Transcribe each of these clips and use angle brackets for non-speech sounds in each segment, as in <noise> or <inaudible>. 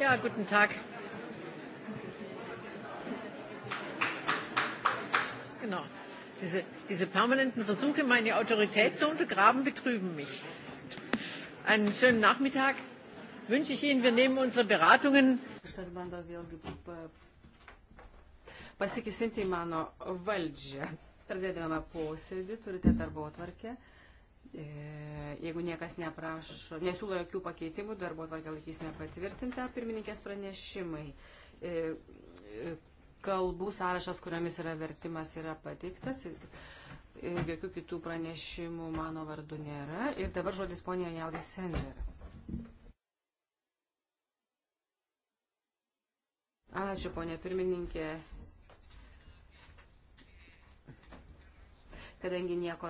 Ja, guten Tag. Genau. Diese, diese permanenten Versuche, meine Autorität zu untergraben, betrüben mich. Einen schönen Nachmittag wünsche ich Ihnen. Wir nehmen unsere Beratungen. Pasikesinti mano valdžią. Pradėdame posėdį, turite darbo atvarkę. E, jeigu niekas neprašo, nesiūlo jokių pakeitimų, darbo tvarkę laikysime patvirtintą. Pirmininkės pranešimai. E, e, kalbų sąrašas, kuriomis yra vertimas, yra pateiktas. Ir jokių kitų pranešimų mano vardu nėra. Ir dabar žodis ponija Jaudis Sender. Ačiū, ponė pirmininkė. kadangi nieko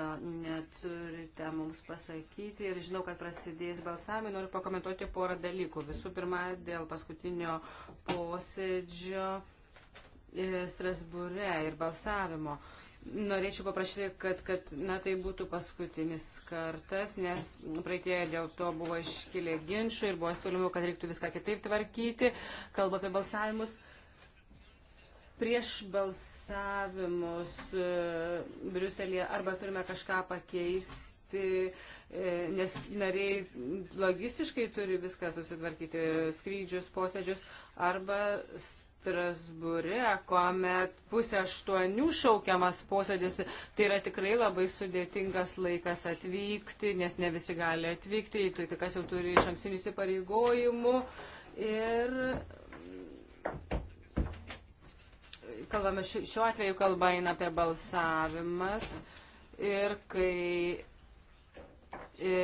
neturite mums pasakyti ir žinau, kad prasidės balsavimai, noriu pakomentuoti porą dalykų. Visų pirma, dėl paskutinio posėdžio e, Strasbūre ir balsavimo. Norėčiau paprašyti, kad, kad na, tai būtų paskutinis kartas, nes praeitėje dėl to buvo iškilę ginčių ir buvo siūlymų, kad reiktų viską kitaip tvarkyti, kalba apie balsavimus. Uh, prieš balsavimus e, Briuselėje arba turime kažką pakeisti, e, nes nariai logistiškai turi viską susitvarkyti, skrydžius, posėdžius, arba Strasbūre, kuomet pusė aštuonių šaukiamas posėdis, tai yra tikrai labai sudėtingas laikas atvykti, nes ne visi gali atvykti, tai kas jau turi iš ankstinių įsipareigojimų. Ir kalbame, šiuo atveju kalba eina apie balsavimas ir kai e,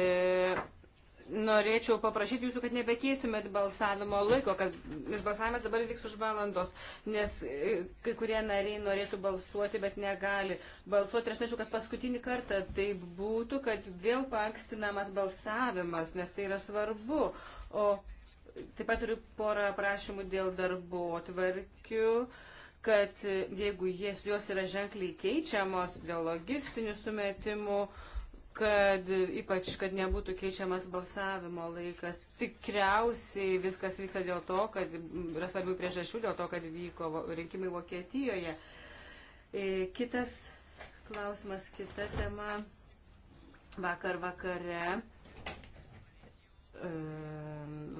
norėčiau paprašyti jūsų, kad nebekeistumėt balsavimo laiko, kad nes balsavimas dabar vyks už valandos, nes e, kai kurie nariai norėtų balsuoti, bet negali balsuoti. Ir aš nežinau, kad paskutinį kartą taip būtų, kad vėl pankstinamas balsavimas, nes tai yra svarbu. O taip pat turiu porą prašymų dėl darbo tvarkių. Uh, kad jeigu jės, jos yra ženkliai keičiamos dėl logistinių sumetimų, kad ypač, kad nebūtų keičiamas balsavimo laikas. Tikriausiai viskas vyksta dėl to, kad yra svarbių priežasčių dėl to, kad vyko rinkimai Vokietijoje. E, kitas klausimas, kita tema. Vakar vakare e,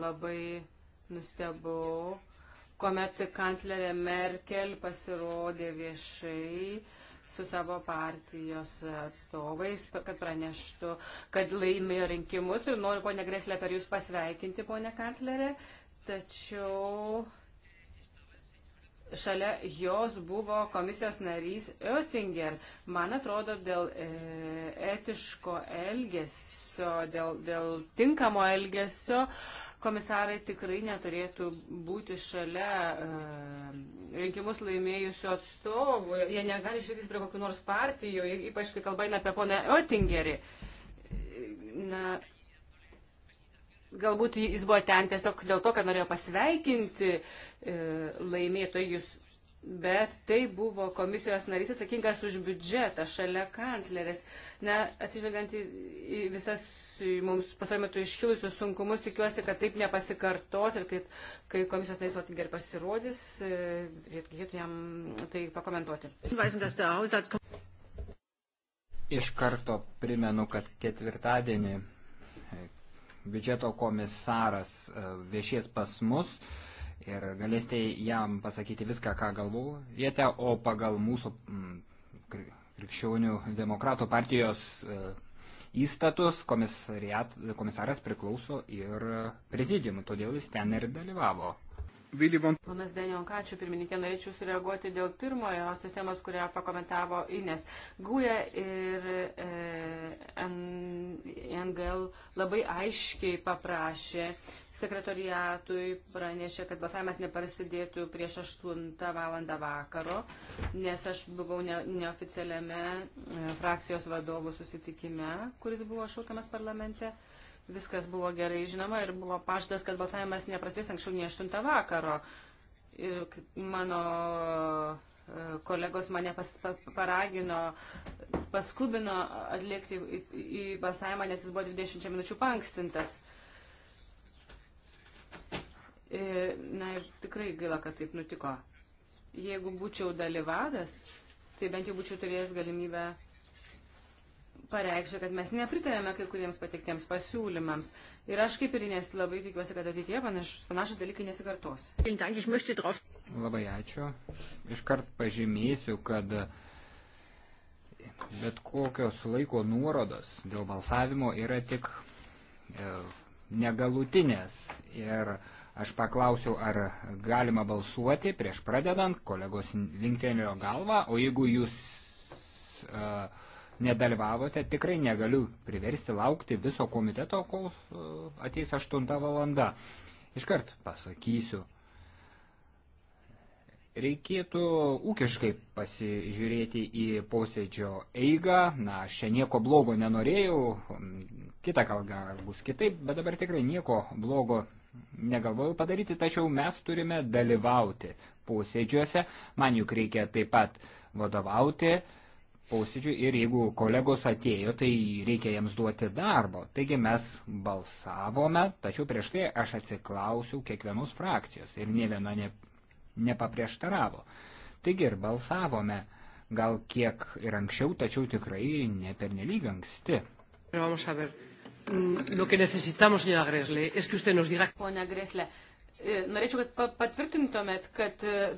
labai nustebau, kuomet kanclerė Merkel pasirodė viešai su savo partijos atstovais, kad praneštų, kad laimėjo rinkimus ir noriu, ponė Greslė, per jūs pasveikinti, ponė kanclerė, tačiau šalia jos buvo komisijos narys Oettinger. Man atrodo, dėl e, etiško elgesio, dėl, dėl tinkamo elgesio, e, komisarai tikrai neturėtų būti šalia e, rinkimus laimėjusių atstovų. Jie negali žiūrėtis prie kokių nors partijų, ypač kai kalba eina apie poną Oettingerį. Na, galbūt jis buvo ten tiesiog dėl to, kad norėjo pasveikinti e, laimėtojus bet tai buvo komisijos narys atsakingas už biudžetą šalia kanclerės. Na, atsižvelgiant į, į visas į mums pasarų metu iškilusius sunkumus, tikiuosi, kad taip nepasikartos ir kai, kai komisijos narys Otinger pasirodys, e, reikėtų jam tai pakomentuoti. Iš karto primenu, kad ketvirtadienį biudžeto komisaras e, viešies pas mus ir galėsite jam pasakyti viską, ką galvojate, o pagal mūsų mm, krikščionių demokratų partijos e, įstatus komisaras priklauso ir prezidiumui, todėl jis ten ir dalyvavo. Ponas Denionka, ačiū pirmininkė, norėčiau sureaguoti dėl pirmojo sistemos, kurią pakomentavo Ines. Guja ir e, NGL labai aiškiai paprašė sekretoriatui, pranešė, kad balsavimas neprasidėtų prieš 8 valandą vakaro, nes aš buvau ne, neoficialiame e, frakcijos vadovų susitikime, kuris buvo šaukiamas parlamente viskas buvo gerai žinoma ir buvo pažadas, kad balsavimas neprasidės anksčiau nei 8 vakaro. Ir mano e, kolegos mane pas, pa, paragino, paskubino atlikti į, į balsavimą, nes jis buvo 20 minučių pankstintas. E, na ir tikrai gaila, kad taip nutiko. Jeigu būčiau dalyvavęs, tai bent jau būčiau turėjęs galimybę pareikšė, kad mes nepritarėme kai kuriems pateiktiems pasiūlymams. Ir aš kaip ir nes labai tikiuosi, kad ateityje panašus dalykai nesikartos. Labai ačiū. Iškart pažymėsiu, kad bet kokios laiko nuorodos dėl balsavimo yra tik e, negalutinės. Ir aš paklausiau, ar galima balsuoti prieš pradedant kolegos linktelio galvą, o jeigu jūs uh, nedalyvavote, tikrai negaliu priversti laukti viso komiteto, kol e, ateis 8 valanda. Iškart pasakysiu. Reikėtų ūkiškai pasižiūrėti į posėdžio eigą. Na, aš čia nieko blogo nenorėjau, kitą kalbą bus kitaip, bet dabar tikrai nieko blogo negalvoju padaryti, tačiau mes turime dalyvauti posėdžiuose. Man juk reikia taip pat vadovauti uh, posėdžių ir jeigu kolegos atėjo, tai reikia jiems duoti darbo. Taigi mes balsavome, tačiau prieš tai aš atsiklausiau kiekvienos frakcijos ir ne viena ne, nepaprieštaravo. Taigi ir balsavome gal kiek ir anksčiau, tačiau tikrai ne pernelyg anksti. Mm, Pone Greslė, eh, norėčiau, kad patvirtintumėt, kad eh,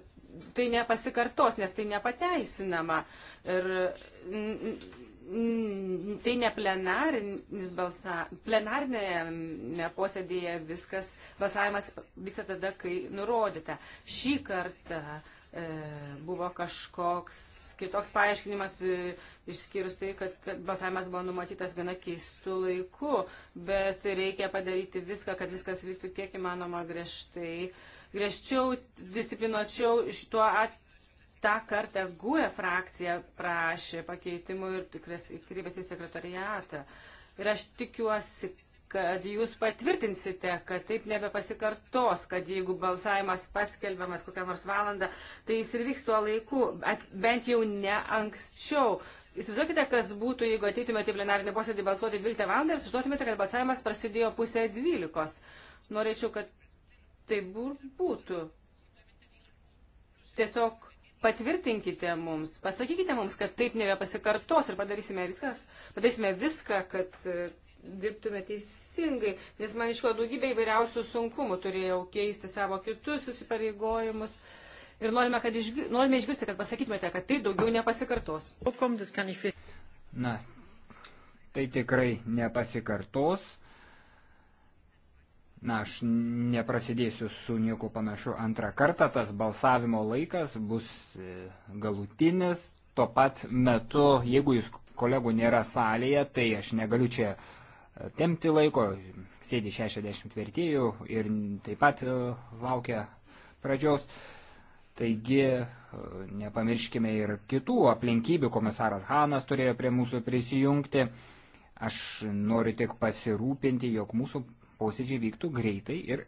tai nepasikartos, nes tai nepateisinama. Ir tai ne plenarinis balsavimas, plenarinėme posėdėje viskas, balsavimas vyksta tada, kai nurodyta. Šį kartą e, buvo kažkoks kitoks paaiškinimas, e, išskyrus tai, kad, kad balsavimas buvo numatytas gana keistų laikų, bet reikia padaryti viską, kad viskas vyktų kiek įmanoma griežtai. E, griežčiau, disciplinuočiau šituo atveju. Ta kartą GUE frakcija prašė pakeitimų ir kreipėsi į sekretariatą. Ir aš tikiuosi, kad jūs patvirtinsite, kad taip nebepasikartos, kad jeigu balsavimas paskelbiamas kokią nors valandą, tai jis ir vyks tuo laiku, at, bent jau ne anksčiau. Įsivaizduokite, kas būtų, jeigu ateitumėte į plenarinį posėdį balsuoti 12 valandą ir sužinotumėte, kad balsavimas prasidėjo pusę 12. Norėčiau, kad tai būtų. Tiesiog patvirtinkite mums, pasakykite mums, kad taip nebepasikartos ir padarysime, viskas, padarysime viską, kad e, dirbtume teisingai, nes man iškilo daugybė įvairiausių sunkumų, turėjau keisti savo kitus susipareigojimus. Ir norime, kad išgi, norime išgirsti, kad pasakytumėte, kad tai daugiau nepasikartos. Na, tai tikrai nepasikartos. Na, aš neprasidėsiu su nieku panašu antrą kartą, tas balsavimo laikas bus e, galutinis. Tuo pat metu, jeigu jūs kolegų nėra salėje, tai aš negaliu čia e, temti laiko, sėdi 60 vertėjų ir taip pat e, laukia pradžios. Taigi nepamirškime ir kitų aplinkybių, komisaras Hanas turėjo prie mūsų prisijungti. Aš noriu tik pasirūpinti, jog mūsų posėdžiai vyktų greitai ir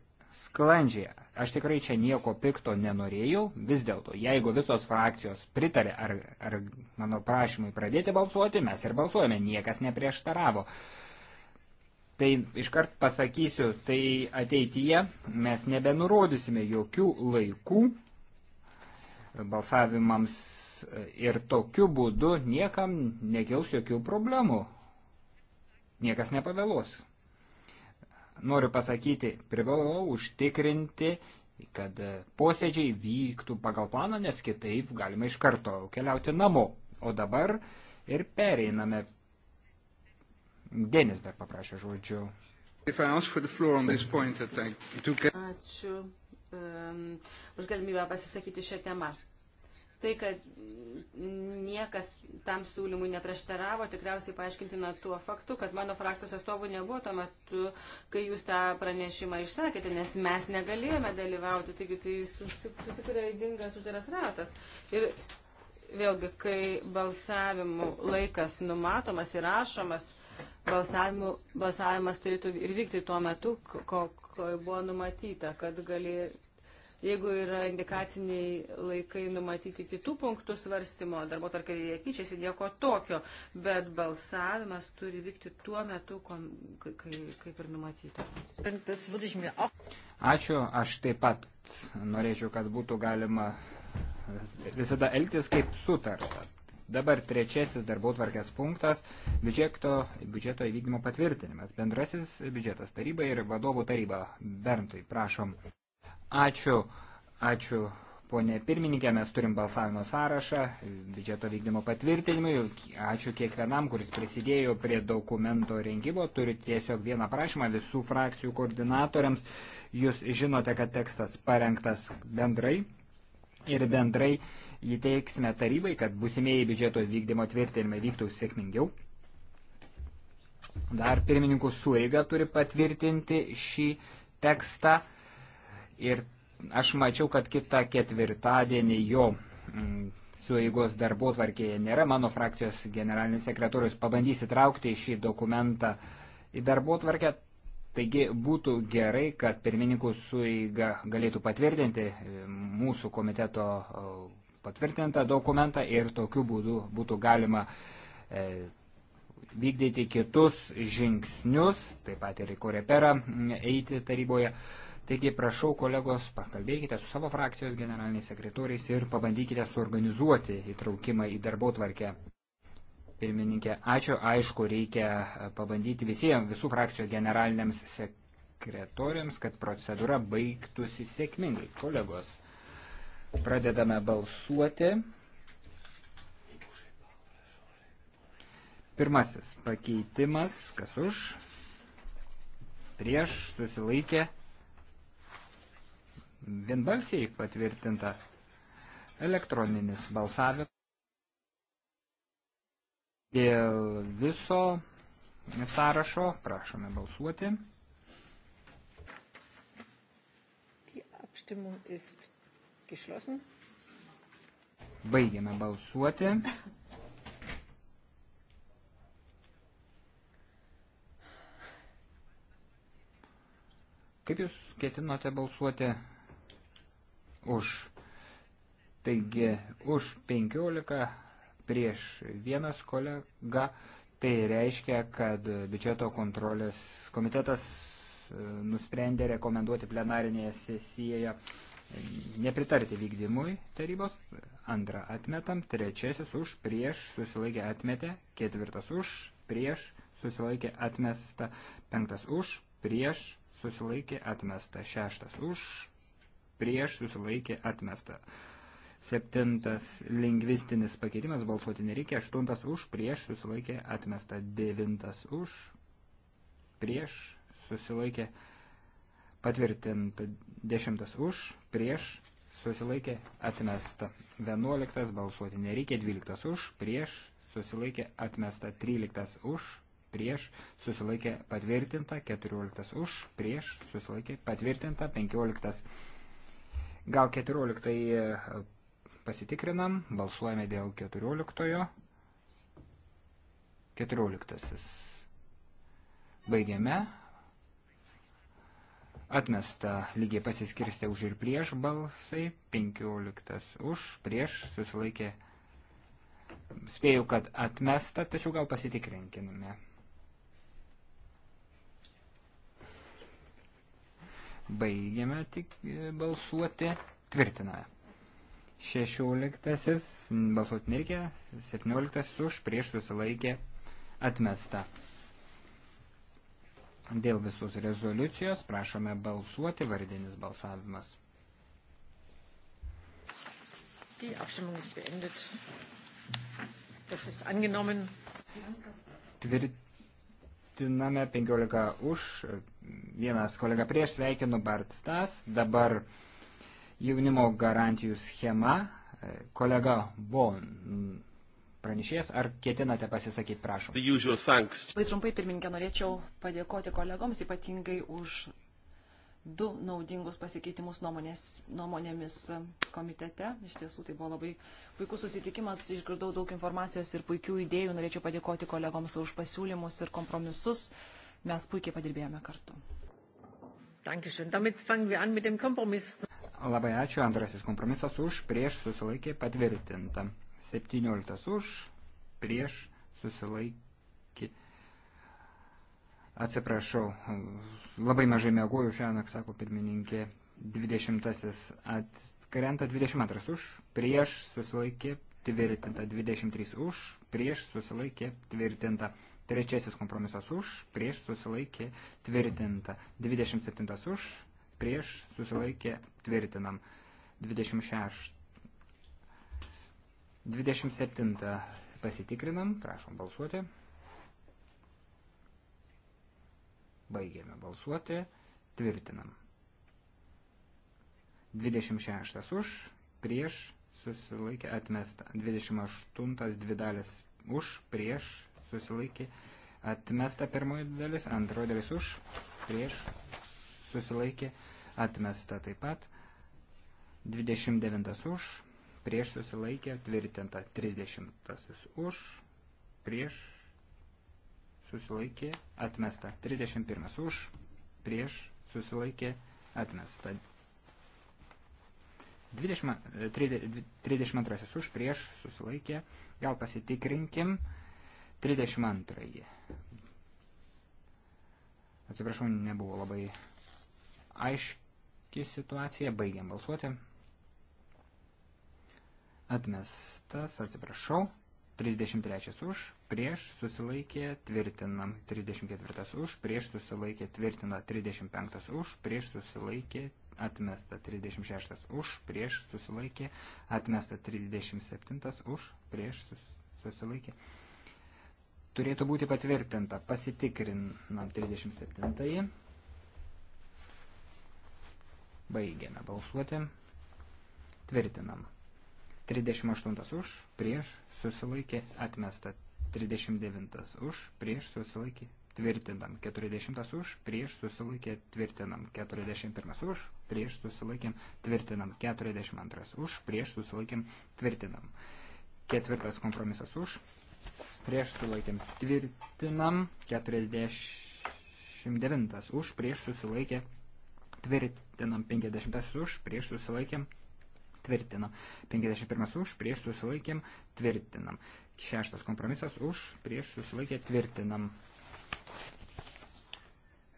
sklandžiai. Aš tikrai čia nieko pikto nenorėjau, vis dėlto, jeigu visos frakcijos pritarė ar, ar mano prašymui pradėti balsuoti, mes ir balsuojame, niekas neprieštaravo. Tai iškart pasakysiu, tai ateityje mes nebenurodysime jokių laikų balsavimams ir tokiu būdu niekam nekils jokių problemų. Niekas nepavėluos noriu pasakyti, privalau užtikrinti, kad posėdžiai vyktų pagal planą, nes kitaip galima iš karto keliauti namo. O dabar ir pereiname. Denis dar paprašė žodžių. Ačiū um, už galimybę pasisakyti šią temą. Tai, kad niekas tam siūlymui neprieštaravo, tikriausiai paaiškintina tuo faktu, kad mano frakcijos atstovų nebuvo tuo metu, kai jūs tą pranešimą išsakėte, nes mes negalėjome dalyvauti, taigi tai susikuria įdingas uždaras ratas. Ir vėlgi, kai balsavimų laikas numatomas ir rašomas, balsavimas turėtų ir vykti tuo metu, ko, ko buvo numatyta, kad galėtų Jeigu yra indikaciniai laikai numatyti kitų punktų svarstymo, darbo tarkai jie keičiasi, nieko tokio, bet balsavimas turi vykti tuo metu, kai, kaip ir numatyta. Ačiū, aš taip pat norėčiau, kad būtų galima visada elgtis kaip sutarta. Dabar trečiasis darbų tvarkės punktas – biudžeto, biudžeto įvykdymo patvirtinimas. Bendrasis biudžetas taryba ir vadovų taryba. Berntui, prašom. Ačiū, ačiū. Pone pirmininkė, mes turim balsavimo sąrašą, biudžeto vykdymo patvirtinimui. Ačiū kiekvienam, kuris prisidėjo prie dokumento rengimo. Turiu tiesiog vieną prašymą visų frakcijų koordinatoriams. Jūs žinote, kad tekstas parengtas bendrai ir bendrai jį teiksime tarybai, kad busimieji biudžeto vykdymo tvirtinimai vyktų sėkmingiau. Dar pirmininkų sueiga turi patvirtinti šį tekstą. Ir aš mačiau, kad kitą ketvirtadienį jo mm, sueigos darbo tvarkėje nėra. Mano frakcijos generalinis sekretorius pabandys įtraukti šį dokumentą į darbo tvarkę. Taigi būtų gerai, kad pirmininkų sueiga galėtų patvirtinti mm, mūsų komiteto patvirtintą dokumentą ir tokiu būdu būtų galima e, vykdyti kitus žingsnius, taip pat ir į korepera mm, eiti taryboje. E, Taigi prašau kolegos, pakalbėkite su savo frakcijos generaliniais sekretoriais ir pabandykite suorganizuoti įtraukimą į darbo tvarkę. Pirmininkė, ačiū, aišku, reikia e, pabandyti visiems, visų frakcijų generaliniams sekretoriams, kad procedūra baigtųsi sėkmingai. Kolegos, pradedame balsuoti. Pirmasis pakeitimas, kas už, prieš, susilaikė, vienbalsiai patvirtinta elektroninis balsavimas dėl viso sąrašo. Prašome balsuoti. Abstimmung ist geschlossen. Baigiame balsuoti. Kaip jūs ketinote balsuoti? už. Taigi už 15 prieš vienas kolega tai reiškia, kad biudžeto kontrolės komitetas e, nusprendė rekomenduoti plenarinėje sesijoje e, nepritarti vykdymui tarybos, antrą atmetam, trečiasis už, prieš, susilaikė atmetė, ketvirtas už, prieš, susilaikė atmesta, penktas už, prieš, susilaikė atmesta, šeštas už, prieš susilaikė atmesta. Septintas lingvistinis pakeitimas balsuoti nereikia. Aštuntas už prieš susilaikė atmesta. Devintas už prieš susilaikė patvirtinta. Dešimtas už prieš susilaikė atmesta. Vienuoliktas balsuoti nereikia. Dvyliktas už prieš susilaikė atmesta. Tryliktas už prieš susilaikė patvirtinta. Keturioliktas už prieš susilaikė patvirtinta. Penkioliktas už Gal 14 e, pasitikrinam, balsuojame dėl 14. 14. Baigiame. Atmesta lygiai pasiskirstė už ir prieš balsai, 15 už, prieš susilaikė. Spėjau, kad atmesta, tačiau gal pasitikrinkime. Baigiame tik e, balsuoti. Tvirtiname. 16. Balsuoti nereikia. 17. Už prieš susilaikė atmesta. Dėl visus rezoliucijos prašome balsuoti vardinis balsavimas. Die Abstimmung ist beendet. Das ist angenommen. Tvirt patvirtiname 15 už, vienas kolega prieš, sveikinu Bart Stas, dabar jaunimo garantijų schema, kolega Bon. Pranešėjas, ar ketinate pasisakyti, prašom. Labai trumpai, pirmininkė, norėčiau padėkoti kolegoms ypatingai už du naudingus pasikeitimus nuomonės, nuomonėmis komitete. Iš tiesų tai buvo labai puikus susitikimas, išgirdau daug informacijos ir puikių idėjų. Norėčiau padėkoti kolegoms už pasiūlymus ir kompromisus. Mes puikiai padirbėjome kartu. Labai ačiū. Antrasis kompromisas už, prieš susilaikė patvirtinta. 17 už, prieš susilaikė Atsiprašau, labai mažai mėgojau šią naktį, sako pirmininkė, 20 atkrenta 22 už, prieš susilaikė tvirtinta 23 už, prieš susilaikė tvirtinta. Trečiasis kompromisas už, prieš susilaikė tvirtinta. 27 už, prieš susilaikė tvirtinam. 26. 27 pasitikrinam, prašom balsuoti. Baigiame balsuoti. Tvirtinam. 26 už, prieš, susilaikė, atmesta. 28 dvi dalis už, prieš, susilaikė, atmesta pirmoji dalis, antroji dalis už, prieš, susilaikė, atmesta taip pat. 29 už, prieš susilaikė, tvirtinta 30 už, prieš susilaikė atmesta. 31 už, prieš susilaikė atmesta. 20, 30, 32 už, prieš susilaikė. Gal pasitikrinkim. 32. Atsiprašau, nebuvo labai aiški situacija. Baigiam balsuoti. Atmestas, atsiprašau. 33 už, prieš susilaikė tvirtinam 34 už, prieš susilaikė tvirtino 35 už, prieš susilaikė atmesta 36 už, prieš susilaikė atmesta 37 už, prieš susilaikė. Turėtų būti patvirtinta, pasitikrinam 37. Baigiame balsuoti, tvirtinam. 38 už, prieš susilaikė atmesta 37. 39 už, prieš susilaikė tvirtinam. 40 už, prieš susilaikė tvirtinam. 41 už, prieš susilaikėm tvirtinam. 42 už, prieš susilaikėm tvirtinam. Ketvirtas kompromisas už, prieš sulaikėm tvirtinam. 49 už, prieš susilaikė tvirtinam. 50 už, prieš susilaikėm tvirtinam. 51 už, prieš susilaikėm, tvirtinam. Šeštas kompromisas už, prieš susilaikė, tvirtinam.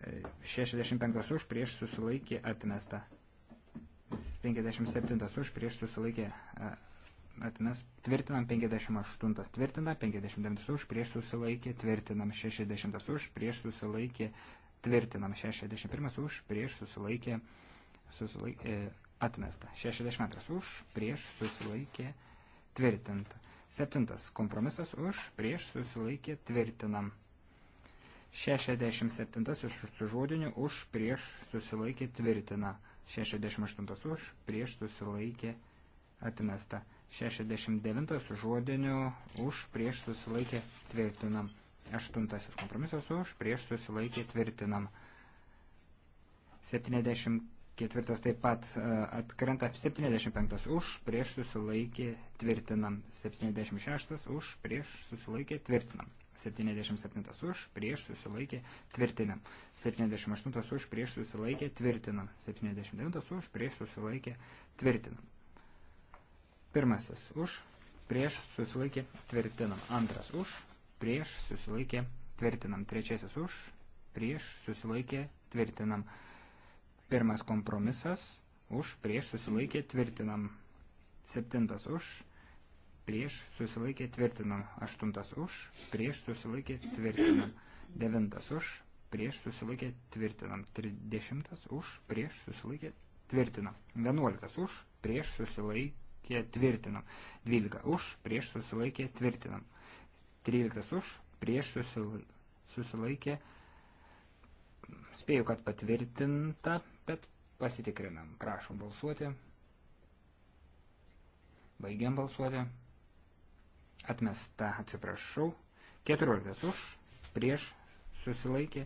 65 už, prieš susilaikė, atmesta. 57 už, prieš susilaikė, atmes, tvirtinam 58, tvirtina 59 už, prieš susilaikė, tvirtinam 60 už, prieš susilaikė, tvirtinam 61 už, prieš susilaikė, susilaikė atmesta. 62 už, prieš susilaikė tvirtinta. 7 kompromisas už, prieš susilaikė tvirtinam. 67 su žodiniu už, prieš susilaikė tvirtina. 68 už, prieš susilaikė atmesta. 69 su žodiniu už, prieš susilaikė tvirtinam. 8 kompromisas už, prieš susilaikė tvirtinam. 70 Ketvirtas taip pat e, atkrenta 75 už, prieš susilaikė tvirtinam. 76 už, prieš susilaikė tvirtinam. 77 už, prieš susilaikė tvirtinam. 78 už, prieš susilaikė tvirtinam. 79 už, prieš susilaikė tvirtinam. Pirmasis už, prieš susilaikė tvirtinam. Antras už, prieš susilaikė tvirtinam. Trečiasis už, prieš susilaikė tvirtinam. Pirmas kompromisas už prieš susilaikė tvirtinam. Septintas už prieš susilaikė tvirtinam. Aštuntas už prieš susilaikė tvirtinam. Devintas už prieš susilaikė tvirtinam. Trisdešimtas už prieš susilaikė tvirtinam. Vienuoliktas už prieš susilaikė tvirtinam. Dvylika už prieš susilaikė tvirtinam. Tryliktas už prieš susilaikė susilaikė spėju, kad patvirtinta, bet pasitikrinam. Prašom balsuoti. Baigiam balsuoti. Atmesta, atsiprašau. 14 už, prieš, susilaikė,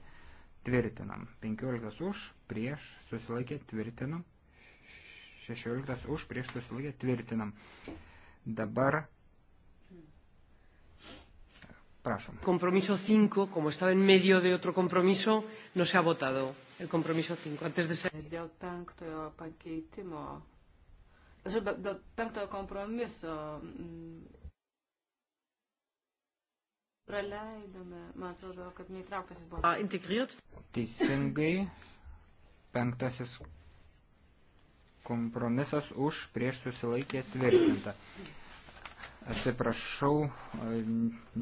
tvirtinam. 15 už, prieš, susilaikė, tvirtinam. 16 už, prieš, susilaikė, tvirtinam. Dabar Prašom. Kompromiso 5, como estaba en medio de otro compromiso, no se ha votado. El compromiso 5. Antes de ser... Dėl penktojo pakeitimo. Dėl penktojo kompromiso mm, praleidome, man atrodo, kad neįtrauktas jis buvo. A, integriert? Teisingai, penktasis kompromisas už prieš susilaikė tvirtinta. Atsiprašau,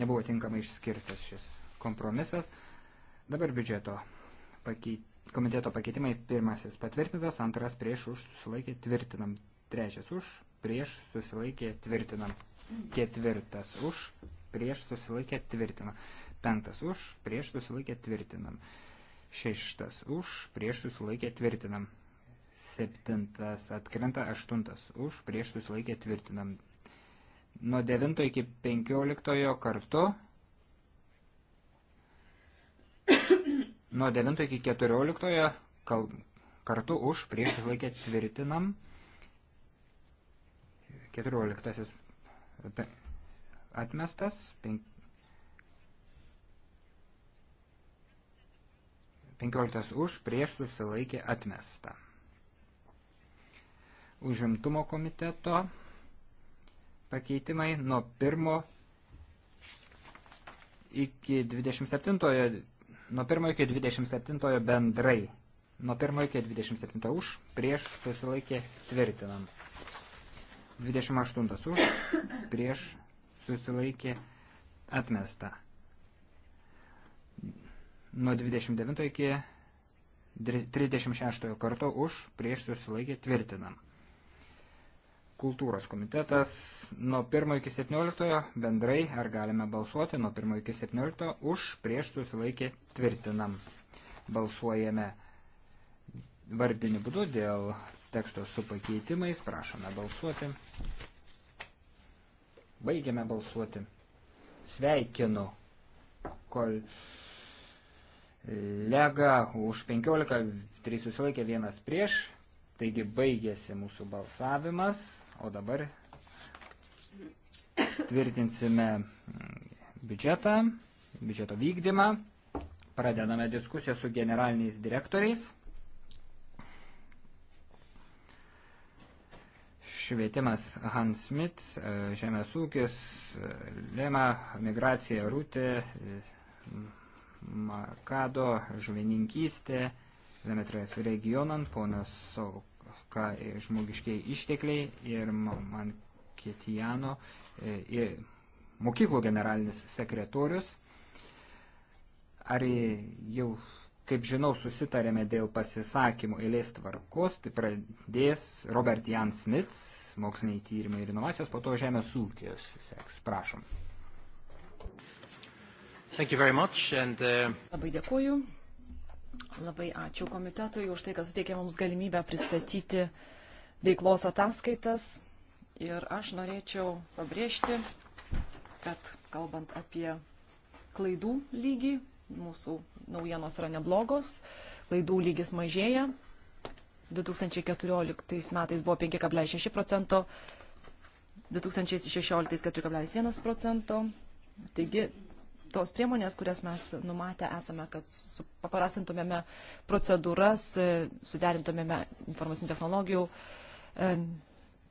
nebuvo tinkamai išskirtas šis kompromisas. Dabar biudžeto pakeit, komiteto pakeitimai. Pirmasis patvirtintas, antras prieš už susilaikė tvirtinam. Trečias už, prieš susilaikė tvirtinam. Ketvirtas už, prieš susilaikė tvirtinam. Penktas už, prieš susilaikė tvirtinam. Šeštas už, prieš susilaikė tvirtinam. Septintas atkrenta, aštuntas už, prieš susilaikė tvirtinam nuo 9 iki 15 kartu, nuo 9 iki 14 kal, kartu už prieš laikę tvirtinam 14 atmestas 5 15 už, prieš susilaikė atmesta. Užimtumo komiteto pakeitimai nuo 1 iki 27, nuo 1 iki 27 bendrai. Nuo 1 iki 27 už, prieš susilaikė tvirtinam. 28 už, prieš susilaikė atmesta. Nuo 29 iki 36 karto už, prieš susilaikė tvirtinam kultūros komitetas nuo 1 iki 17 bendrai, ar galime balsuoti nuo 1 iki 17 už prieš susilaikė tvirtinam. Balsuojame vardiniu būdu dėl teksto su pakeitimais, prašome balsuoti. Baigiame balsuoti. Sveikinu kolegą už 15, 3 susilaikė, 1 prieš, Taigi baigėsi mūsų balsavimas. O dabar tvirtinsime biudžetą, biudžeto vykdymą. Pradedame diskusiją su generaliniais direktoriais. Švietimas Hans Smith, Žemės ūkis, Lema, Migracija Rūtė, Makado, Žuvininkystė, Lemetrės regionan, ponas Sauk trūka e, žmogiškiai ištekliai ir man Kietijano, e, mokyklų generalinis sekretorius. Ar e, jau, kaip žinau, susitarėme dėl pasisakymų eilės tvarkos, tai pradės Robert Jan Smits, moksliniai tyrimai ir inovacijos, po to žemės ūkis seks. Prašom. Thank you very much and, uh... Labai dėkuoju. Labai ačiū komitetui už tai, kad suteikė mums galimybę pristatyti veiklos ataskaitas. Ir aš norėčiau pabrėžti, kad kalbant apie klaidų lygį, mūsų naujienos yra neblogos, klaidų lygis mažėja. 2014 metais buvo 5,6 procento, 2016 4,1 procento. Taigi tos priemonės, kurias mes numatę esame, kad paprastintumėme procedūras, e, suderintumėme informacinių technologijų e,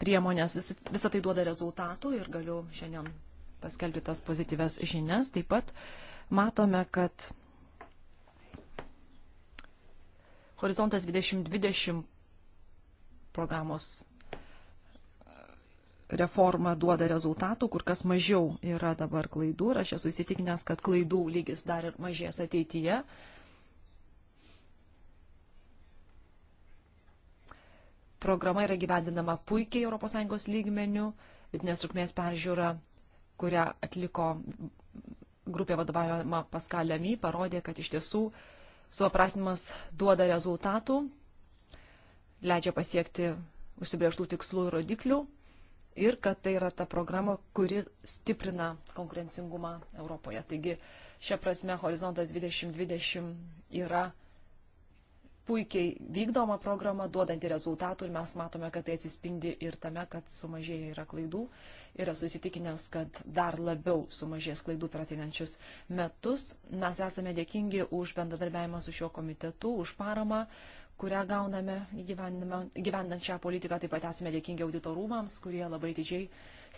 priemonės, visą tai duoda rezultatų ir galiu šiandien paskelbti tas pozityves žinias. Taip pat matome, kad Horizontas 2020 programos reforma duoda rezultatų, kur kas mažiau yra dabar klaidų ir aš esu įsitikinęs, kad klaidų lygis dar ir mažės ateityje. Programa yra gyvendinama puikiai ES lygmenių, vidinės trukmės peržiūra, kurią atliko grupė vadovaujama Paskalėmy, parodė, kad iš tiesų supaprastinimas duoda rezultatų, leidžia pasiekti užsibrieštų tikslų ir rodiklių ir kad tai yra ta programa, kuri stiprina konkurencingumą Europoje. Taigi, šia prasme, Horizontas 2020 yra puikiai vykdoma programa, duodanti rezultatų ir mes matome, kad tai atsispindi ir tame, kad sumažėja yra klaidų. Yra susitikinęs, kad dar labiau sumažės klaidų per ateinančius metus. Mes esame dėkingi už bendradarbiavimą su šiuo komitetu, už paramą, kurią gauname įgyvendant šią politiką. Taip pat esame dėkingi auditorumams, kurie labai didžiai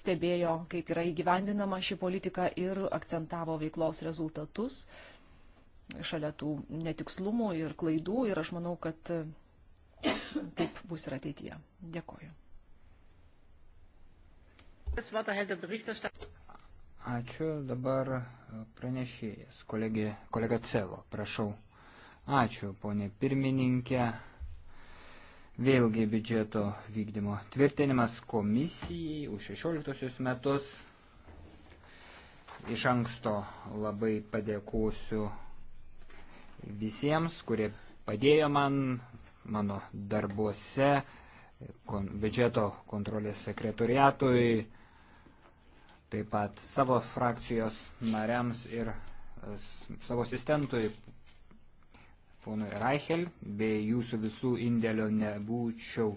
stebėjo, kaip yra įgyvendinama ši politika ir akcentavo veiklos rezultatus šalia tų netikslumų ir klaidų. Ir aš manau, kad taip bus ir ateityje. Dėkoju. Ačiū dabar pranešėjas, kolegė, kolega Celo, prašau. Ačiū, ponė pirmininkė. Vėlgi biudžeto vykdymo tvirtinimas komisijai už 16 metus. Iš anksto labai padėkosiu visiems, kurie padėjo man mano darbuose, kon, biudžeto kontrolės sekretoriatui, taip pat savo frakcijos nariams ir savo asistentui ponui Reichel, be jūsų visų indėlio nebūčiau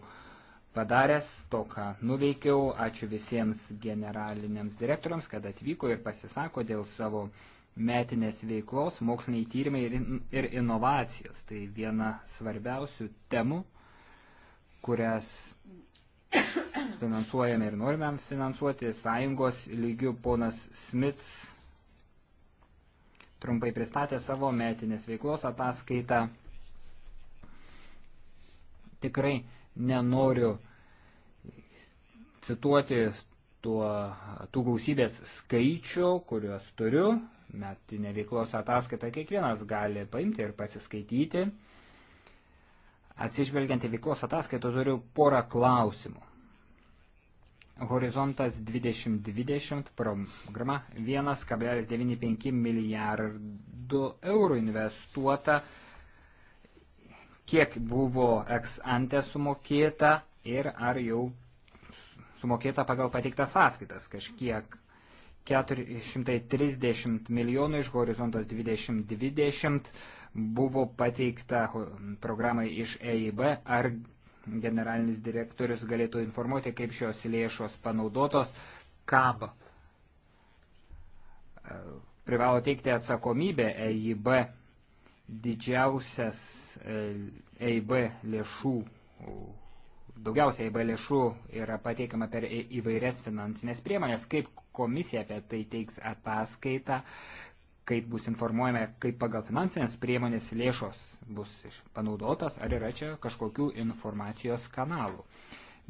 padaręs to, ką nuveikiau. Ačiū visiems generaliniams direktoriams, kad atvyko ir pasisako dėl savo metinės veiklos, moksliniai tyrimai ir inovacijos. Tai viena svarbiausių temų, kurias finansuojame ir norime finansuoti sąjungos lygių ponas Smits trumpai pristatė savo metinės veiklos ataskaitą. Tikrai nenoriu cituoti tuo, tų gausybės skaičių, kuriuos turiu. Metinė veiklos ataskaita kiekvienas gali paimti ir pasiskaityti. Atsižvelgiant į veiklos ataskaitą turiu porą klausimų. Horizontas 2020 programa 1,95 milijardų eurų investuota, kiek buvo ex ante sumokėta ir ar jau sumokėta pagal pateiktas sąskaitas kažkiek 430 milijonų iš horizontos 2020 buvo pateikta programai iš EIB ar generalinis direktorius galėtų informuoti, kaip šios lėšos panaudotos, kam e, privalo teikti atsakomybę EIB didžiausias EIB e lėšų, daugiausiai e EIB lėšų yra pateikiama per įvairias finansinės priemonės, kaip komisija apie tai teiks ataskaitą, kaip bus informuojame, kaip pagal finansinės priemonės lėšos bus panaudotas, ar yra čia kažkokių informacijos kanalų.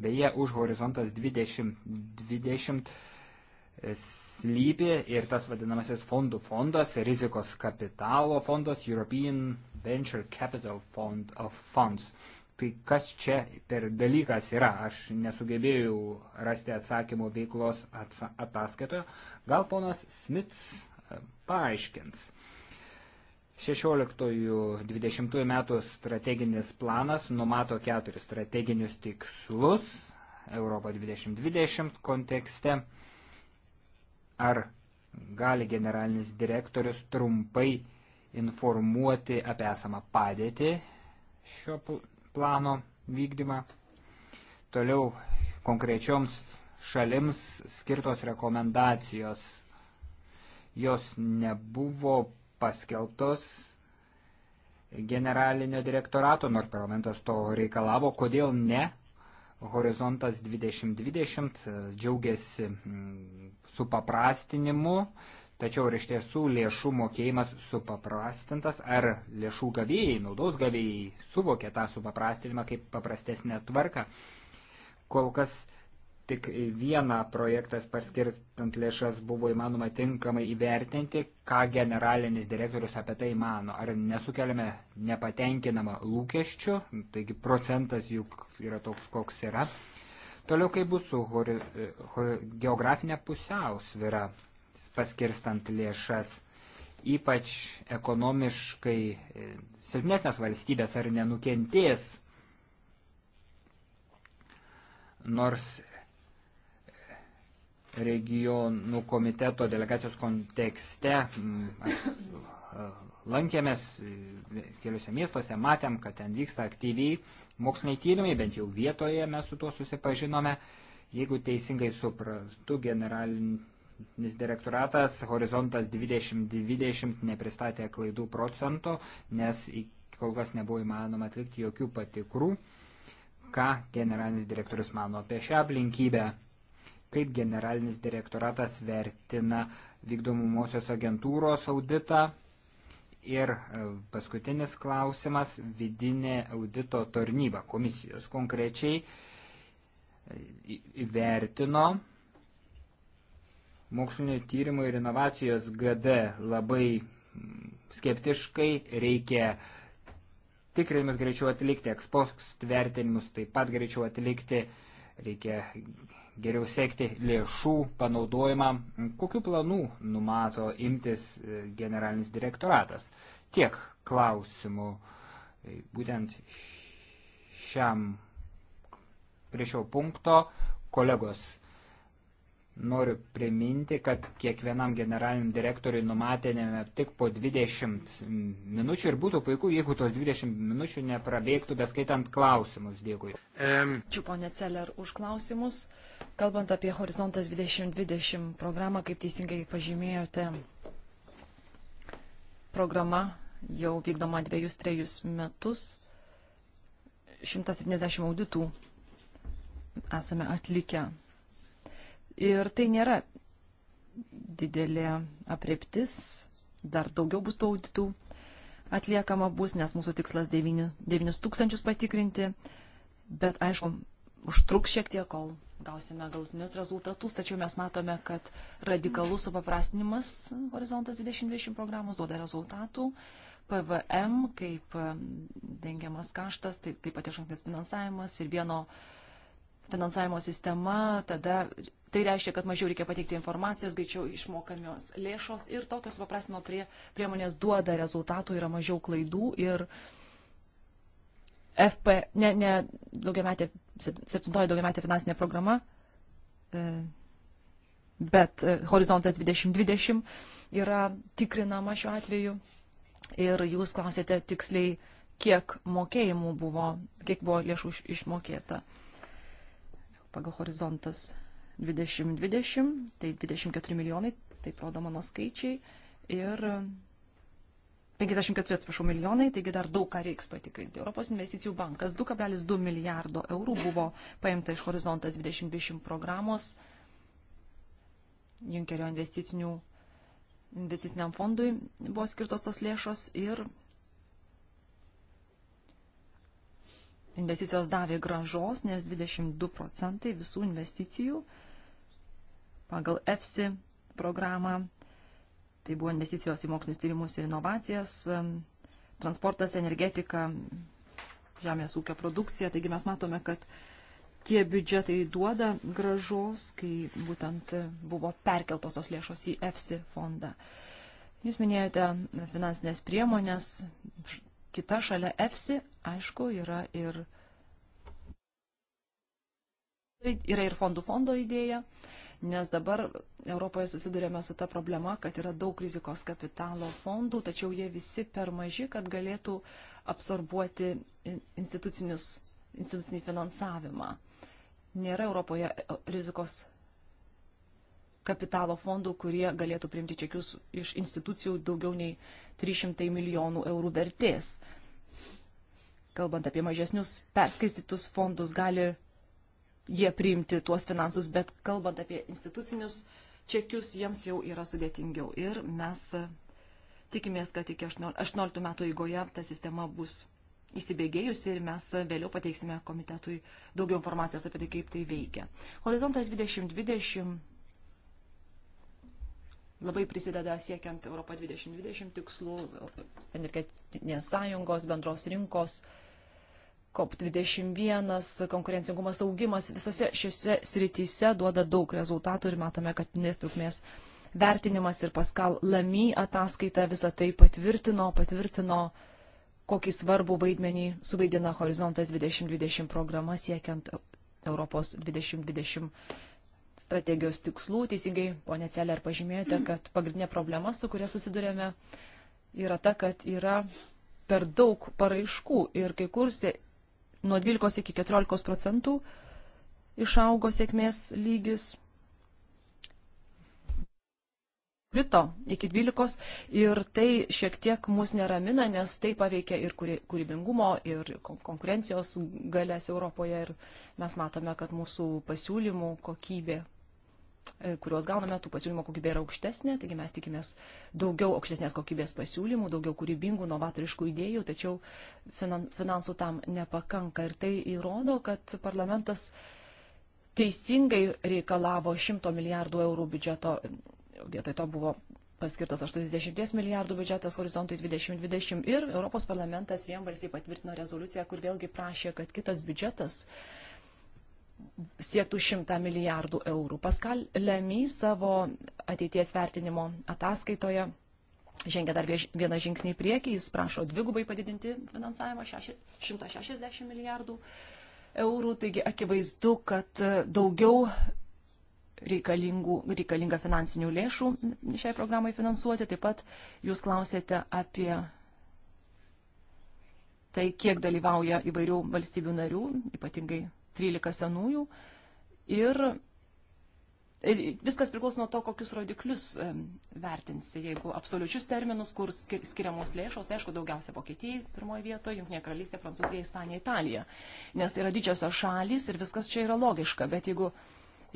Beje, už horizontas 2020 e, slypi ir tas vadinamasis fondų fondas, rizikos kapitalo fondas, European Venture Capital Fund of Funds. Tai kas čia per dalykas yra? Aš nesugebėjau rasti atsakymo veiklos atsa ataskaitoje. Gal ponas Smits paaiškins. 16-20 metų strateginis planas numato keturis strateginius tikslus Europo 2020 kontekste. Ar gali generalinis direktorius trumpai informuoti apie esamą padėtį šio plano vykdymą? Toliau konkrečioms šalims skirtos rekomendacijos jos nebuvo paskeltos generalinio direktorato, nors parlamentas to reikalavo, kodėl ne. Horizontas 2020 e, džiaugiasi mm, su paprastinimu, tačiau ir iš tiesų lėšų mokėjimas supaprastintas, ar lėšų gavėjai, naudos gavėjai suvokė tą supaprastinimą kaip paprastesnę tvarką. Kol kas tik vieną projektas paskirstant lėšas buvo įmanoma tinkamai įvertinti, ką generalinis direktorius apie tai mano. Ar nesukeliame nepatenkinamą lūkesčių, taigi procentas juk yra toks, koks yra. Toliau, kaip bus su hori, hori, geografinė pusiausvyra paskirstant lėšas, ypač ekonomiškai e, silpnesnės valstybės ar nenukentės nors regionų komiteto delegacijos kontekste lankėmės e, keliuose miestuose, matėm, kad ten vyksta aktyviai moksliniai tyrimai, bent jau vietoje mes su tuo susipažinome. Jeigu teisingai suprantu, generalinis direktoratas Horizontas 2020 nepristatė klaidų procento, nes kol kas nebuvo įmanoma atlikti jokių patikrų. Ką generalinis direktorius mano apie šią aplinkybę? kaip generalinis direktoratas vertina vykdomumosios agentūros auditą. Ir e, paskutinis klausimas - vidinė audito tarnyba komisijos konkrečiai e, įvertino mokslinio tyrimo ir inovacijos GD labai mm, skeptiškai, reikia tikrinimus greičiau atlikti, ekspost vertinimus taip pat greičiau atlikti, reikia geriau sekti lėšų panaudojimą, kokiu planu numato imtis e, generalinis direktoratas. Tiek klausimų e, būtent šiam prie šio punkto kolegos Noriu priminti, kad kiekvienam generaliniam direktoriui numatėme tik po 20 minučių ir būtų puiku, jeigu tos 20 minučių neprabėgtų, beskaitant klausimus. Dėkui. Ačiū, ponė Celer, už klausimus. Kalbant apie Horizontas 2020 programą, kaip teisingai pažymėjote, programa jau vykdoma dviejus, trejus metus. 170 auditų esame atlikę Ir tai nėra didelė apreptis, dar daugiau bus tų auditų atliekama bus, nes mūsų tikslas 9, 9 tūkstančius patikrinti, bet aišku, užtruks šiek tiek, kol gausime galutinius rezultatus, tačiau mes matome, kad radikalus supaprastinimas Horizontas 2020 programos duoda rezultatų. PVM kaip um, dengiamas kaštas, taip, taip pat išankstinis finansavimas ir vieno finansavimo sistema, tada Tai reiškia, kad mažiau reikia pateikti informacijos, greičiau išmokamios lėšos ir tokios paprasimo prie, priemonės duoda rezultatų, yra mažiau klaidų ir FP, ne, ne daugiametė, septintoji daugiametė finansinė programa, e, bet e, horizontas 2020 yra tikrinama šiuo atveju ir jūs klausėte tiksliai, kiek mokėjimų buvo, kiek buvo lėšų išmokėta pagal horizontas 2020. 2020, tai 24 milijonai, taip rodo mano skaičiai, ir 54, atsiprašau, milijonai, taigi dar daug ką reiks patikrinti. Europos investicijų bankas 2,2 milijardo eurų buvo paimta iš Horizontas 2020 programos Junkerio investicinių, investiciniam fondui buvo skirtos tos lėšos ir investicijos davė gražos, nes 22 procentai visų investicijų pagal EFSI programą. Tai buvo investicijos į mokslinius tyrimus ir inovacijas, transportas, energetika, žemės ūkio produkcija. Taigi mes matome, kad tie biudžetai duoda gražos, kai būtent buvo perkeltos tos lėšos į EFSI fondą. Jūs minėjote finansinės priemonės, kita šalia EFSI, aišku, yra ir, yra ir fondų fondo idėja. Uh, nes dabar Europoje susidurėme su ta problema, kad yra daug rizikos kapitalo fondų, tačiau jie visi per maži, kad galėtų absorbuoti institucinį finansavimą. Nėra Europoje e, rizikos kapitalo fondų, kurie galėtų priimti čekius iš institucijų daugiau nei 300 milijonų eurų vertės. Kalbant apie mažesnius perskaistytus fondus, gali jie priimti tuos finansus, bet kalbant apie institucinius čekius, jiems jau yra sudėtingiau. Ir mes e, tikimės, kad iki 18 metų eigoje ta sistema bus įsibėgėjusi ir mes e, vėliau pateiksime komitetui daugiau informacijos apie tai, kaip tai veikia. Horizontas 2020 labai prisideda siekiant Europą 2020 tikslų, e, energetinės sąjungos, bendros rinkos. Uh, COP21, konkurencingumas augimas, visose šiose srityse duoda daug rezultatų ir matome, kad nes trukmės vertinimas ir Paskal Lamy ataskaita visą tai patvirtino, patvirtino, kokį svarbų vaidmenį suvaidina Horizontas 2020 programa siekiant Europos 2020 strategijos tikslų. Teisingai, ponė Celė, ar pažymėjote, kad pagrindinė problema, su kuria susidurėme, yra ta, kad yra per daug paraiškų ir kai kur nuo 12 iki 14 procentų išaugo sėkmės lygis, krito iki 12 ir tai šiek tiek mus neramina, nes tai paveikia ir kūrybingumo, ir konkurencijos galės Europoje ir mes matome, kad mūsų pasiūlymų kokybė E, kuriuos gauname, tų pasiūlymų kokybė yra aukštesnė, taigi mes tikimės daugiau aukštesnės kokybės pasiūlymų, daugiau kūrybingų, novatoriškų idėjų, tačiau finansų tam nepakanka. Ir tai įrodo, kad parlamentas teisingai reikalavo 100 milijardų eurų biudžeto, vietoj to buvo paskirtas 80 milijardų biudžetas horizontui 2020 ir Europos parlamentas vienbalsiai patvirtino rezoliuciją, kur vėlgi prašė, kad kitas biudžetas siektų 100 milijardų eurų. Paskal Lemy savo ateities vertinimo ataskaitoje žengia dar vieną žingsnį į priekį, jis prašo dvigubai padidinti finansavimą 160 milijardų eurų, taigi akivaizdu, kad daugiau reikalinga finansinių lėšų šiai programai finansuoti. Taip pat jūs klausėte apie tai, kiek dalyvauja įvairių valstybių narių, ypatingai 13 senųjų. Ir, ir viskas priklauso nuo to, kokius rodiklius vertinsi. Jeigu absoliučius terminus, kur skiriamos lėšos, tai aišku, daugiausia Vokietijai pirmoje vietoje, Junktinė karalystė, Prancūzija, Ispanija, Italija. Nes tai yra didžiosios šalys ir viskas čia yra logiška. Bet jeigu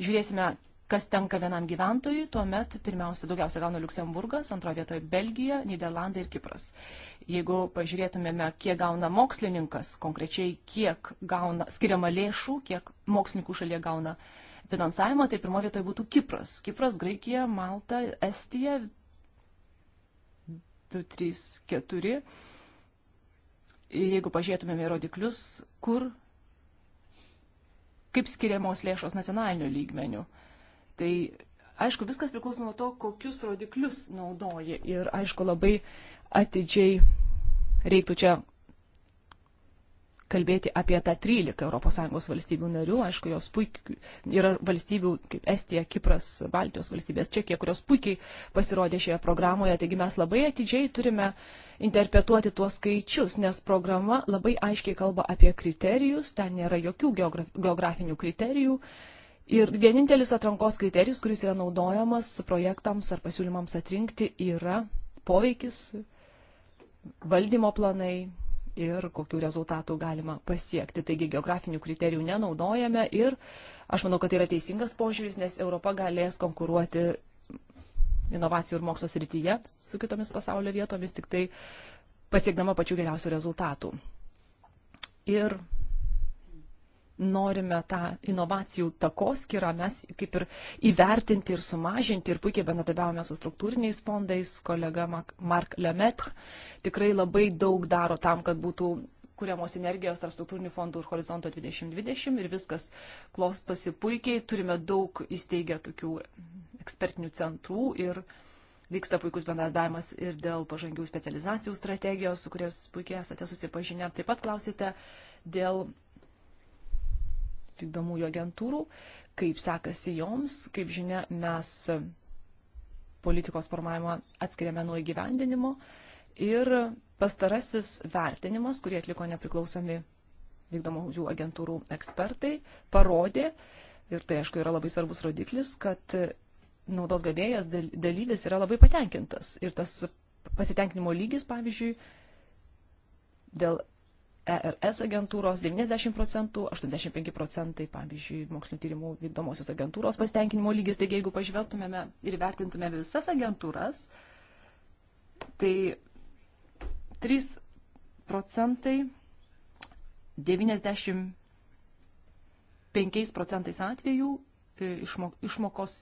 žiūrėsime kas tenka vienam gyventojui, tuomet pirmiausia daugiausia gauna Luksemburgas, antroje vietoje Belgija, Niderlandai ir Kipras. Jeigu pažiūrėtumėme, kiek gauna mokslininkas, konkrečiai kiek gauna skiriama lėšų, kiek mokslininkų šalyje gauna finansavimo, tai pirmoje vietoje būtų Kipras. Kipras, Graikija, Malta, Estija, 2, 3, 4. Jeigu pažiūrėtumėme rodiklius, kur, kaip skiriamos lėšos nacionaliniu lygmeniu, tai aišku, viskas priklauso nuo to, kokius rodiklius naudoji. Ir aišku, labai uh, atidžiai reiktų čia kalbėti apie tą 13 ES valstybių narių. Aišku, jos puikiai yra valstybių kaip Estija, Kipras, Baltijos valstybės, Čekija, kurios puikiai pasirodė šioje programoje. Taigi mes labai atidžiai turime interpretuoti tuos skaičius, nes programa labai aiškiai kalba apie kriterijus, ten nėra jokių geografinių kriterijų. Ir vienintelis atrankos kriterijus, kuris yra naudojamas projektams ar pasiūlymams atrinkti, yra poveikis valdymo planai ir kokių rezultatų galima pasiekti. Taigi geografinių kriterijų nenaudojame ir aš manau, kad tai yra teisingas požiūris, nes Europa galės konkuruoti inovacijų ir mokslo srityje su kitomis pasaulio vietomis, tik tai pasiekdama pačių geriausių rezultatų. Ir norime tą inovacijų takoskirą mes kaip ir įvertinti ir sumažinti ir puikiai bendradarbiavome su struktūriniais fondais, kolega Mark Lemetre tikrai labai daug daro tam, kad būtų kuriamos energijos tarp struktūrinių fondų ir horizonto 2020 ir viskas klostosi puikiai, turime daug įsteigę tokių ekspertinių centrų ir vyksta puikus bendradarbiavimas ir dėl pažangių specializacijų strategijos, su kurios puikiai esate susipažinę. Taip pat klausite dėl vykdomųjų agentūrų, kaip sekasi joms, kaip žinia, mes politikos formavimą atskiriame nuo įgyvendinimo ir pastarasis vertinimas, kurį atliko nepriklausomi vykdomųjų agentūrų ekspertai, parodė, ir tai aišku yra labai svarbus rodiklis, kad naudos gavėjas dalyvis yra labai patenkintas. Ir tas pasitenkinimo lygis, pavyzdžiui, dėl ERS agentūros 90 procentų, 85 procentai, pavyzdžiui, mokslinio tyrimų vykdomosios agentūros pasitenkinimo lygis. Taigi, jeigu pažvelgtumėme ir vertintume visas agentūras, tai 3 procentai 95 procentais atvejų e, išmokos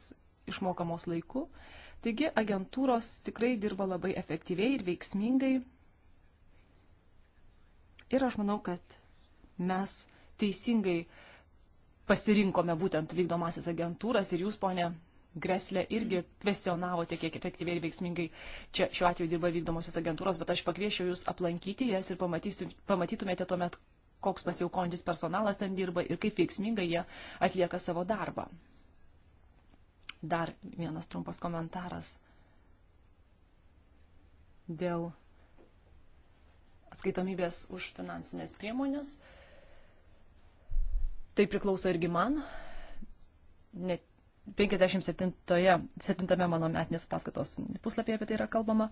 išmokamos laiku. Taigi agentūros tikrai dirba labai efektyviai ir veiksmingai Ir aš manau, kad mes teisingai pasirinkome būtent vykdomasis agentūras ir jūs, ponė Greslė, irgi kvestionavote, kiek efektyviai ir veiksmingai čia šiuo atveju dirba vykdomosios agentūros, bet aš pakviešiu jūs aplankyti jas ir pamatytumėte tuomet, koks pasiaukontis personalas ten dirba ir kaip veiksmingai jie atlieka savo darbą. Dar vienas trumpas komentaras dėl atskaitomybės už finansinės priemonės. Tai priklauso irgi man. Net 57 mano metinės paskatos puslapyje apie tai yra kalbama.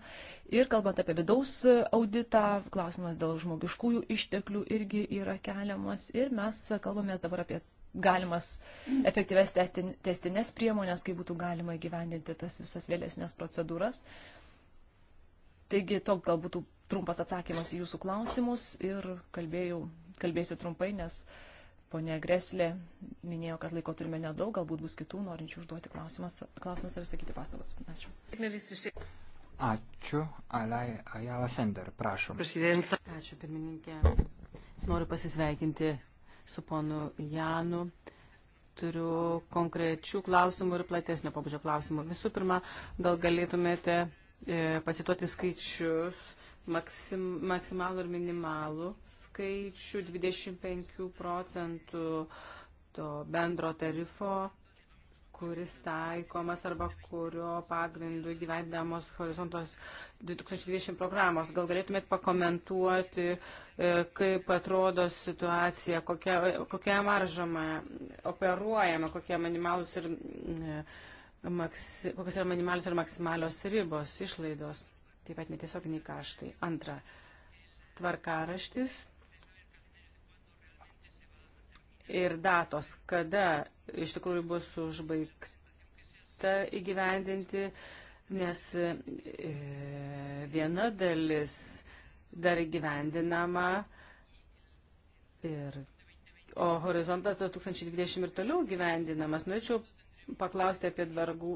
Ir kalbant apie vidaus auditą, klausimas dėl žmogiškųjų išteklių irgi yra keliamas. Ir mes kalbamės dabar apie galimas efektyves testinės priemonės, kaip būtų galima įgyvendinti tas visas vėlesnės procedūras. Uh, Taigi toks gal būtų trumpas atsakymas į jūsų klausimus ir kalbėjau, kalbėsiu trumpai, nes ponė Greslė minėjo, kad laiko turime nedaug, galbūt bus kitų norinčių užduoti klausimas, klausimas ar sakyti pastabas. Ačiū. Ačiū, Alai Ajala Sender, prašom. Presidenta. Ačiū, pirmininkė. Noriu pasisveikinti su ponu Janu turiu konkrečių klausimų ir platesnio pabudžio klausimų. Visų pirma, gal galėtumėte E, pacituoti skaičius, maksim, maksimalų ir minimalų skaičių, 25 procentų to bendro tarifo kuris taikomas arba kurio pagrindu gyvendamos horizontos 2020 programos. Gal galėtumėt pakomentuoti, e, kaip atrodo situacija, kokia, kokia maržama operuojama, kokie minimalus ir e, maksi, kokios yra minimalios ir maksimalios ribos, išlaidos, taip pat netiesioginiai kaštai. Antra, tvarkaraštis ir datos, kada iš tikrųjų bus užbaigta įgyvendinti, nes e, viena dalis dar įgyvendinama ir o horizontas 2020 ir toliau gyvendinamas. Norėčiau paklausti apie dvargų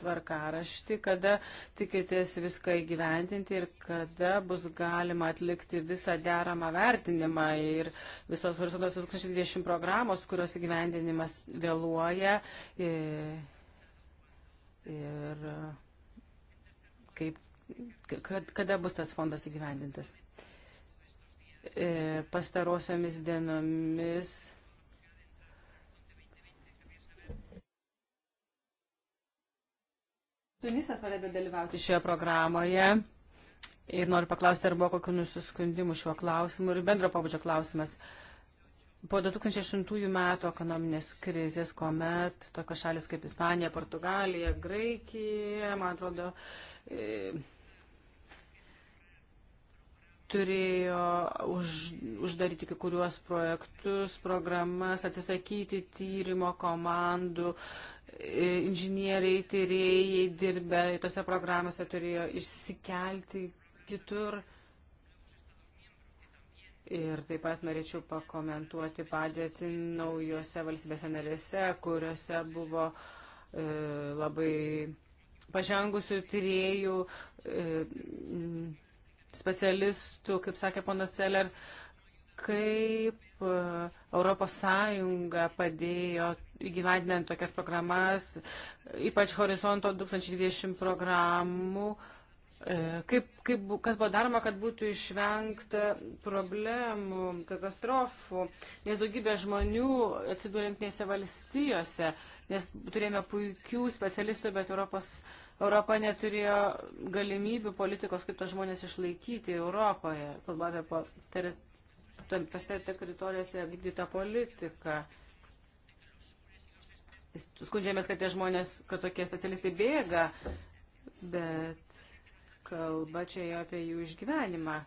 tvarkaraštį, kada tikitės viską įgyvendinti ir kada bus galima atlikti visą deramą vertinimą ir visos horizontos 2020 programos, kurios įgyvendinimas vėluoja ir, ir kaip, kada bus tas fondas įgyvendintas. E, pastarosiomis dienomis Tunisas pradeda dalyvauti šioje programoje. Ir noriu paklausti, ar buvo kokių nusiskundimų šiuo klausimu ir bendro pabudžio klausimas. Po 2008 metų ekonominės krizės, kuomet tokios šalis kaip Ispanija, Portugalija, Graikija, man atrodo, e, turėjo už, uždaryti kai kuriuos projektus, programas, atsisakyti tyrimo komandų, inžinieriai, tyrėjai dirbę tose programose turėjo išsikelti kitur. Ir taip pat norėčiau pakomentuoti padėtį naujose valstybėse narėse, kuriuose buvo e, labai pažengusių tyriejų, e, specialistų, kaip sakė ponas Celer, kaip e, Europos Sąjunga padėjo įgyvendinant tokias programas, ypač Horizonto 2020 programų. E, kaip, kaip, kas buvo daroma, kad būtų išvengta problemų, katastrofų, nes daugybė žmonių atsidūrintnėse valstijose, nes turėjome puikių specialistų, bet Europos, Europa neturėjo galimybių politikos, kaip tos žmonės išlaikyti Europoje, kalbame apie tose teritorijose vykdytą politiką skundžiamės, kad tie žmonės, kad tokie specialistai bėga, bet kalba čia jau apie jų išgyvenimą.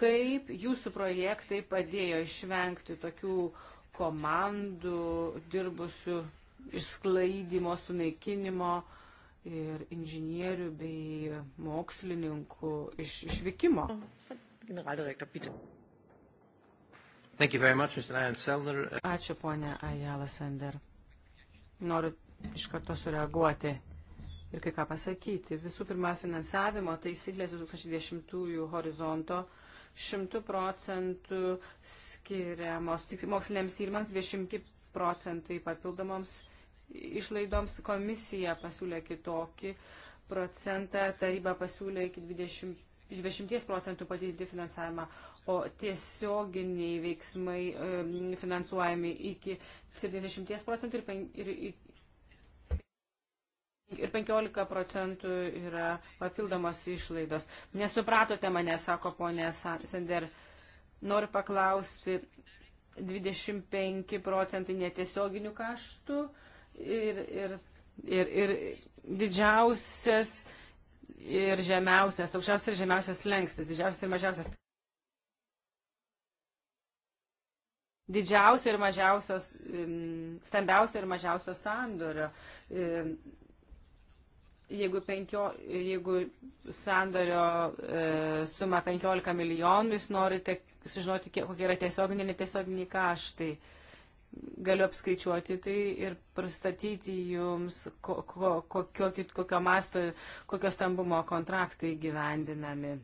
Kaip jūsų projektai padėjo išvengti tokių komandų dirbusių išsklaidymo, sunaikinimo ir inžinierių bei mokslininkų iš, išvykimo? Generaldirektor, bitte. Much, Ačiū, ponė Ajala Sender. Noriu iš karto sureaguoti ir kai ką pasakyti. Visų pirma, finansavimo taisyklės 2010 horizonto 100 procentų skiriamos tik moksliniams tyrimams, 25 procentai papildomoms išlaidoms komisija pasiūlė kitokį procentą, taryba pasiūlė iki 20 20 procentų padidinti finansavimą, o tiesioginiai veiksmai e, finansuojami iki 70 procentų ir, pen, ir, ir 15 procentų yra papildomos išlaidos. Nesupratote mane, sako ponė Sender. Noriu paklausti, 25 procentai netiesioginių kaštų ir, ir, ir, ir didžiausias ir žemiausias, aukščiausias ir žemiausias lenkstis, didžiausias ir mažiausias. Didžiausio ir mažiausios, stambiausio ir mažiausio sandorio. Jeigu, penkio, jeigu sandorio e, suma 15 milijonų, jūs norite sužinoti, kokie yra tiesioginiai ir netiesioginiai kaštai. Tai galiu apskaičiuoti tai ir pristatyti jums, ko, ko, kokio, kokio masto, kokio stambumo kontraktai gyvendinami.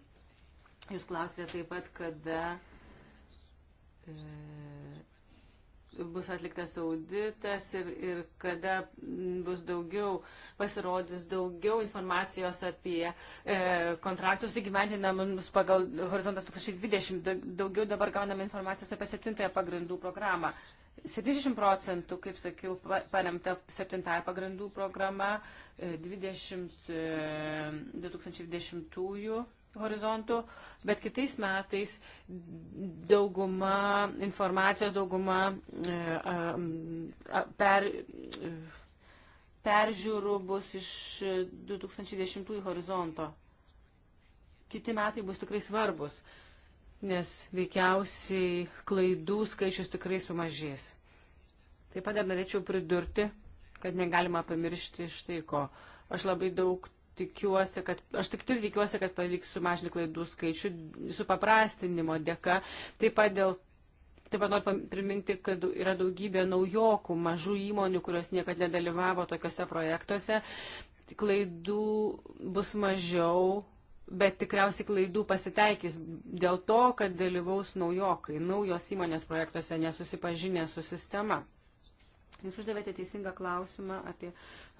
Jūs klausėte taip pat, kada e, bus atliktas auditas ir, ir kada bus daugiau, pasirodys daugiau informacijos apie e, kontraktus įgyvendinamus pagal Horizontas 2020. Daugiau dabar gauname informacijos apie septintąją pagrindų programą. E, 70 procentų, kaip sakiau, paremta septintąją pagrindų programą, 20, 2020 horizontų, bet kitais metais dauguma informacijos, dauguma e, per, e, peržiūrų bus iš 2010 horizonto. Kiti metai bus tikrai svarbus. Uh, nes veikiausiai klaidų skaičius tikrai sumažės. Taip pat dar norėčiau pridurti, kad negalima pamiršti štai ko. Aš labai daug tikiuosi, kad, aš tik turiu tikiuosi, kad pavyks sumažinti klaidų skaičių su paprastinimo dėka. Taip pat dėl Taip pat noriu priminti, kad yra daugybė naujokų, mažų įmonių, kurios niekada nedalyvavo tokiuose projektuose. Klaidų bus mažiau, bet tikriausiai klaidų pasitaikys dėl to, kad dalyvaus naujokai, naujos įmonės projektuose nesusipažinę su sistema. Jūs uždavėte teisingą klausimą apie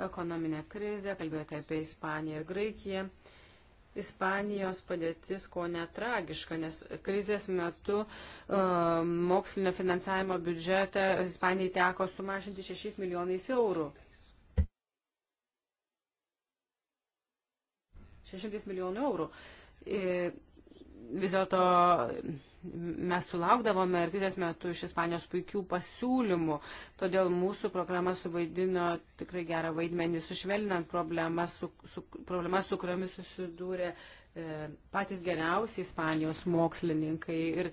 ekonominę krizę, kalbėjote apie Ispaniją ir Graikiją. Ispanijos padėtis ko netragiška, nes krizės metu um, mokslinio finansavimo biudžetą Ispanijai teko sumažinti 6 milijonais eurų. 600 milijonų eurų. E, vis dėlto mes sulaukdavome ir krizės metu iš Ispanijos puikių pasiūlymų, todėl mūsų programa suvaidino tikrai gerą vaidmenį, sušvelninant problemas, su, su, problemas su kuriomis susidūrė e, patys geriausi Ispanijos mokslininkai ir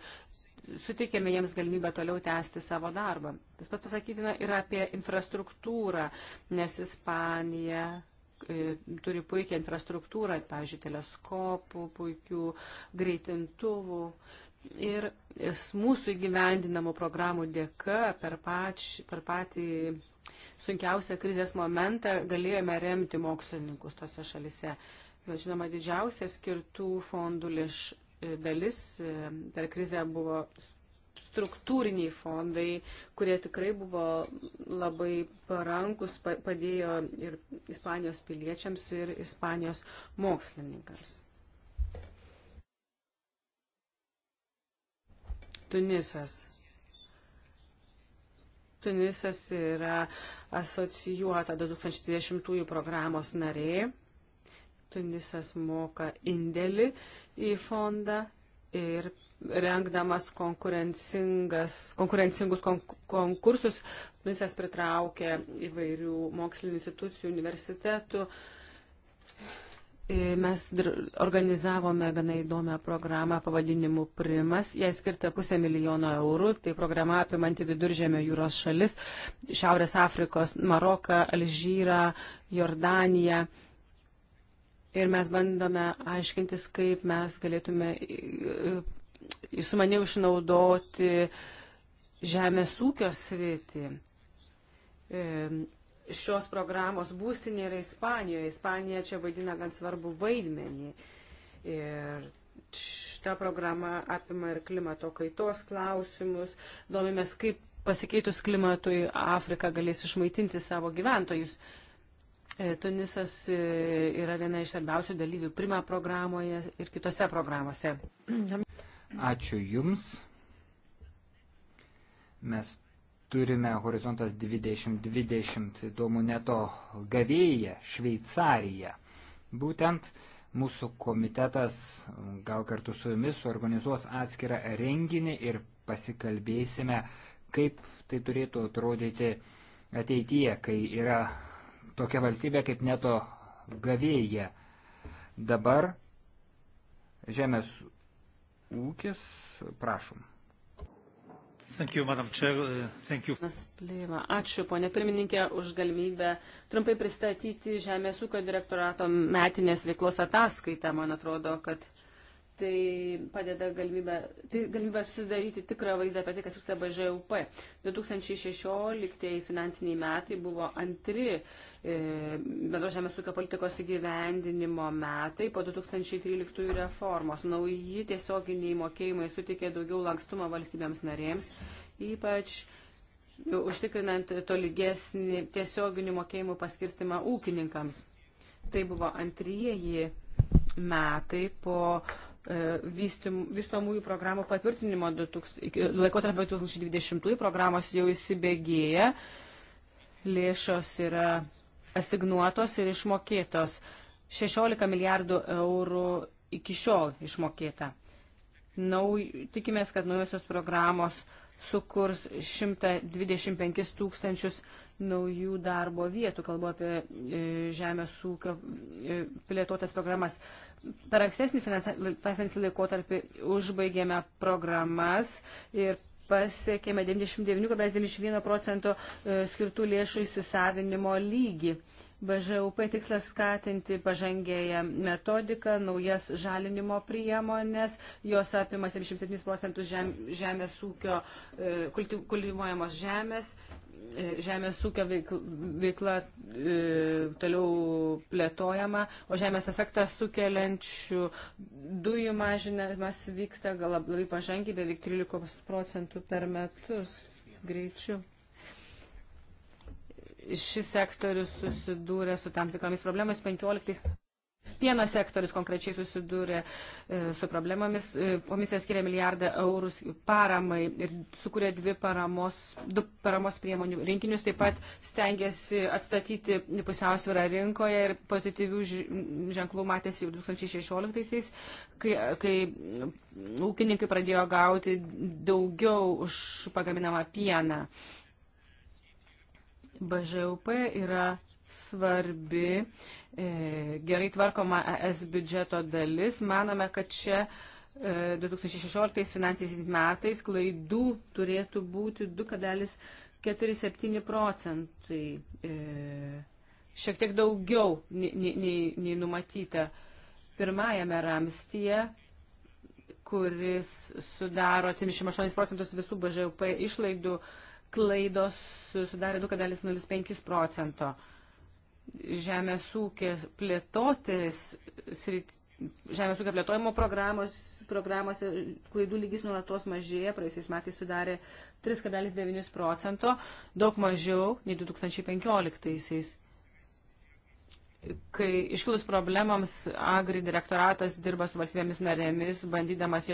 suteikėme jiems galimybę toliau tęsti savo darbą. Tas pat pasakytina ir apie infrastruktūrą, nes Ispanija E, turi puikią infrastruktūrą, pavyzdžiui, teleskopų, puikių greitintuvų. Ir mūsų įgyvendinamų programų dėka per, pač, per patį sunkiausią krizės momentą galėjome remti mokslininkus tose šalise. Bet, žinoma, didžiausia skirtų fondų liš, e, dalis e, per krizę buvo struktūriniai fondai, kurie tikrai buvo labai parankus, padėjo ir Ispanijos piliečiams, ir Ispanijos mokslininkams. Tunisas. Tunisas yra asocijuota 2020 programos narė. Tunisas moka indėlį į fondą ir rengdamas konkurencingus kon, konkursus, ministras pritraukė įvairių mokslinio institucijų, universitetų. Mes organizavome gana įdomią programą pavadinimu Primas. Jai skirta pusę milijono eurų. Tai programa apimanti viduržėmio jūros šalis - Šiaurės Afrikos, Maroką, Alžyrą, Jordaniją. Ir mes bandome aiškintis, kaip mes galėtume sumaniau išnaudoti žemės ūkio sritį. E, šios programos būstinė yra Ispanijoje. Ispanija čia vaidina gan svarbu vaidmenį. Ir šita programa apima ir klimato kaitos klausimus. Domimės, kaip pasikeitus klimatui Afrika galės išmaitinti savo gyventojus. E, Tunisas e, yra viena iš svarbiausių dalyvių Prima programoje ir kitose programuose. Ačiū Jums. Mes turime Horizontas 2020 duomuneto gavėją Šveicariją. Būtent mūsų komitetas gal kartu su jumis organizuos atskirą renginį ir pasikalbėsime, kaip tai turėtų atrodyti ateityje, kai yra tokia valstybė kaip neto gavėja. Dabar žemės ūkis. Prašom. Thank you, Madam Chair. Uh, thank you. Ačiū, ponė pirmininkė, už galimybę trumpai pristatyti Žemės ūkio direktorato metinės veiklos ataskaitą. Man atrodo, kad Tai padeda galimybę, tai galimybę sudaryti tikrą vaizdą apie tai, kas vyksta BŽUP. 2016 finansiniai metai buvo antri e, bendro žemės ūkio politikos įgyvendinimo metai po 2013 reformos. Nauji tiesioginiai mokėjimai sutikė daugiau lankstumo valstybėms narėms, ypač užtikrinant tolygesnį tiesioginių mokėjimų paskirstimą ūkininkams. Tai buvo antrieji metai po E, vystomųjų programų patvirtinimo laikotarpio 2020 programos jau įsibėgėja, lėšos yra asignuotos ir išmokėtos. 16 milijardų eurų iki šiol išmokėta. Nau, tikimės, kad naujosios programos uh, sukurs 125 tūkstančius naujų darbo vietų, kalbu apie e, žemės ūkio e, plėtotas programas. Per ankstesnį finansinį laikotarpį užbaigėme programas ir pasiekėme 99,91 procento e, skirtų lėšų įsisavinimo lygį. BŽUP tikslas skatinti pažangėję metodiką, naujas žalinimo priemonės, jos apima 77 procentus žem, žemės ūkio, e, kultivuojamos žemės, e, žemės ūkio veikla e, toliau plėtojama, o žemės efektą sukeliančių dujų mažinimas vyksta gal labai pažangiai, beveik 13 procentų per metus greičiu šis sektorius susidūrė su tam tikromis problemomis 15. Pieno sektorius konkrečiai susidūrė e, su problemomis. E, komisija skiria milijardą eurų paramai ir sukūrė dvi paramos, du paramos priemonių rinkinius. Taip pat stengiasi atstatyti pusiausvyrą rinkoje ir pozityvių ženklų matėsi jau 2016-aisiais, kai, kai ūkininkai pradėjo gauti daugiau už pagaminamą pieną. BŽUP yra svarbi, e, gerai tvarkoma ES biudžeto dalis. Manome, kad čia 2016 e, finansiais metais klaidų turėtų būti 2,47 procentai. E, šiek tiek daugiau nei, nei, nei numatyta pirmajame ramstyje kuris sudaro 38 procentus visų BŽP išlaidų, uh, klaidos sudarė 2,05 procento. Žemės ūkio plėtotės, žemės ūkio plėtojimo programos, programose klaidų lygis nuolatos mažėja, praėjusiais metais sudarė 3,9 procento, daug mažiau nei 2015. -aisiais kai iškilus problemams Agri direktoratas dirba su valstybėmis narėmis, bandydamas,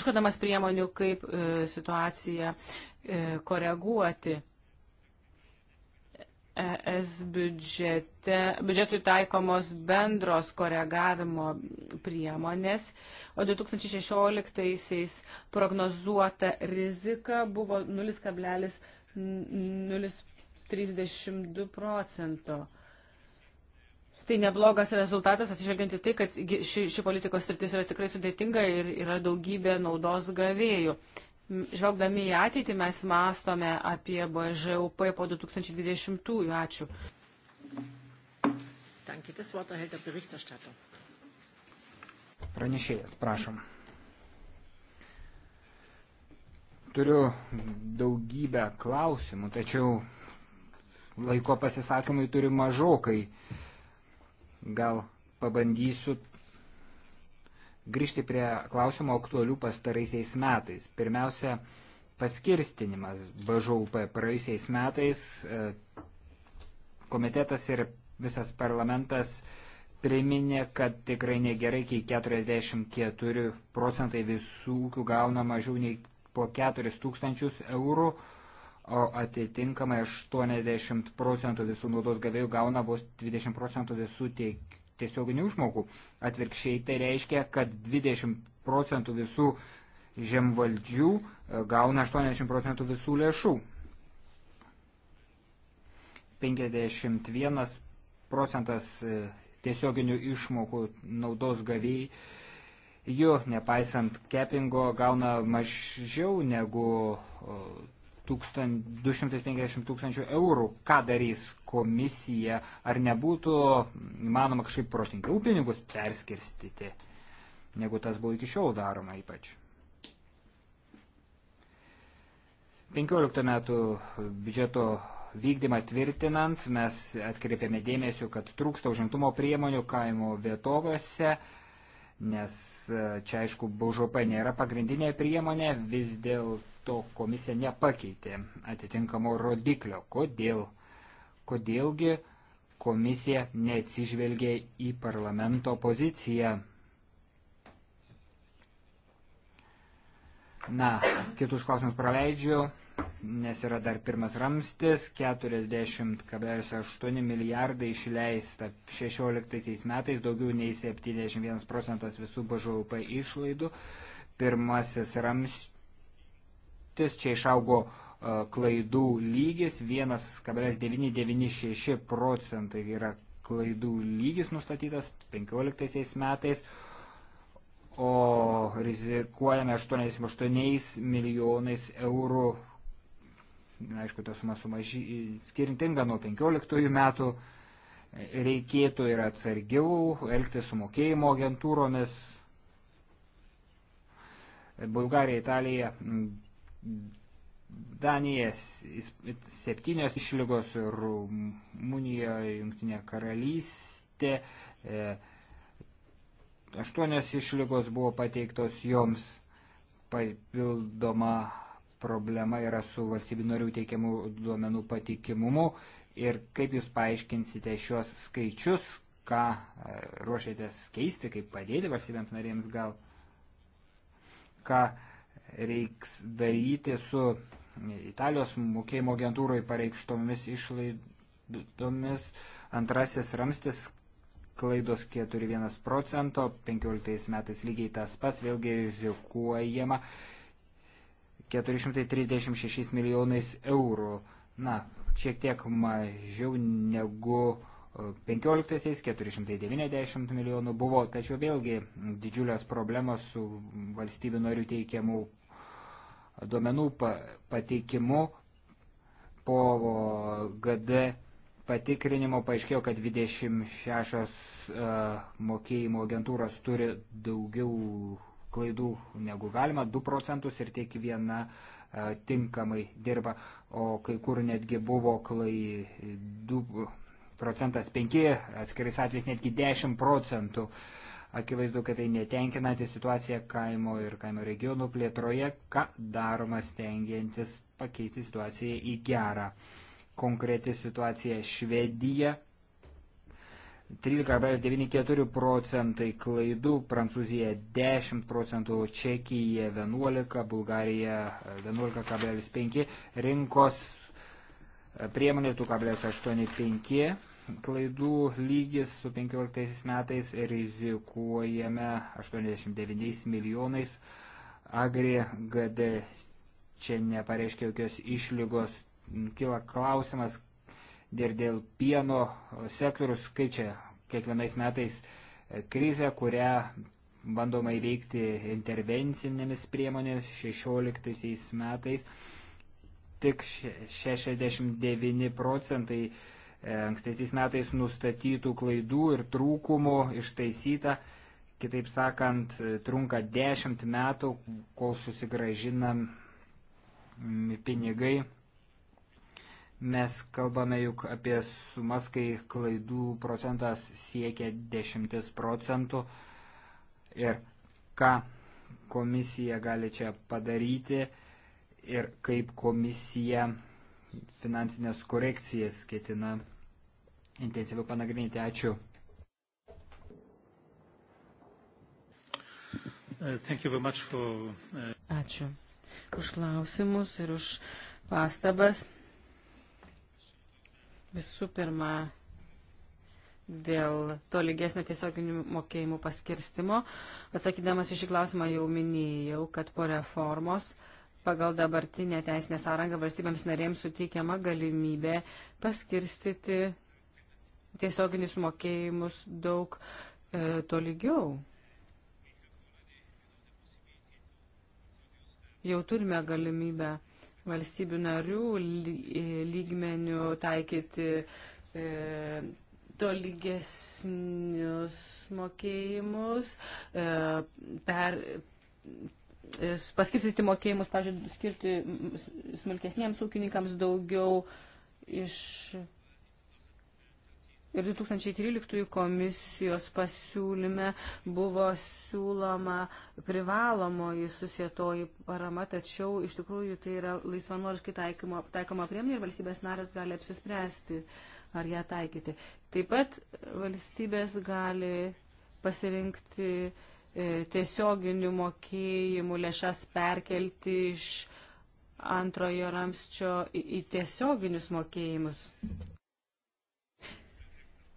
iškodamas priemonių, kaip e, situaciją e, koreguoti. ES biudžete, biudžetui taikomos bendros koregavimo priemonės, o 2016-aisiais prognozuota rizika buvo 0,032 procento tai neblogas rezultatas, atsižvelgiant į tai, kad ši, ši politikos sritis yra tikrai sudėtinga ir yra daugybė naudos gavėjų. Žvelgdami į ateitį mes mąstome apie BŽUP po 2020-ųjų. Ačiū. Pranešėjas, prašom. Turiu daugybę klausimų, tačiau laiko pasisakymai turi mažokai. kai Gal pabandysiu grįžti prie klausimo aktualių pastaraisiais metais. Pirmiausia, paskirstinimas BŽUP praėjusiais metais e, komitetas ir visas parlamentas priminė, kad tikrai negerai, kai 44 procentai visų gauna mažiau nei po 4 tūkstančius eurų, o atitinkamai 80 procentų visų naudos gavėjų gauna vos 20 procentų visų tiek, tiesioginių išmokų. Atvirkščiai tai reiškia, kad 20 procentų visų žemvaldžių e, gauna 80 procentų visų lėšų. 51 procentas e, tiesioginių išmokų naudos gavėjai jų, nepaisant kepingo, gauna mažiau negu 250 tūkstančių eurų. Ką darys komisija? Ar nebūtų įmanoma kažkaip protingiau pinigus perskirstyti, negu tas buvo iki šiol daroma ypač? 15 metų biudžeto vykdymą tvirtinant mes atkreipėme dėmesio, kad trūksta užimtumo priemonių kaimo vietovose, nes e, čia aišku BŽP nėra pagrindinė priemonė, vis dėlto teksto komisija nepakeitė atitinkamo rodiklio. Kodėl? Kodėlgi komisija neatsižvelgė į parlamento poziciją? Na, kitus klausimus praleidžiu, nes yra dar pirmas ramstis, 40,8 milijardai išleista 16 metais, daugiau nei 71 procentas visų BŽUP išlaidų. Pirmasis ramstis apimtis, čia išaugo e, klaidų lygis 1,996 procentai yra klaidų lygis nustatytas 15 metais, o rizikuojame 88 milijonais eurų, aišku, tos suma sumaži, skirtinga nuo 15 metų, reikėtų ir atsargiau elgti su mokėjimo agentūromis. Bulgarija, Italija Danijas septynios išlygos, Rumunijoje, Junktinė karalystė, e, aštuonios išlygos buvo pateiktos joms papildoma problema yra su valstybių narių teikiamų duomenų patikimumu ir kaip jūs paaiškinsite šios skaičius, ką e, ruošiatės keisti, kaip padėti valstybėms narėms gal, ką uh, reiks daryti su Italijos mokėjimo agentūrai pareikštomis išlaidomis. Antrasis ramstis klaidos 4,1 procento, 15 metais lygiai tas pats, vėlgi rizikuojama 436 milijonais eurų. Na, šiek tiek mažiau negu 15-aisiais e, 490 milijonų buvo, tačiau vėlgi didžiulės problemos su valstybių norių teikiamų duomenų pateikimu po GD patikrinimo paaiškėjo, kad 26 e, mokėjimo agentūros turi daugiau klaidų negu galima, 2 procentus ir tiek viena e, tinkamai dirba, o kai kur netgi buvo klaidų procentas 5, atskirais atvejais netgi 10 procentų. Akivaizdu, kad tai netenkinanti situacija kaimo ir kaimo regionų plėtroje, ką daroma stengiantis pakeisti situaciją į gerą. Konkreti situacija Švedija. 13,94 procentai klaidų, Prancūzija 10 procentų, Čekija 11, Bulgarija 11,5, e, rinkos e, priemonė 2,85 klaidų lygis su 15 metais rizikuojame 89 milijonais. Agri GD čia nepareiškia jokios išlygos. Kila klausimas ir dėl pieno sektorius, kaip čia kiekvienais metais krizė, kurią bandoma įveikti intervencinėmis priemonėmis 16 metais. Tik 69 procentai E, ankstesiais metais nustatytų klaidų ir trūkumų ištaisyta. Kitaip sakant, trunka 10 metų, kol susigražinam pinigai. Mes kalbame juk apie sumas, kai klaidų procentas siekia 10 procentų. Ir ką komisija gali čia padaryti ir kaip komisija finansinės korekcijas ketina intensyviau panagrinėti. Ačiū. Uh, for... Uh, Ačiū už klausimus ir už pastabas. Visų pirma, dėl to lygesnio tiesioginių mokėjimų paskirstimo. Atsakydamas į šį klausimą jau minėjau, kad po reformos pagal dabartinę teisinę sąrangą valstybėms narėms suteikiama galimybė paskirstyti tiesioginius mokėjimus daug e, tolygiau. Jau turime galimybę valstybių narių e, lygmenių taikyti e, tolygesnius mokėjimus, e, per, e, paskirstyti mokėjimus, pažiūrėjau, skirti smulkesniems ūkininkams daugiau iš Ir 2013 komisijos pasiūlyme buvo siūloma privalomoji susietoji parama, tačiau iš tikrųjų tai yra laisvanoriškai taikoma priemonė ir valstybės narės gali apsispręsti, ar ją taikyti. Taip pat valstybės gali pasirinkti e, tiesioginių mokėjimų lėšas perkelti iš antrojo ramščio į, į tiesioginius mokėjimus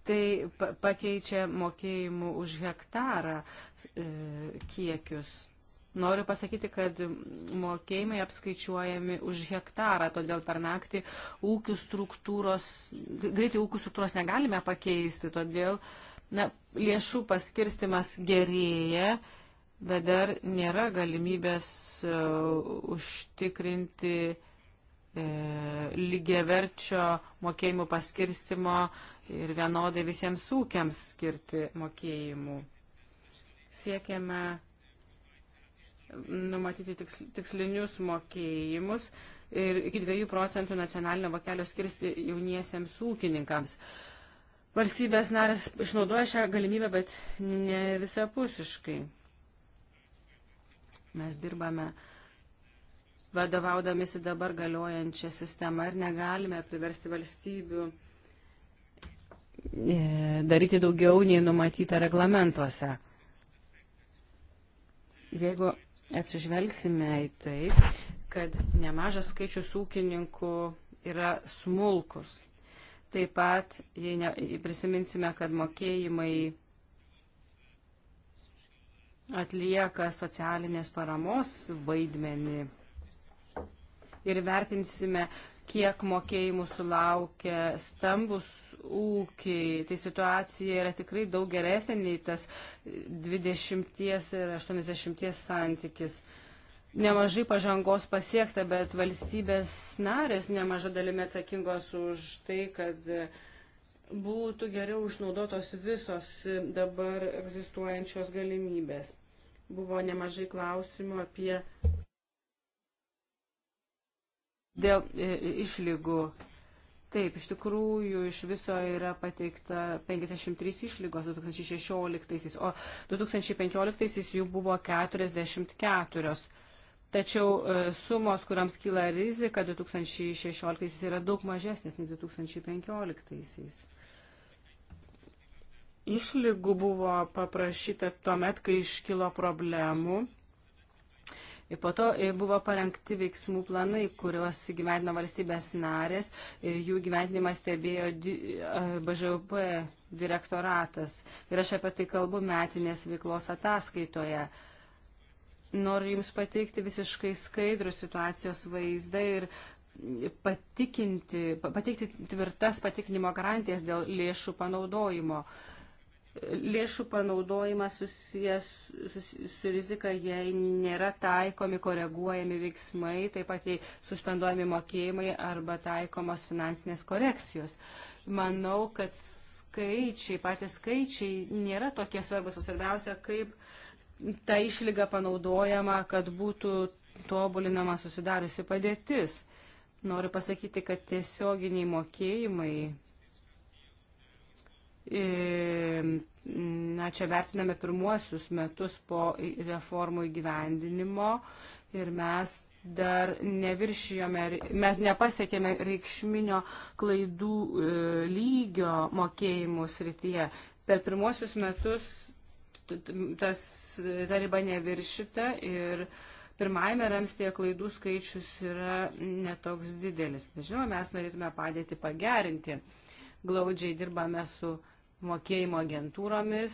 tai pakeičia mokėjimų už hektarą e, kiekius. Noriu pasakyti, kad mokėjimai apskaičiuojami už hektarą, todėl per naktį ūkių struktūros, greitai ūkių struktūros negalime pakeisti, todėl na, lėšų paskirstimas gerėja, bet dar nėra galimybės uh, užtikrinti uh, lygiaverčio mokėjimų paskirstimo uh, ir vienodai visiems ūkiams skirti mokėjimų. Siekiame numatyti tikslinius mokėjimus ir iki 2 procentų nacionalinio vokelio skirsti jauniesiems ūkininkams. Valstybės narės išnaudoja šią galimybę, bet ne visapusiškai. Mes dirbame vadovaudamėsi dabar galiojančią sistemą ir negalime priversti valstybių E, daryti daugiau nei numatyta reglamentuose. Jeigu atsižvelgsime į tai, kad nemažas skaičius ūkininkų yra smulkus, taip pat, jei ne, prisiminsime, kad mokėjimai atlieka socialinės paramos vaidmenį ir vertinsime, kiek mokėjimų sulaukia stambus ūkiai. Tai situacija yra tikrai daug geresnė nei tas 20 ir 80 santykis. Nemažai pažangos pasiekta, bet valstybės narės nemaža dalimi atsakingos už tai, kad būtų geriau išnaudotos visos dabar egzistuojančios galimybės. Buvo nemažai klausimų apie dėl e, e, išlygų Taip, iš tikrųjų iš viso yra pateikta 53 išlygos 2016, o 2015 jų buvo 44. Tačiau e, sumos, kuriams kyla rizika 2016 yra daug mažesnės nei 2015. Išlygų buvo paprašyta tuo met, kai iškilo problemų Ir po to e, buvo parengti veiksmų planai, kuriuos gyvendino valstybės narės, e, jų gyvendinimą stebėjo e, BŽUP direktoratas. Ir aš apie tai kalbu metinės veiklos ataskaitoje. Noriu Jums pateikti visiškai skaidrų situacijos vaizdą ir patikinti, pateikti tvirtas patikinimo garantijas dėl lėšų panaudojimo. Uh, lėšų panaudojimas susijęs su, su rizika, jei nėra taikomi koreguojami veiksmai, taip pat jei suspenduojami mokėjimai arba taikomos finansinės korekcijos. Manau, kad skaičiai, patys skaičiai nėra tokie svarbus, o svarbiausia, kaip ta išlyga panaudojama, kad būtų tobulinama susidariusi padėtis. Noriu pasakyti, kad tiesioginiai mokėjimai E, na, čia vertiname pirmuosius metus po reformų įgyvendinimo ir mes dar neviršijome, mes nepasiekėme reikšminio klaidų e, lygio mokėjimų srityje. Per pirmuosius metus tas taryba neviršita ir pirmajame ramstėje klaidų skaičius yra netoks didelis. Žinoma, mes norėtume padėti pagerinti. Glaudžiai dirbame su uh, mokėjimo agentūromis,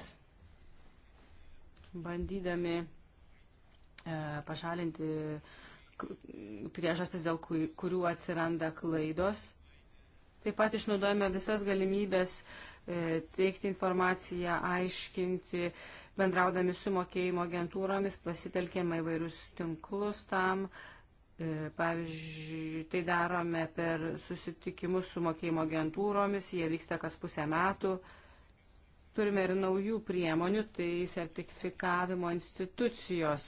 bandydami e, pašalinti priežastis, dėl kurių atsiranda klaidos. Taip pat išnaudojame visas galimybės e, teikti informaciją, aiškinti, bendraudami su mokėjimo agentūromis, pasitelkėme įvairius tinklus tam, e, Pavyzdžiui, tai darome per susitikimus su mokėjimo agentūromis, jie vyksta kas pusę metų turime ir naujų priemonių, tai sertifikavimo institucijos.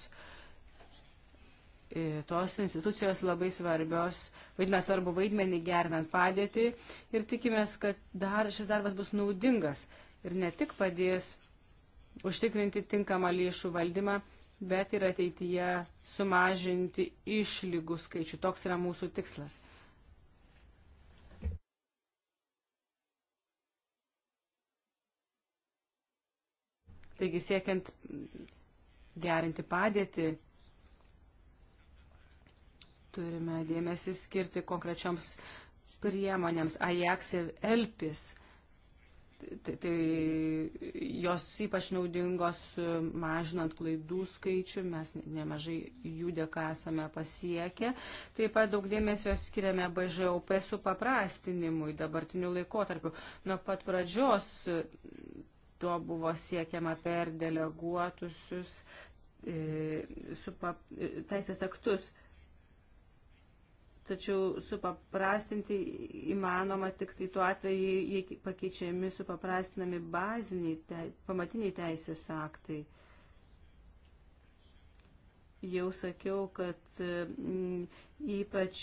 E, tos institucijos labai svarbios, vaidina svarbu vaidmenį gerinant padėtį ir tikimės, kad dar, šis darbas bus naudingas ir ne tik padės užtikrinti tinkamą lėšų valdymą, bet ir ateityje sumažinti išlygų skaičių. Toks yra mūsų tikslas. Taigi siekiant gerinti padėtį, turime dėmesį skirti konkrečioms priemonėms Ajax ir Elpis. Tai, tai jos ypač naudingos mažinant klaidų skaičių, mes nemažai jų dėka esame pasiekę. Taip pat daug dėmesio skiriame BŽOP su paprastinimui dabartiniu laikotarpiu. Nuo pat pradžios to buvo siekiama per deleguotusius e, supa, e, teisės aktus. Tačiau supaprastinti įmanoma tik tai tuo atveju, jei pakeičiami supaprastinami baziniai, te, pamatiniai teisės aktai. E, jau sakiau, kad mm, ypač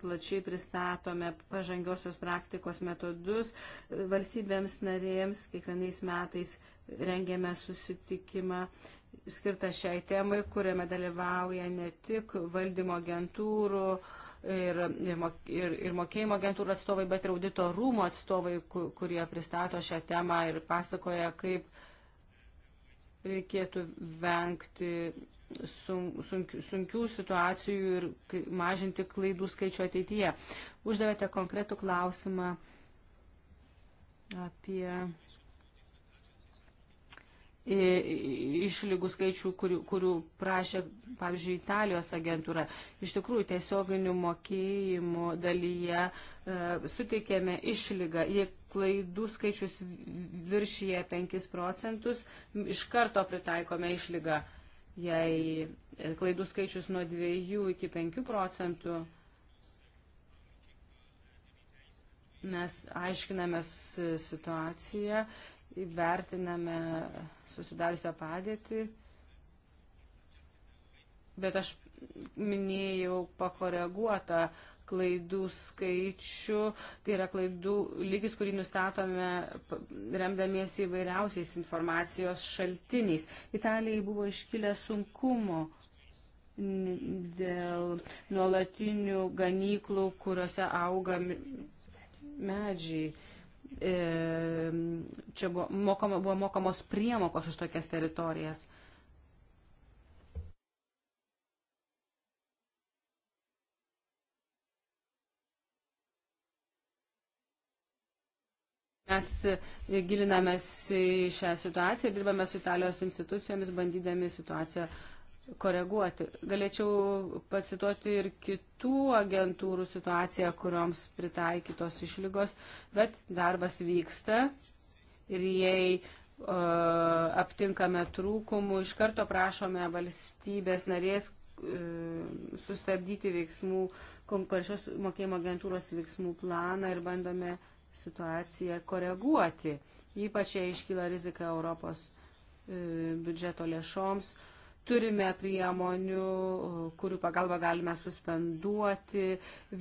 plačiai pristatome pažangiosios praktikos metodus valstybėms narėms, kiekvienais metais rengiame susitikimą skirtą šiai temai, kuriame dalyvauja ne tik valdymo agentūrų, ir, ir, ir mokėjimo agentūrų atstovai, bet ir audito rūmų atstovai, kurie pristato šią temą ir pasakoja, kaip reikėtų vengti sunk, sunk, sunkių situacijų ir mažinti klaidų skaičių ateityje. Uždavėte konkretų klausimą apie išlygų skaičių, kurių, kurių prašė, pavyzdžiui, Italijos agentūra. Iš tikrųjų, tiesioginių mokėjimų dalyje e, suteikėme išlygą. Jei klaidų skaičius viršyje 5 procentus, iš karto pritaikome išlygą. Jei klaidų skaičius nuo 2 iki 5 procentų, mes aiškinamės situaciją, vertiname susidariusią padėtį, bet aš minėjau pakoreguotą uh, klaidų skaičių, tai yra klaidų lygis, kurį nustatome remdamiesi įvairiausiais informacijos šaltiniais. Italijai buvo iškilę sunkumo dėl nuolatinių ganyklų, kuriuose auga medžiai. E, čia buvo, mokama, buvo mokamos priemokos už tokias teritorijas. Mes e, gilinamės į šią situaciją ir dirbame su Italijos institucijomis, bandydami situaciją koreguoti. Galėčiau pacituoti ir kitų agentūrų situaciją, kurioms pritaikytos išlygos, bet darbas vyksta ir jei uh, aptinkame trūkumų, iš karto prašome valstybės narės uh, sustabdyti veiksmų, konkrečios mokėjimo agentūros veiksmų planą ir bandome uh, situaciją koreguoti, ypač jei iškyla rizika Europos e, biudžeto lėšoms. Turime priemonių, e, kurių pagalba galime suspenduoti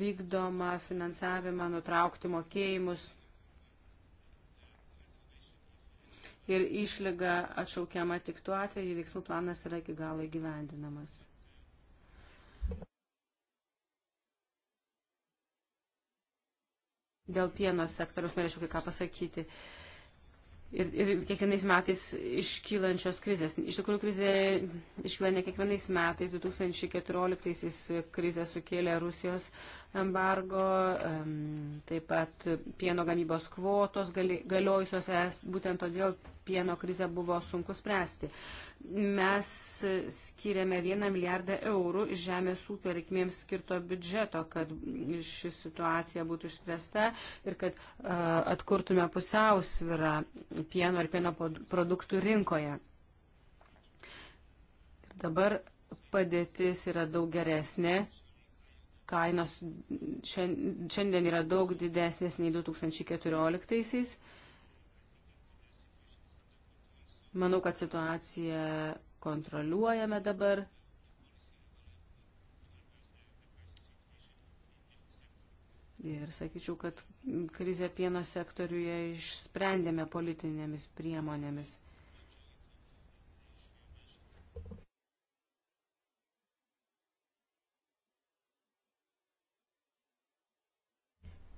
vykdomą finansavimą, nutraukti mokėjimus ir išlyga atšaukiama tik tuo atveju, jei veiksmų planas yra iki galo įgyvendinamas. Dėl pieno sektoriaus norėčiau kai ką pasakyti. Ir, ir kiekvienais metais iškylančios krizės. Iš tikrųjų, krizė iškyla ne kiekvienais metais. 2014-aisiais krizę sukėlė Rusijos embargo, taip pat pieno gamybos kvotos galiojusios es. Būtent todėl pieno krizę buvo sunku spręsti mes skiriame 1 milijardą eurų iš žemės ūkio reikmėms skirto biudžeto, kad ši situacija būtų išspręsta ir kad atkurtume pusiausvirą pieno ir pieno produktų rinkoje. Dabar padėtis yra daug geresnė. Kainos šiandien yra daug didesnės nei 2014. -aisiais Manau, kad situaciją kontroliuojame dabar. Ir sakyčiau, kad krizę pieno sektoriuje išsprendėme politinėmis priemonėmis.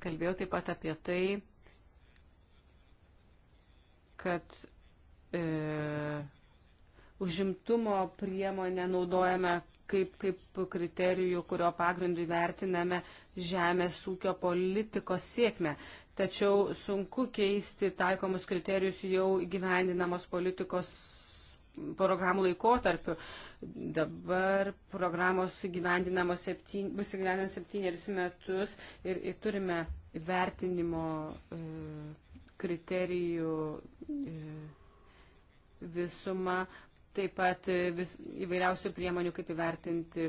Kalbėjau taip pat apie tai, kad e, užimtumo priemonę naudojame kaip, kaip kriterijų, kurio pagrindų vertiname žemės ūkio politikos sėkmę. Tačiau sunku keisti taikomus kriterijus jau gyvendinamos politikos programų laikotarpiu. Dabar programos gyvendinamos septyn, bus gyvendinamos septynerius metus ir, ir turime vertinimo e, kriterijų. E, visumą, taip pat e, vis, įvairiausių priemonių, kaip įvertinti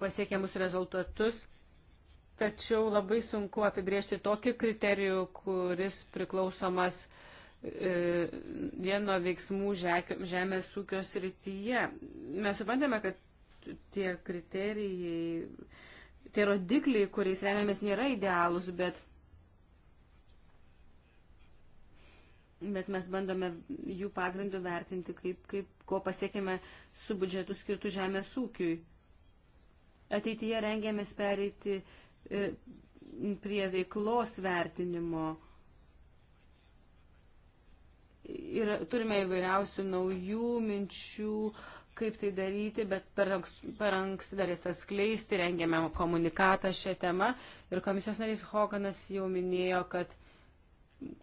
pasiekiamus rezultatus. Tačiau labai sunku apibriežti tokį kriterijų, kuris priklausomas e, vieno veiksmų žemės ūkio srityje. Mes suprantame, kad tie kriterijai, tie rodikliai, kuriais remiamės, nėra idealūs, bet bet mes bandome jų pagrindų vertinti, kaip, kaip, ko pasiekime su budžetu skirtu žemės ūkiui. Ateityje rengiamės pereiti e, prie veiklos vertinimo. Ir turime įvairiausių naujų minčių, kaip tai daryti, bet per, anks, per anksti dar jas skleisti, rengiame komunikatą šią temą. Ir komisijos narys Hoganas jau minėjo, kad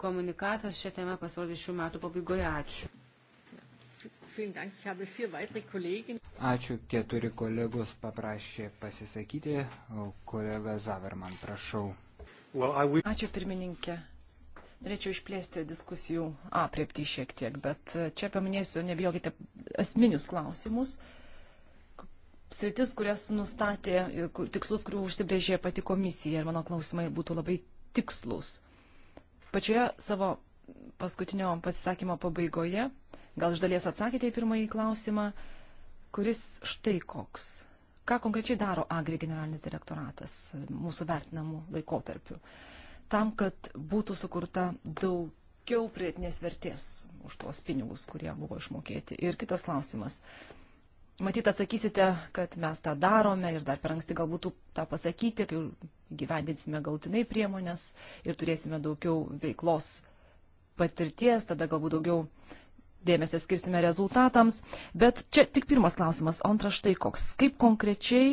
komunikatas šią temą pasirodys šių metų pabaigoje. Ačiū. Ačiū, keturi kolegos paprašė pasisakyti. Kolega Zaverman, prašau. Ačiū pirmininkė. Norėčiau išplėsti diskusijų apriepti šiek tiek, bet čia paminėsiu, nebijokite, asmenius klausimus. Sritis, kurias nustatė, tikslus, kurių užsibrėžė pati komisija ir mano klausimai būtų labai tikslus. Pačioje savo paskutinio pasisakymo pabaigoje, gal iš dalies atsakėte į pirmąjį klausimą, kuris štai koks. Ką konkrečiai daro Agri generalinis direktoratas mūsų vertinamų laikotarpių? Tam, kad būtų sukurta daugiau prietinės vertės už tuos pinigus, kurie buvo išmokėti. Ir kitas klausimas. Uh, Matyt, atsakysite, kad mes tą darome ir dar per anksti galbūt tą pasakyti, kai gyvendinsime galutinai priemonės ir turėsime daugiau veiklos patirties, tada galbūt daugiau dėmesio skirsime rezultatams. Bet čia tik pirmas klausimas, o antras štai koks. Kaip konkrečiai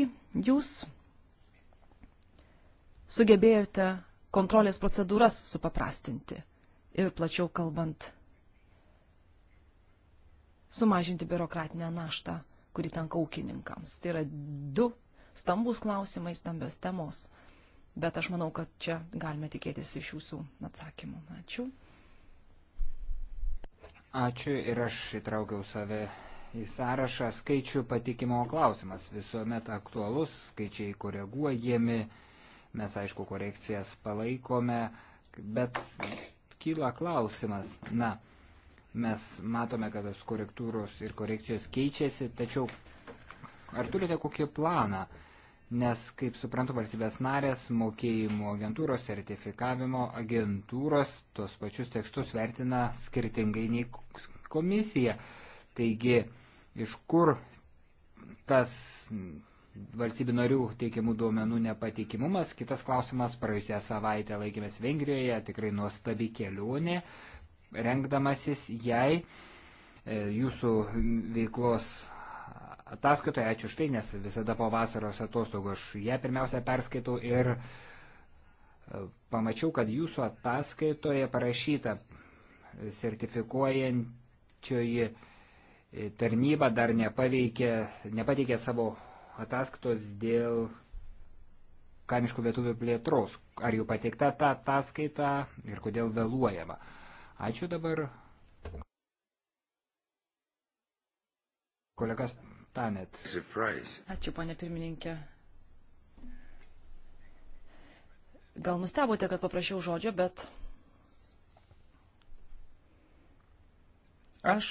jūs sugebėjote kontrolės procedūras supaprastinti ir plačiau kalbant sumažinti biurokratinę naštą? kuri tenka ūkininkams. Tai yra du stambus klausimai, stambios temos. Bet aš manau, kad čia galime tikėtis iš jūsų atsakymų. Ačiū. Ačiū ir aš įtraukiau save į sąrašą skaičių patikimo klausimas. Visuomet aktualus, skaičiai koreguojami, mes aišku korekcijas palaikome, bet kyla klausimas, na, Mes matome, kad tos korektūros ir korekcijos keičiasi, tačiau ar turite kokį planą? Nes, kaip suprantu, valstybės narės, mokėjimo agentūros, sertifikavimo agentūros tos pačius tekstus vertina skirtingai nei komisija. Taigi, iš kur tas valstybių narių teikiamų duomenų nepatikimumas. Kitas klausimas, praėjusią savaitę laikėmės Vengrijoje, tikrai nuostabi kelionė, rengdamasis jai e, jūsų veiklos ataskaitoje. Ačiū už tai, nes visada po vasaros atostogų aš ją pirmiausia perskaitau ir e, pamačiau, kad jūsų ataskaitoje parašyta e, sertifikuojančioji tarnyba dar nepaveikė, nepateikė savo ataskaitos dėl kaimiškų vietovių plėtros. Ar jau pateikta ta ataskaita ir kodėl vėluojama? Ačiū dabar. Kolegas Tanet. Surprise. Ačiū, ponė pirmininkė. Gal nustebote, kad paprašiau žodžio, bet aš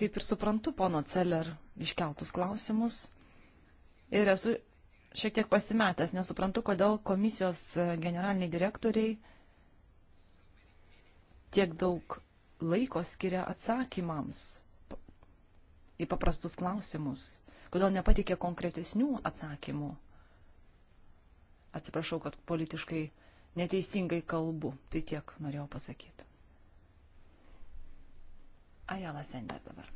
kaip ir suprantu pono Celler iškeltus klausimus ir esu šiek tiek pasimetęs, nesuprantu, kodėl komisijos generaliniai direktoriai tiek daug laiko skiria atsakymams į paprastus klausimus? Kodėl nepatikė konkretesnių atsakymų? Atsiprašau, kad politiškai neteisingai kalbu. Tai tiek norėjau pasakyti. Ajala Sender dabar.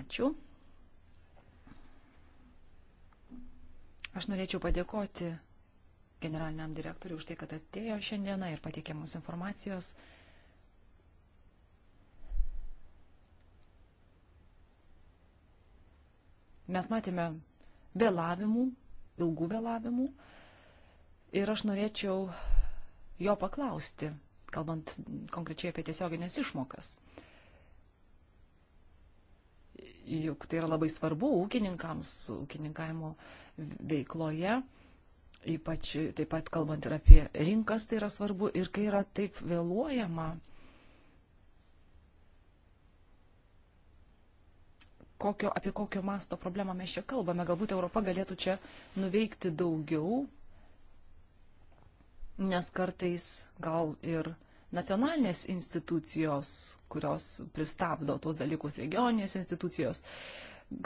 Ačiū. Aš norėčiau padėkoti generaliniam direktoriui už tai, kad atėjo šiandieną ir pateikė mums informacijos. Mes matėme vėlavimų, ilgų vėlavimų ir aš norėčiau jo paklausti, kalbant konkrečiai apie tiesioginės išmokas. Juk tai yra labai svarbu ūkininkams, ūkininkavimo veikloje. Ypač taip pat kalbant ir apie rinkas, tai yra svarbu ir kai yra taip vėluojama, kokio, apie kokio masto problemą mes čia kalbame. Galbūt Europa galėtų čia nuveikti daugiau, nes kartais gal ir nacionalinės institucijos, kurios pristabdo tuos dalykus, regioninės institucijos.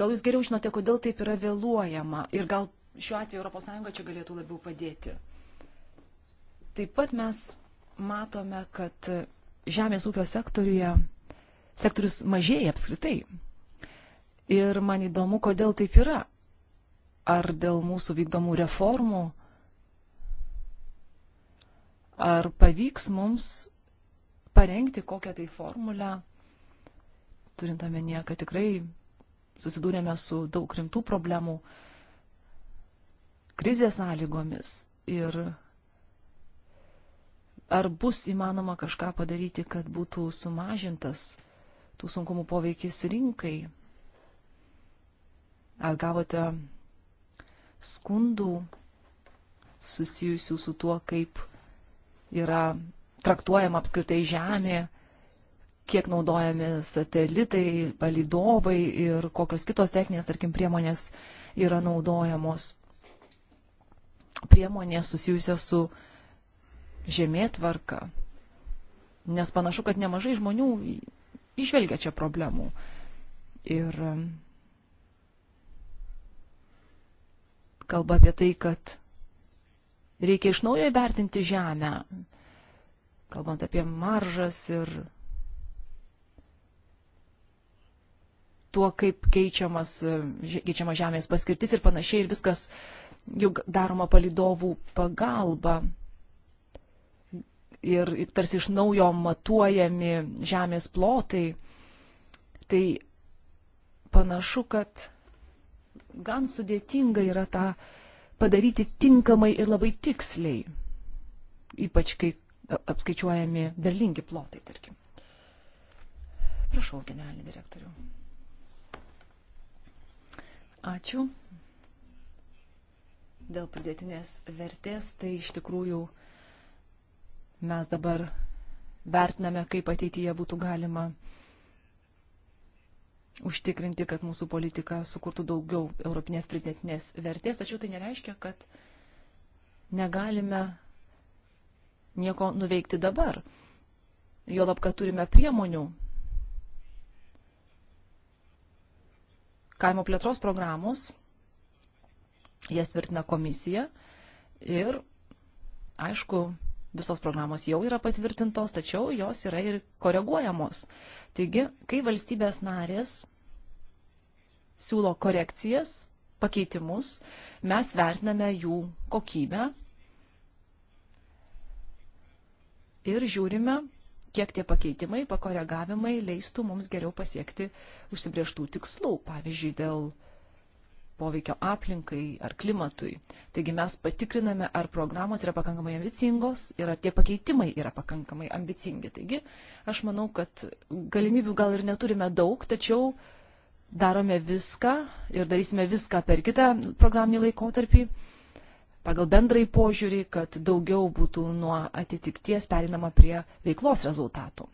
Gal jūs geriau žinote, kodėl taip yra vėluojama ir gal šiuo atveju ES čia galėtų labiau padėti. Taip pat mes matome, kad žemės ūkio sektoriuje sektorius mažėja apskritai. Ir man įdomu, kodėl taip yra. Ar dėl mūsų vykdomų reformų, ar pavyks mums parengti kokią tai formulę, turint omenyje, kad tikrai susidūrėme su daug rimtų problemų krizės sąlygomis ir ar bus įmanoma kažką padaryti, kad būtų sumažintas tų sunkumų poveikis rinkai. Ar gavote skundų susijusių su tuo, kaip yra traktuojama apskritai žemė, kiek naudojami satelitai, palidovai ir kokios kitos techninės, tarkim, priemonės yra naudojamos priemonės susijusios su žemėtvarka. Nes panašu, kad nemažai žmonių išvelgia čia problemų. Ir um, kalba apie tai, kad reikia iš naujo įvertinti žemę, kalbant apie maržas ir tuo, kaip keičiamas, keičiama žemės paskirtis ir panašiai, ir viskas uh, juk daroma palidovų pagalba ir tarsi iš naujo matuojami žemės plotai. Tai panašu, kad gan sudėtinga yra tą padaryti tinkamai ir labai tiksliai, ypač kai apskaičiuojami derlingi plotai, tarkim. Prašau, generalinį direktorių. Ačiū dėl pridėtinės vertės, tai iš tikrųjų mes dabar vertiname, kaip ateityje būtų galima užtikrinti, kad mūsų politika sukurtų daugiau europinės pridėtinės vertės, tačiau tai nereiškia, kad negalime nieko nuveikti dabar. Juolab, kad turime priemonių. Kaimo plėtros programos jas tvirtina komisija ir, aišku, visos programos jau yra patvirtintos, tačiau jos yra ir koreguojamos. Taigi, kai valstybės narės siūlo korekcijas, pakeitimus, mes vertiname jų kokybę ir žiūrime, kiek tie pakeitimai, pakoregavimai leistų mums geriau pasiekti užsibrieštų tikslų, pavyzdžiui, dėl poveikio aplinkai ar klimatui. Taigi mes patikriname, ar programos yra pakankamai ambicingos ir ar tie pakeitimai yra pakankamai ambicingi. Taigi aš manau, kad galimybių gal ir neturime daug, tačiau darome viską ir darysime viską per kitą programinį laikotarpį pagal bendrai požiūrį, kad daugiau būtų nuo atitikties perinama prie veiklos rezultatų.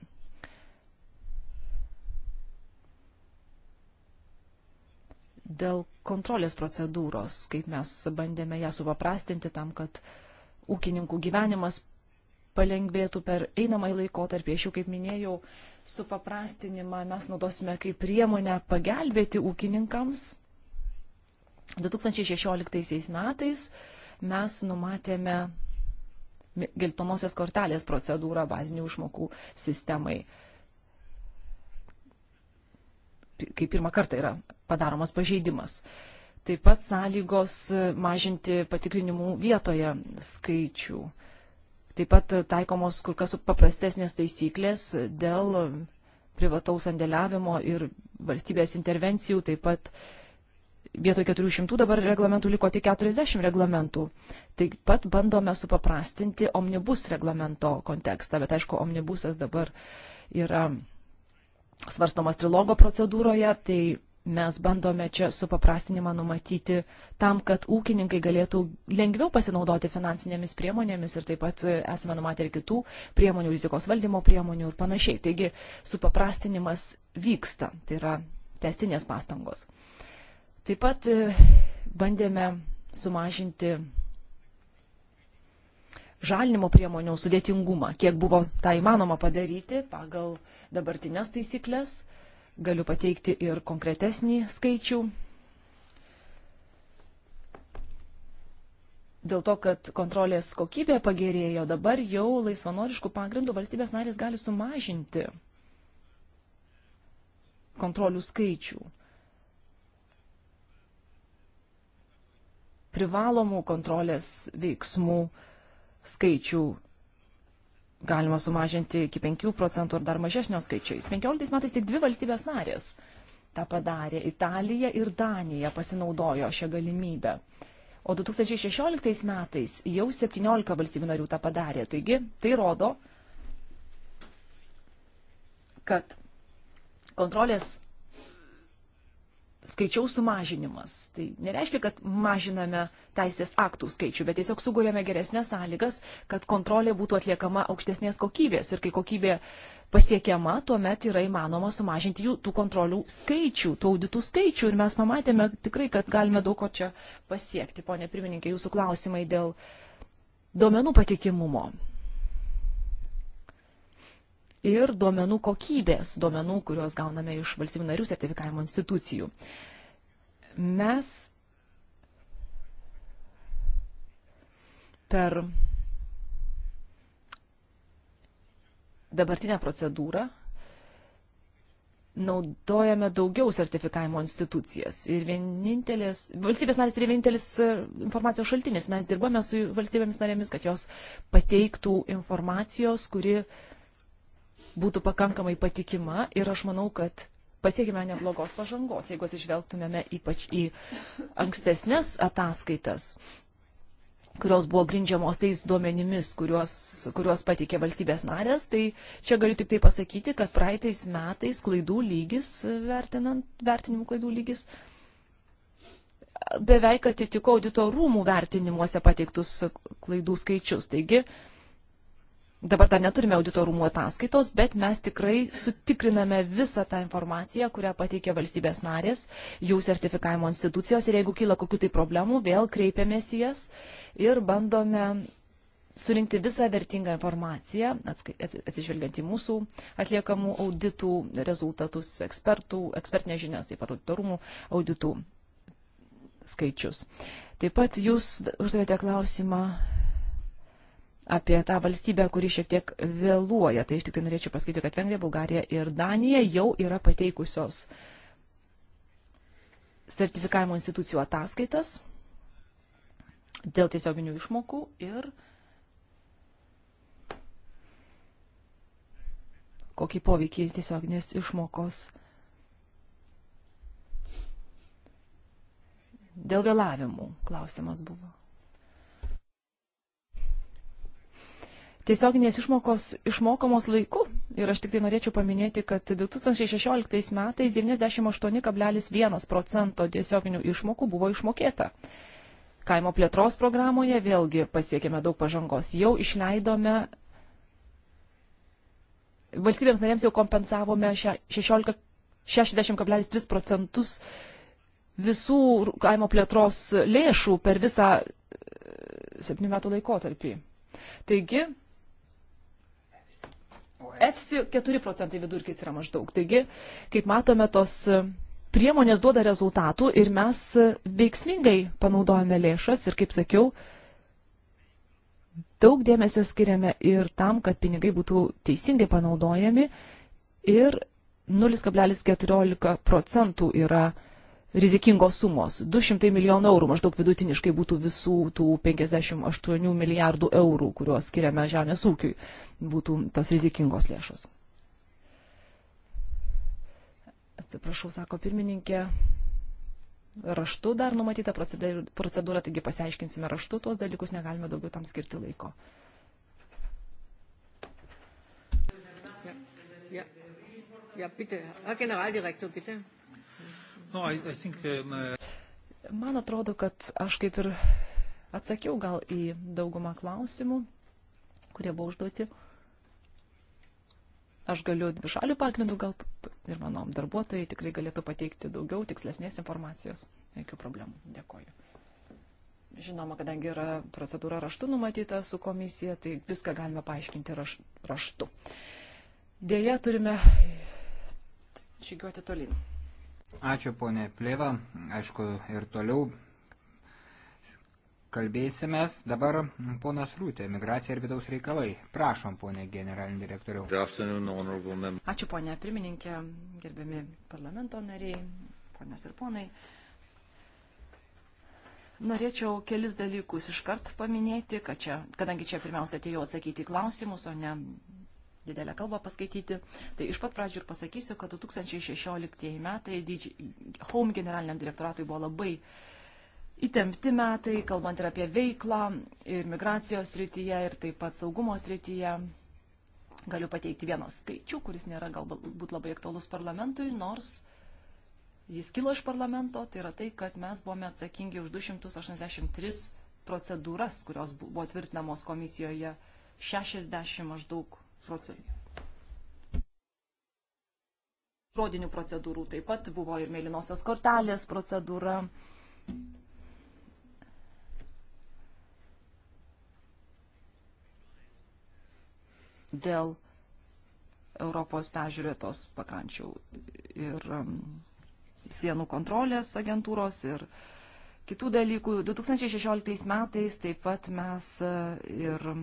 dėl kontrolės procedūros, kaip mes bandėme ją supaprastinti tam, kad ūkininkų gyvenimas palengvėtų per einamąjį laikotarpį. Aš jau kaip minėjau, supaprastinimą mes naudosime kaip priemonę pagelbėti ūkininkams. 2016 metais mes numatėme geltonosios kortelės procedūrą bazinių išmokų sistemai kai pirmą kartą yra padaromas pažeidimas. Taip pat sąlygos mažinti patikrinimų vietoje skaičių. Taip pat taikomos kur kas paprastesnės taisyklės dėl privataus sandėliavimo ir valstybės intervencijų, taip pat vietoj 400 dabar reglamentų liko tik 40 reglamentų. Taip pat bandome supaprastinti omnibus reglamento kontekstą, bet aišku, omnibusas dabar yra svarstomas trilogo procedūroje, tai mes bandome čia supaprastinimą numatyti tam, kad ūkininkai galėtų lengviau pasinaudoti finansinėmis priemonėmis ir taip pat e, esame numatę ir kitų priemonių, rizikos valdymo priemonių ir panašiai. Taigi supaprastinimas vyksta, tai yra testinės pastangos. Taip pat e, bandėme sumažinti žalinimo priemonių sudėtingumą, kiek buvo tą įmanoma padaryti pagal uh, dabartinės taisyklės, galiu pateikti ir konkretesnį skaičių. Dėl to, kad kontrolės kokybė pagerėjo, dabar jau laisvanoriškų pagrindų valstybės narės gali sumažinti kontrolių skaičių. Privalomų kontrolės veiksmų skaičių galima sumažinti iki 5 procentų ar dar mažesnio skaičiais. 15 metais tik dvi valstybės narės tą padarė. Italija ir Danija pasinaudojo šią galimybę. O 2016 metais jau 17 valstybių narių tą padarė. Taigi tai rodo, kad kontrolės skaičiaus sumažinimas. Tai nereiškia, kad mažiname teisės aktų skaičių, bet tiesiog sugurėme geresnės sąlygas, kad kontrolė būtų atliekama aukštesnės kokybės. Ir kai kokybė pasiekiama, tuomet yra įmanoma sumažinti jų tų kontrolių skaičių, tų auditų skaičių. Ir mes pamatėme tikrai, kad galime daug ko čia pasiekti. Pone pirmininkė, jūsų klausimai dėl duomenų patikimumo ir duomenų kokybės, duomenų, kuriuos gauname iš valstybių narių sertifikavimo institucijų. Mes per dabartinę procedūrą naudojame daugiau sertifikavimo institucijas. Ir vienintelis, valstybės narės yra vienintelis e, informacijos šaltinis. Mes dirbame su valstybėmis narėmis, kad jos pateiktų informacijos, kuri uh, būtų pakankamai patikima ir aš manau, kad pasiekime neblogos pažangos, jeigu atsižvelgtumėme ypač į ankstesnės ataskaitas kurios buvo grindžiamos tais duomenimis, kuriuos, kuriuos patikė valstybės narės, tai čia galiu tik tai pasakyti, kad praeitais metais klaidų lygis, vertinimų klaidų lygis, beveik atitiko audito rūmų vertinimuose pateiktus klaidų skaičius. Taigi, uh, Dabar dar neturime auditorumų ataskaitos, bet mes tikrai sutikriname visą tą informaciją, kurią pateikia valstybės narės, jų sertifikavimo institucijos ir jeigu kyla kokių tai problemų, vėl kreipiamės į jas ir bandome surinkti visą vertingą informaciją, atsižvelgiant į mūsų atliekamų auditų rezultatus, ekspertų, ekspertinės žinias, taip pat auditorumų auditų skaičius. Taip pat jūs uždavėte klausimą apie tą valstybę, kuri šiek tiek vėluoja. Tai iš tik tai norėčiau pasakyti, kad Vengrija, Bulgarija ir Danija jau yra pateikusios sertifikavimo institucijų ataskaitas dėl tiesioginių išmokų ir kokį poveikį tiesioginės išmokos dėl vėlavimų klausimas buvo. tiesioginės išmokos išmokamos laiku. Ir aš tik tai norėčiau paminėti, kad 2016 metais 98,1 procento tiesioginių išmokų buvo išmokėta. Kaimo plėtros programoje vėlgi pasiekėme daug pažangos. Jau išleidome, valstybėms narėms jau kompensavome 60,3 procentus visų kaimo plėtros lėšų per visą 7 e, metų laikotarpį. Taigi, EFSI 4 procentai vidurkis yra maždaug. Taigi, kaip matome, tos e, priemonės duoda rezultatų ir mes e, veiksmingai panaudojame lėšas ir, kaip sakiau, daug dėmesio skiriame ir tam, kad pinigai būtų teisingai panaudojami ir 0,14 procentų yra rizikingos sumos. 200 milijonų eurų maždaug vidutiniškai būtų visų tų 58 milijardų eurų, kuriuos skiriame žemės ūkiui, būtų tos rizikingos lėšos. Atsiprašau, sako pirmininkė. Raštu dar numatyta procedūra, taigi pasiaiškinsime raštu tuos dalykus, negalime daugiau tam skirti laiko. Ja, ja. ja bitte. Herr Generaldirektor, bitte. No, I, I think, um, uh... Man atrodo, kad aš kaip ir atsakiau gal į daugumą klausimų, kurie buvo užduoti. Aš galiu dvišalių pagrindų gal ir mano darbuotojai tikrai galėtų pateikti daugiau tikslesnės informacijos. Jokių problemų. Dėkoju. Žinoma, kadangi yra procedūra raštu numatyta su komisija, tai viską galime paaiškinti raš, raštu. Dėja, turime žygiuoti tolin. Ačiū, ponė Plėva. Aišku, ir toliau kalbėsimės. Dabar ponas Rūtė, migracija ir vidaus reikalai. Prašom, ponė generalinį direktoriau. Ačiū, ponė pirmininkė, gerbiami parlamento nariai, ponės ir ponai. Norėčiau kelis dalykus iškart paminėti, kad čia, kadangi čia pirmiausia atėjau atsakyti klausimus, o ne didelę kalbą paskaityti. Tai iš pat pradžių ir pasakysiu, kad 2016 metai Home generaliniam direktoratui buvo labai įtempti metai, kalbant ir apie veiklą, ir migracijos srityje, ir taip pat saugumo srityje. Galiu pateikti vieną skaičių, kuris nėra galbūt labai aktuolus parlamentui, nors jis kilo iš parlamento, tai yra tai, kad mes buvome atsakingi už 283 procedūras, kurios buvo tvirtinamos komisijoje 60 maždaug žodinių procedūrų. Taip pat buvo ir mėlynosios kortelės procedūra. Dėl Europos peržiūrėtos pakrančių ir um, sienų kontrolės agentūros ir kitų dalykų. 2016 metais taip pat mes uh, ir um,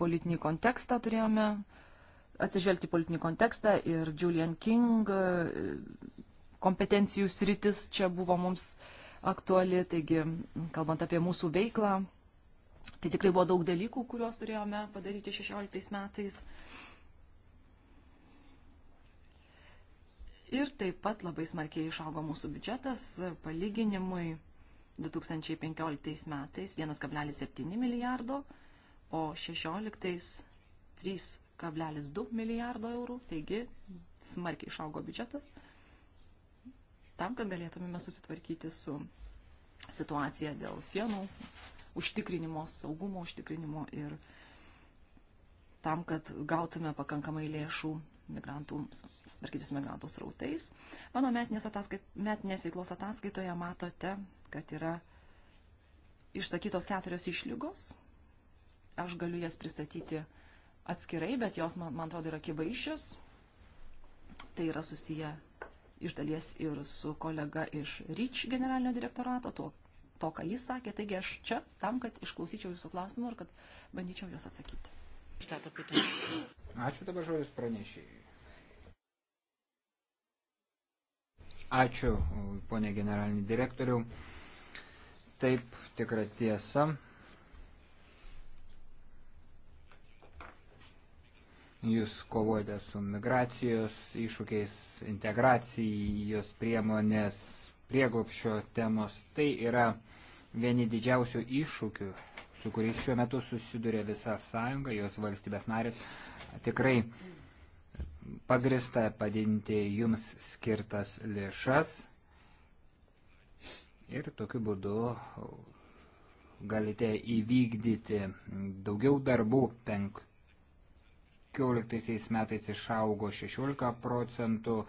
politinį kontekstą turėjome, atsižvelgti politinį kontekstą ir Julian King e, kompetencijų sritis čia buvo mums aktuali, taigi kalbant apie mūsų veiklą, tai tikrai buvo daug dalykų, kuriuos turėjome padaryti 16 metais. Ir taip pat labai smarkiai išaugo mūsų biudžetas palyginimui 2015 metais 1,7 milijardo, o 16 3,2 milijardo eurų, taigi smarkiai išaugo biudžetas, tam, kad galėtumėme susitvarkyti su situacija dėl sienų užtikrinimo, saugumo užtikrinimo ir tam, kad gautume pakankamai lėšų migrantų, sutvarkyti su migrantų srautais. Mano metinės, ataskait, metinės veiklos ataskaitoje matote, kad yra išsakytos keturios išlygos Aš galiu jas pristatyti atskirai, bet jos, man, man atrodo, yra kivaišius. Tai yra susiję iš dalies ir su kolega iš REACH generalinio direktorato, to, to, ką jis sakė. Taigi aš čia tam, kad išklausyčiau jūsų klausimų ir kad bandyčiau juos atsakyti. Ačiū dabar žodis pranešėjai. Ačiū, ponė generalinį direktorių. Taip, tikra tiesa, Jūs kovojate su migracijos iššūkiais, integracijos priemonės, prieglopšio temos. Tai yra vieni didžiausių iššūkių, su kuriais šiuo metu susiduria visa sąjunga, jos valstybės narės. Tikrai pagrista padinti jums skirtas lėšas ir tokiu būdu galite įvykdyti daugiau darbų penk, 15 metais išaugo 16 procentų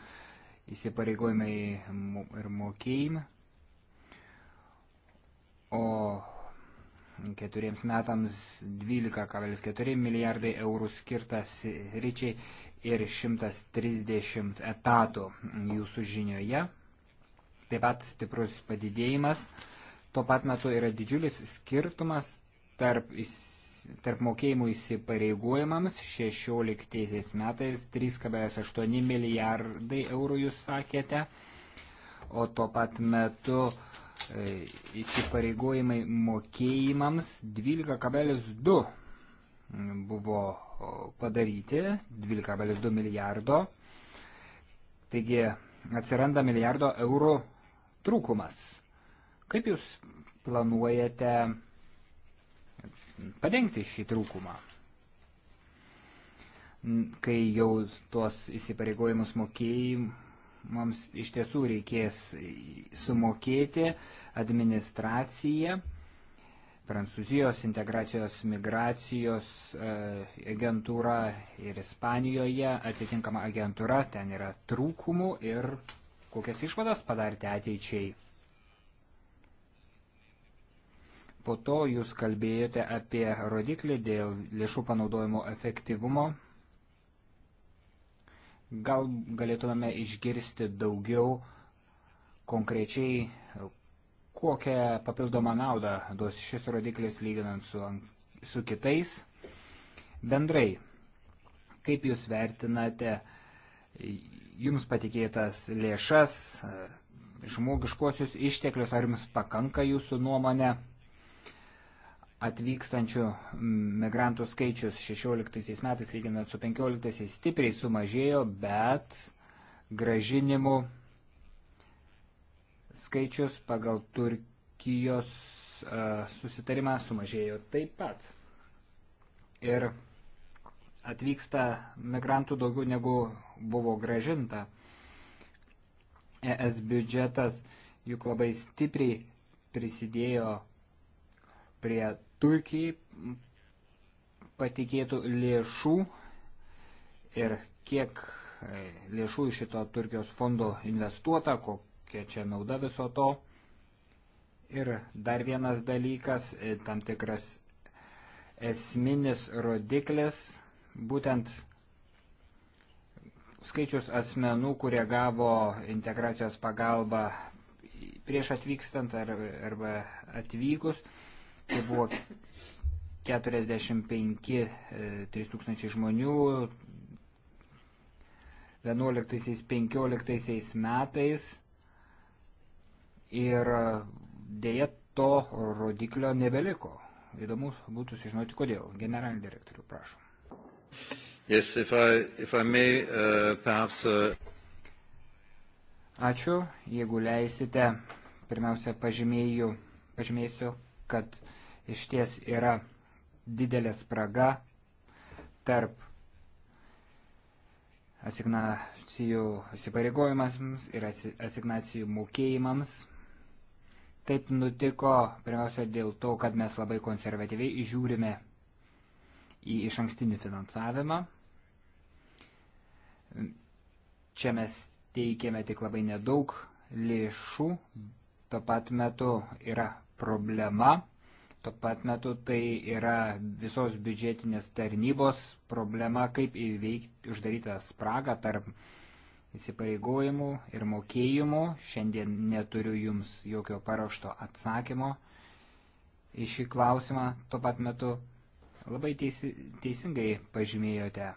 įsipareigojimai ir mokėjimai, o keturiems metams 12,4 milijardai eurų skirtas ryčiai ir 130 etatų jūsų žinioje. Taip pat stiprus padidėjimas. Tuo pat metu yra didžiulis skirtumas tarp įsipareigojimų tarp mokėjimų įsipareigojimams 16 metais 3,8 milijardai eurų jūs sakėte, o tuo pat metu e, įsipareigojimai mokėjimams 12,2 buvo padaryti, 12,2 milijardo. Taigi atsiranda milijardo eurų trūkumas. Kaip jūs planuojate padengti šį trūkumą. Kai jau tuos įsipareigojimus mokėjimams iš tiesų reikės sumokėti administraciją, Prancūzijos integracijos migracijos e, agentūra ir Ispanijoje atitinkama agentūra, ten yra trūkumų ir kokias išvadas padaryti ateičiai. Po to jūs kalbėjote apie rodiklį dėl lėšų panaudojimo efektyvumo. Gal galėtumėme išgirsti daugiau konkrečiai, kokią papildomą naudą duos šis rodiklis lyginant su, su kitais. Bendrai, kaip jūs vertinate jums patikėtas lėšas, žmogiškuosius išteklius, ar jums pakanka jūsų nuomonė? atvykstančių migrantų skaičius 16 metais, lyginant su 15, stipriai sumažėjo, bet gražinimų skaičius pagal Turkijos e, susitarimą sumažėjo taip pat. Ir atvyksta migrantų daugiau negu buvo gražinta. ES biudžetas juk labai stipriai prisidėjo prie Turkijai patikėtų lėšų ir kiek e, lėšų iš šito Turkijos fondo investuota, kokia čia nauda viso to. Ir dar vienas dalykas, e, tam tikras esminis rodiklis, būtent skaičius asmenų, kurie gavo integracijos pagalbą prieš atvykstant ar, arba atvykus, Tai buvo 45 3000 e, žmonių 11-15 metais ir e, dėja to rodiklio nebeliko. Įdomu būtų sužinoti, kodėl. Generalinį direktorių prašom. Yes, if I, if I may, uh, perhaps, uh... Ačiū, jeigu leisite, pirmiausia pažymėjau, pažymėsiu, kad iš ties yra didelė spraga tarp asignacijų įsipareigojimams ir asignacijų mokėjimams. Taip nutiko pirmiausia dėl to, kad mes labai konservatyviai žiūrime į iš ankstinį finansavimą. Čia mes teikėme tik labai nedaug lėšų, tuo pat metu yra problema. Tuo pat metu tai yra visos biudžetinės tarnybos problema, kaip įveikti uždarytą spragą tarp įsipareigojimų ir mokėjimų. Šiandien neturiu jums jokio paruošto atsakymo į šį klausimą. Tuo pat metu labai teisi, teisingai pažymėjote.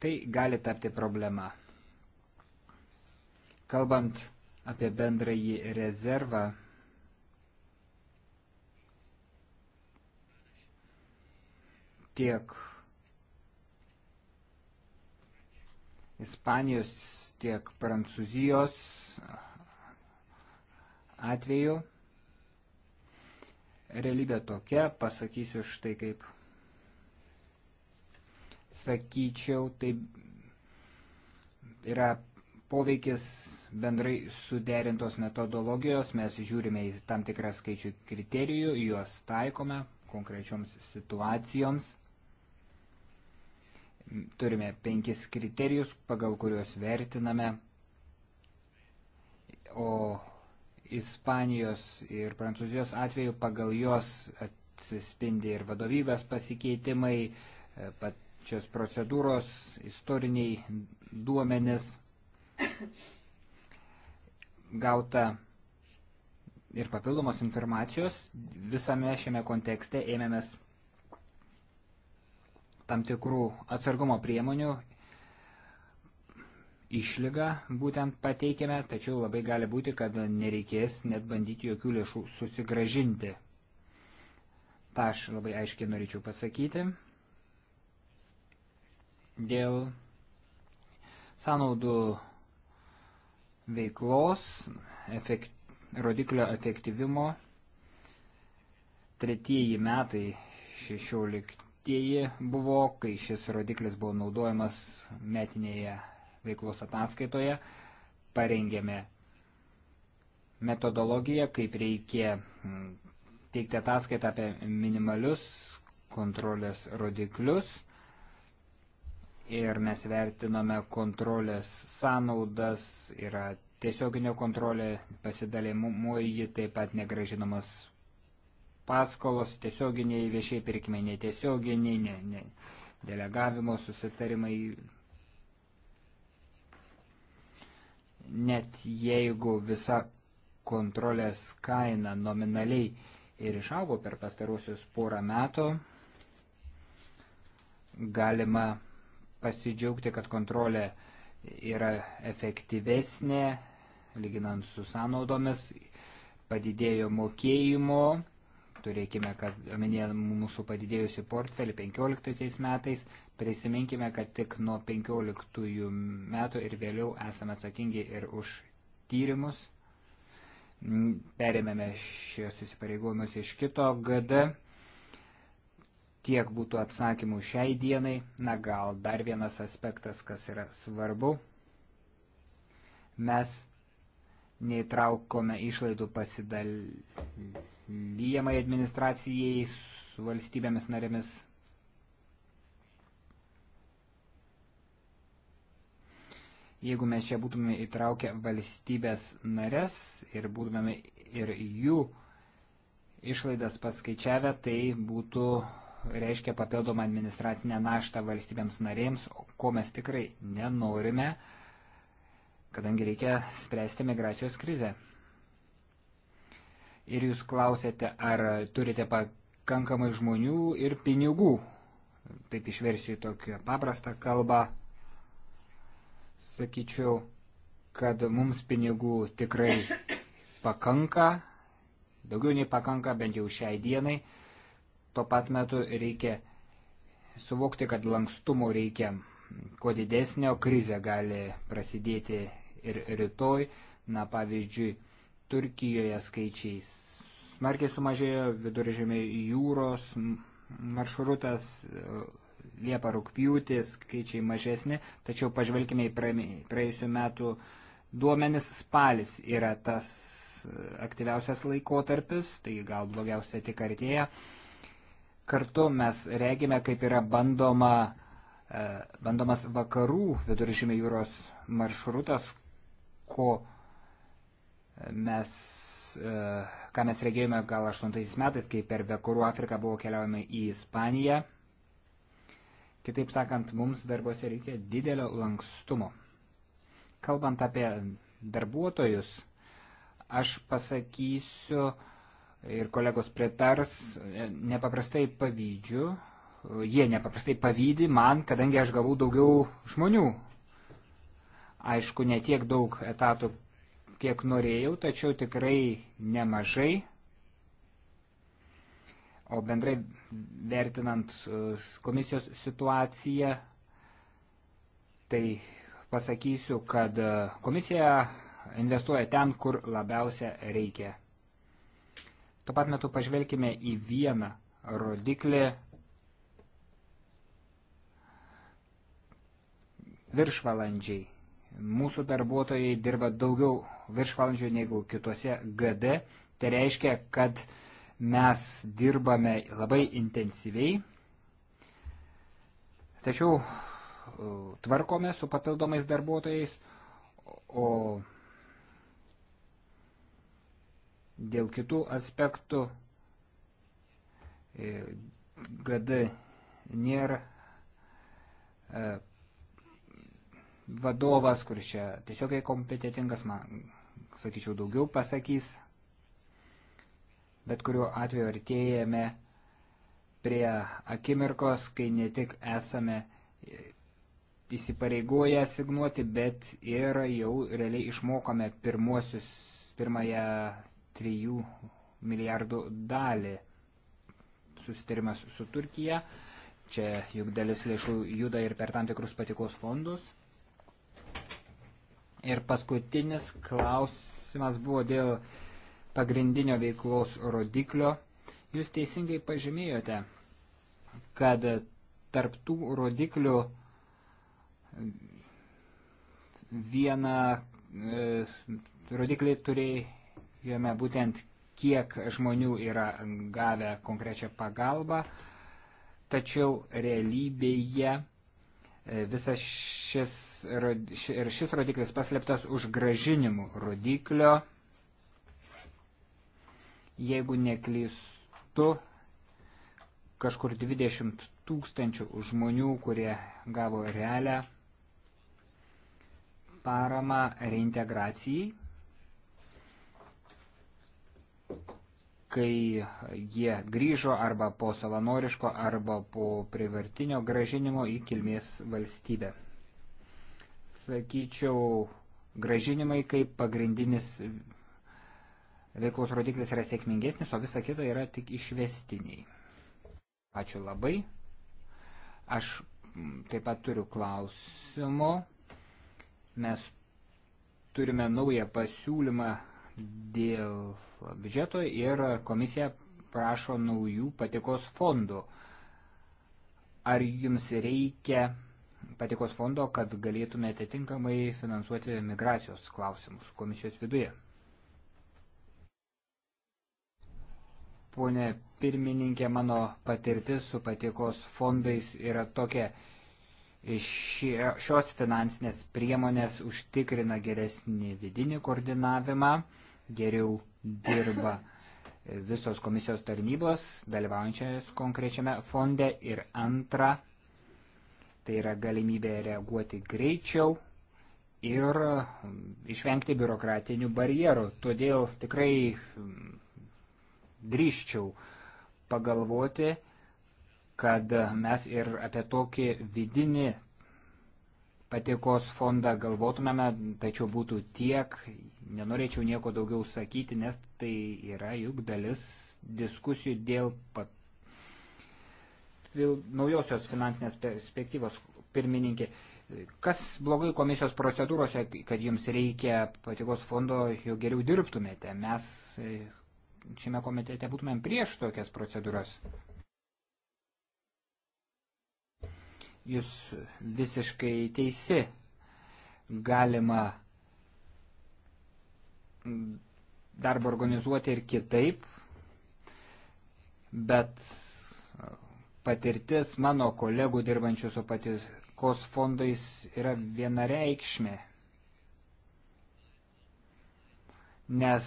Tai gali tapti problema. Kalbant apie bendrąjį rezervą. Tiek Ispanijos, tiek Prancūzijos atveju. Realybė tokia, pasakysiu štai kaip. Sakyčiau, tai yra poveikis bendrai suderintos metodologijos, mes žiūrime į tam tikrą skaičių kriterijų, juos taikome konkrečioms situacijoms. Turime penkis kriterijus, pagal kuriuos vertiname, o Ispanijos ir Prancūzijos atveju pagal juos atsispindi ir vadovybės pasikeitimai, e, pačios procedūros, istoriniai duomenis gauta ir papildomos informacijos visame šiame kontekste ėmėmės tam tikrų atsargumo priemonių išlygą būtent pateikėme, tačiau labai gali būti, kad nereikės net bandyti jokių lėšų susigražinti. Ta aš labai aiškiai norėčiau pasakyti. Dėl sąnaudų veiklos, efekt, rodiklio efektyvimo. Tretieji metai 16 buvo, kai šis rodiklis buvo naudojamas metinėje veiklos ataskaitoje. Parengėme metodologiją, kaip reikia teikti ataskaitą apie minimalius kontrolės rodiklius ir mes vertiname kontrolės sąnaudas, yra tiesioginė kontrolė, pasidalimoji, taip pat negražinamas paskolos, tiesioginiai viešiai pirkimai, netiesioginiai, ne, ne, delegavimo susitarimai. Net jeigu visa kontrolės kaina nominaliai ir išaugo per pastarusius porą metų, galima pasidžiaugti, kad kontrolė yra efektyvesnė, lyginant su sąnaudomis, padidėjo mokėjimo, turėkime, kad omenyje mūsų padidėjusi portfelį 15 metais, prisiminkime, kad tik nuo 15 metų ir vėliau esame atsakingi ir už tyrimus. Perėmėme šios įsipareigojimus iš kito GD Tiek būtų atsakymų šiai dienai. Na gal dar vienas aspektas, kas yra svarbu. Mes neįtraukome išlaidų pasidalyjamai administracijai su valstybėmis narėmis. Jeigu mes čia būtume įtraukę valstybės narės ir būtume ir jų išlaidas paskaičiavę, tai būtų reiškia papildomą administracinę naštą valstybėms narėms, ko mes tikrai nenorime, kadangi reikia spręsti migracijos krizę. Ir jūs klausėte, ar turite pakankamai žmonių ir pinigų. Taip išversiu į tokią paprastą kalbą. Sakyčiau, kad mums pinigų tikrai pakanka, daugiau nei pakanka bent jau šiai dienai tuo pat metu reikia suvokti, kad lankstumo reikia kuo didesnio, krizė gali prasidėti ir rytoj. Na, pavyzdžiui, Turkijoje skaičiai smarkiai sumažėjo, viduržėmė jūros maršrutas Liepa rūpjūtį skaičiai mažesni, tačiau pažvelkime į praėjusių metų duomenis, spalis yra tas aktyviausias laikotarpis, tai gal blogiausia tik artėja. Kartu mes regime, kaip yra bandoma, e, bandomas vakarų viduržymė jūros maršrutas, ko mes, e, ką mes regėjome gal 8 metais, kai per Bekurų Afriką buvo keliaujama į Ispaniją. Kitaip sakant, mums darbose reikia didelio lankstumo. Kalbant apie darbuotojus, aš pasakysiu, ir kolegos pritars, nepaprastai pavydžiu, jie nepaprastai pavydi man, kadangi aš gavau daugiau žmonių. Aišku, ne tiek daug etatų, kiek norėjau, tačiau tikrai nemažai. O bendrai vertinant e, komisijos situaciją, tai pasakysiu, kad e, komisija investuoja ten, kur labiausia reikia Tuo pat metu pažvelkime į vieną rodiklį viršvalandžiai. Mūsų darbuotojai dirba daugiau viršvalandžių negu kitose GD. Tai reiškia, kad mes dirbame labai intensyviai. Tačiau e, tvarkome su papildomais darbuotojais, o Dėl kitų aspektų e, GD nėra e, vadovas, kuris čia tiesiogiai kompetitingas, man, sakyčiau, daugiau pasakys. Bet kuriuo atveju artėjame prie akimirkos, kai ne tik esame įsipareigoję signuoti, bet ir jau realiai išmokome pirmuosius, pirmąją 2 milijardų dalį susitarimas su Turkija. Čia juk dalis lėšų juda ir per tam tikrus patikos fondus. Ir paskutinis klausimas buvo dėl pagrindinio veiklos rodiklio. Jūs teisingai pažymėjote, kad tarptų rodiklių vieną e, rodiklį turėjo jame būtent kiek žmonių yra gavę konkrečią pagalbą, tačiau realybėje e, visas šis, ir šis rodiklis paslėptas už gražinimų rodiklio. Jeigu neklystu, kažkur 20 tūkstančių žmonių, kurie gavo realią paramą reintegracijai kai jie grįžo arba po savanoriško, arba po privartinio gražinimo į kilmės valstybę. Sakyčiau, gražinimai kaip pagrindinis veiklos rodiklis yra sėkmingesnis, o visa kita yra tik išvestiniai. Ačiū labai. Aš mm, taip pat turiu klausimo. Mes turime naują pasiūlymą dėl biudžeto ir komisija prašo naujų patikos fondų. Ar jums reikia patikos fondo, kad galėtumėte tinkamai finansuoti migracijos klausimus komisijos viduje? Pone pirmininkė, mano patirtis su patikos fondais yra tokia. Šios finansinės priemonės užtikrina geresnį vidinį koordinavimą geriau dirba visos komisijos tarnybos, dalyvaujančios konkrečiame fonde. Ir antra, tai yra galimybė reaguoti greičiau ir um, išvengti biurokratinių barjerų. Todėl tikrai um, drįščiau pagalvoti, kad mes ir apie tokį vidinį patikos fondą galvotumėme, tačiau būtų tiek, nenorėčiau nieko daugiau sakyti, nes tai yra juk dalis diskusijų dėl pap... naujosios finansinės perspektyvos pirmininkė. Kas blogai komisijos procedūrose, kad jums reikia patikos fondo, jo geriau dirbtumėte? Mes e, šiame komitete būtumėm prieš tokias procedūras. Jūs visiškai teisi. Galima darbą organizuoti ir kitaip, bet patirtis mano kolegų dirbančių su patikos fondais yra vienareikšmė. Nes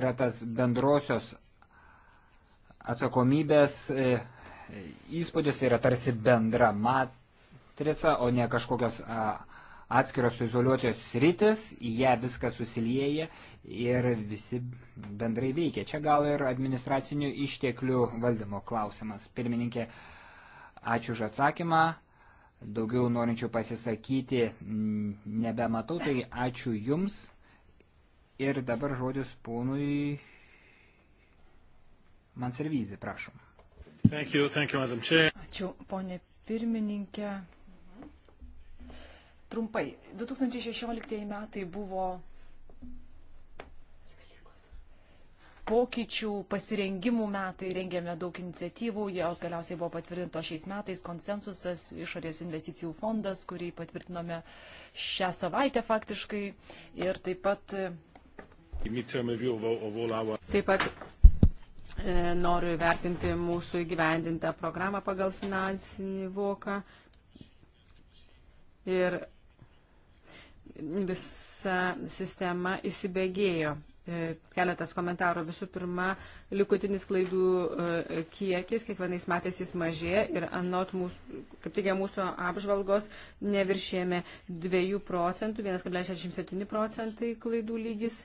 yra tas bendrosios atsakomybės įspūdis tai yra tarsi bendra matrica, o ne kažkokios atskiros izoliuotos sritis, į ją viskas susilieja ir visi bendrai veikia. Čia gal ir administracinių išteklių valdymo klausimas. Pirmininkė, ačiū už atsakymą. Daugiau norinčių pasisakyti nebematau, tai ačiū Jums. Ir dabar žodis ponui Manservyzi, prašom. Thank you, thank you, Ačiū, ponė pirmininkė. Trumpai, 2016 metai buvo pokyčių, pasirengimų metai, rengėme daug iniciatyvų, jos galiausiai buvo patvirtintos šiais metais, konsensusas, išorės investicijų fondas, kurį patvirtinome šią savaitę faktiškai ir taip pat. Taip pat E, noriu įvertinti mūsų įgyvendintą programą pagal finansinį voką. Ir visa sistema įsibėgėjo. E, keletas komentarų. Visų pirma, likutinis klaidų e, kiekis kiekvienais metais jis mažėja ir anot mūsų, kaip teigia mūsų apžvalgos, neviršėjame 2 procentų, 1,67 procentai klaidų lygis.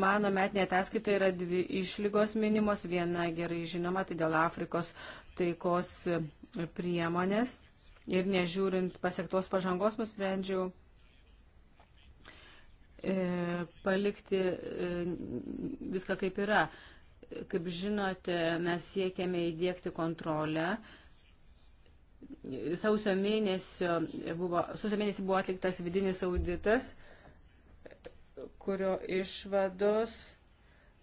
Mano metinė ataskaita yra dvi išlygos minimos. Viena gerai žinoma, tai dėl Afrikos taikos priemonės. Ir nežiūrint pasiektos pažangos, nusprendžiau e, palikti e, viską kaip yra. Kaip žinote, mes siekiame įdėkti kontrolę. Sausio mėnesį buvo, sausio mėnesį buvo atliktas vidinis auditas kurio išvados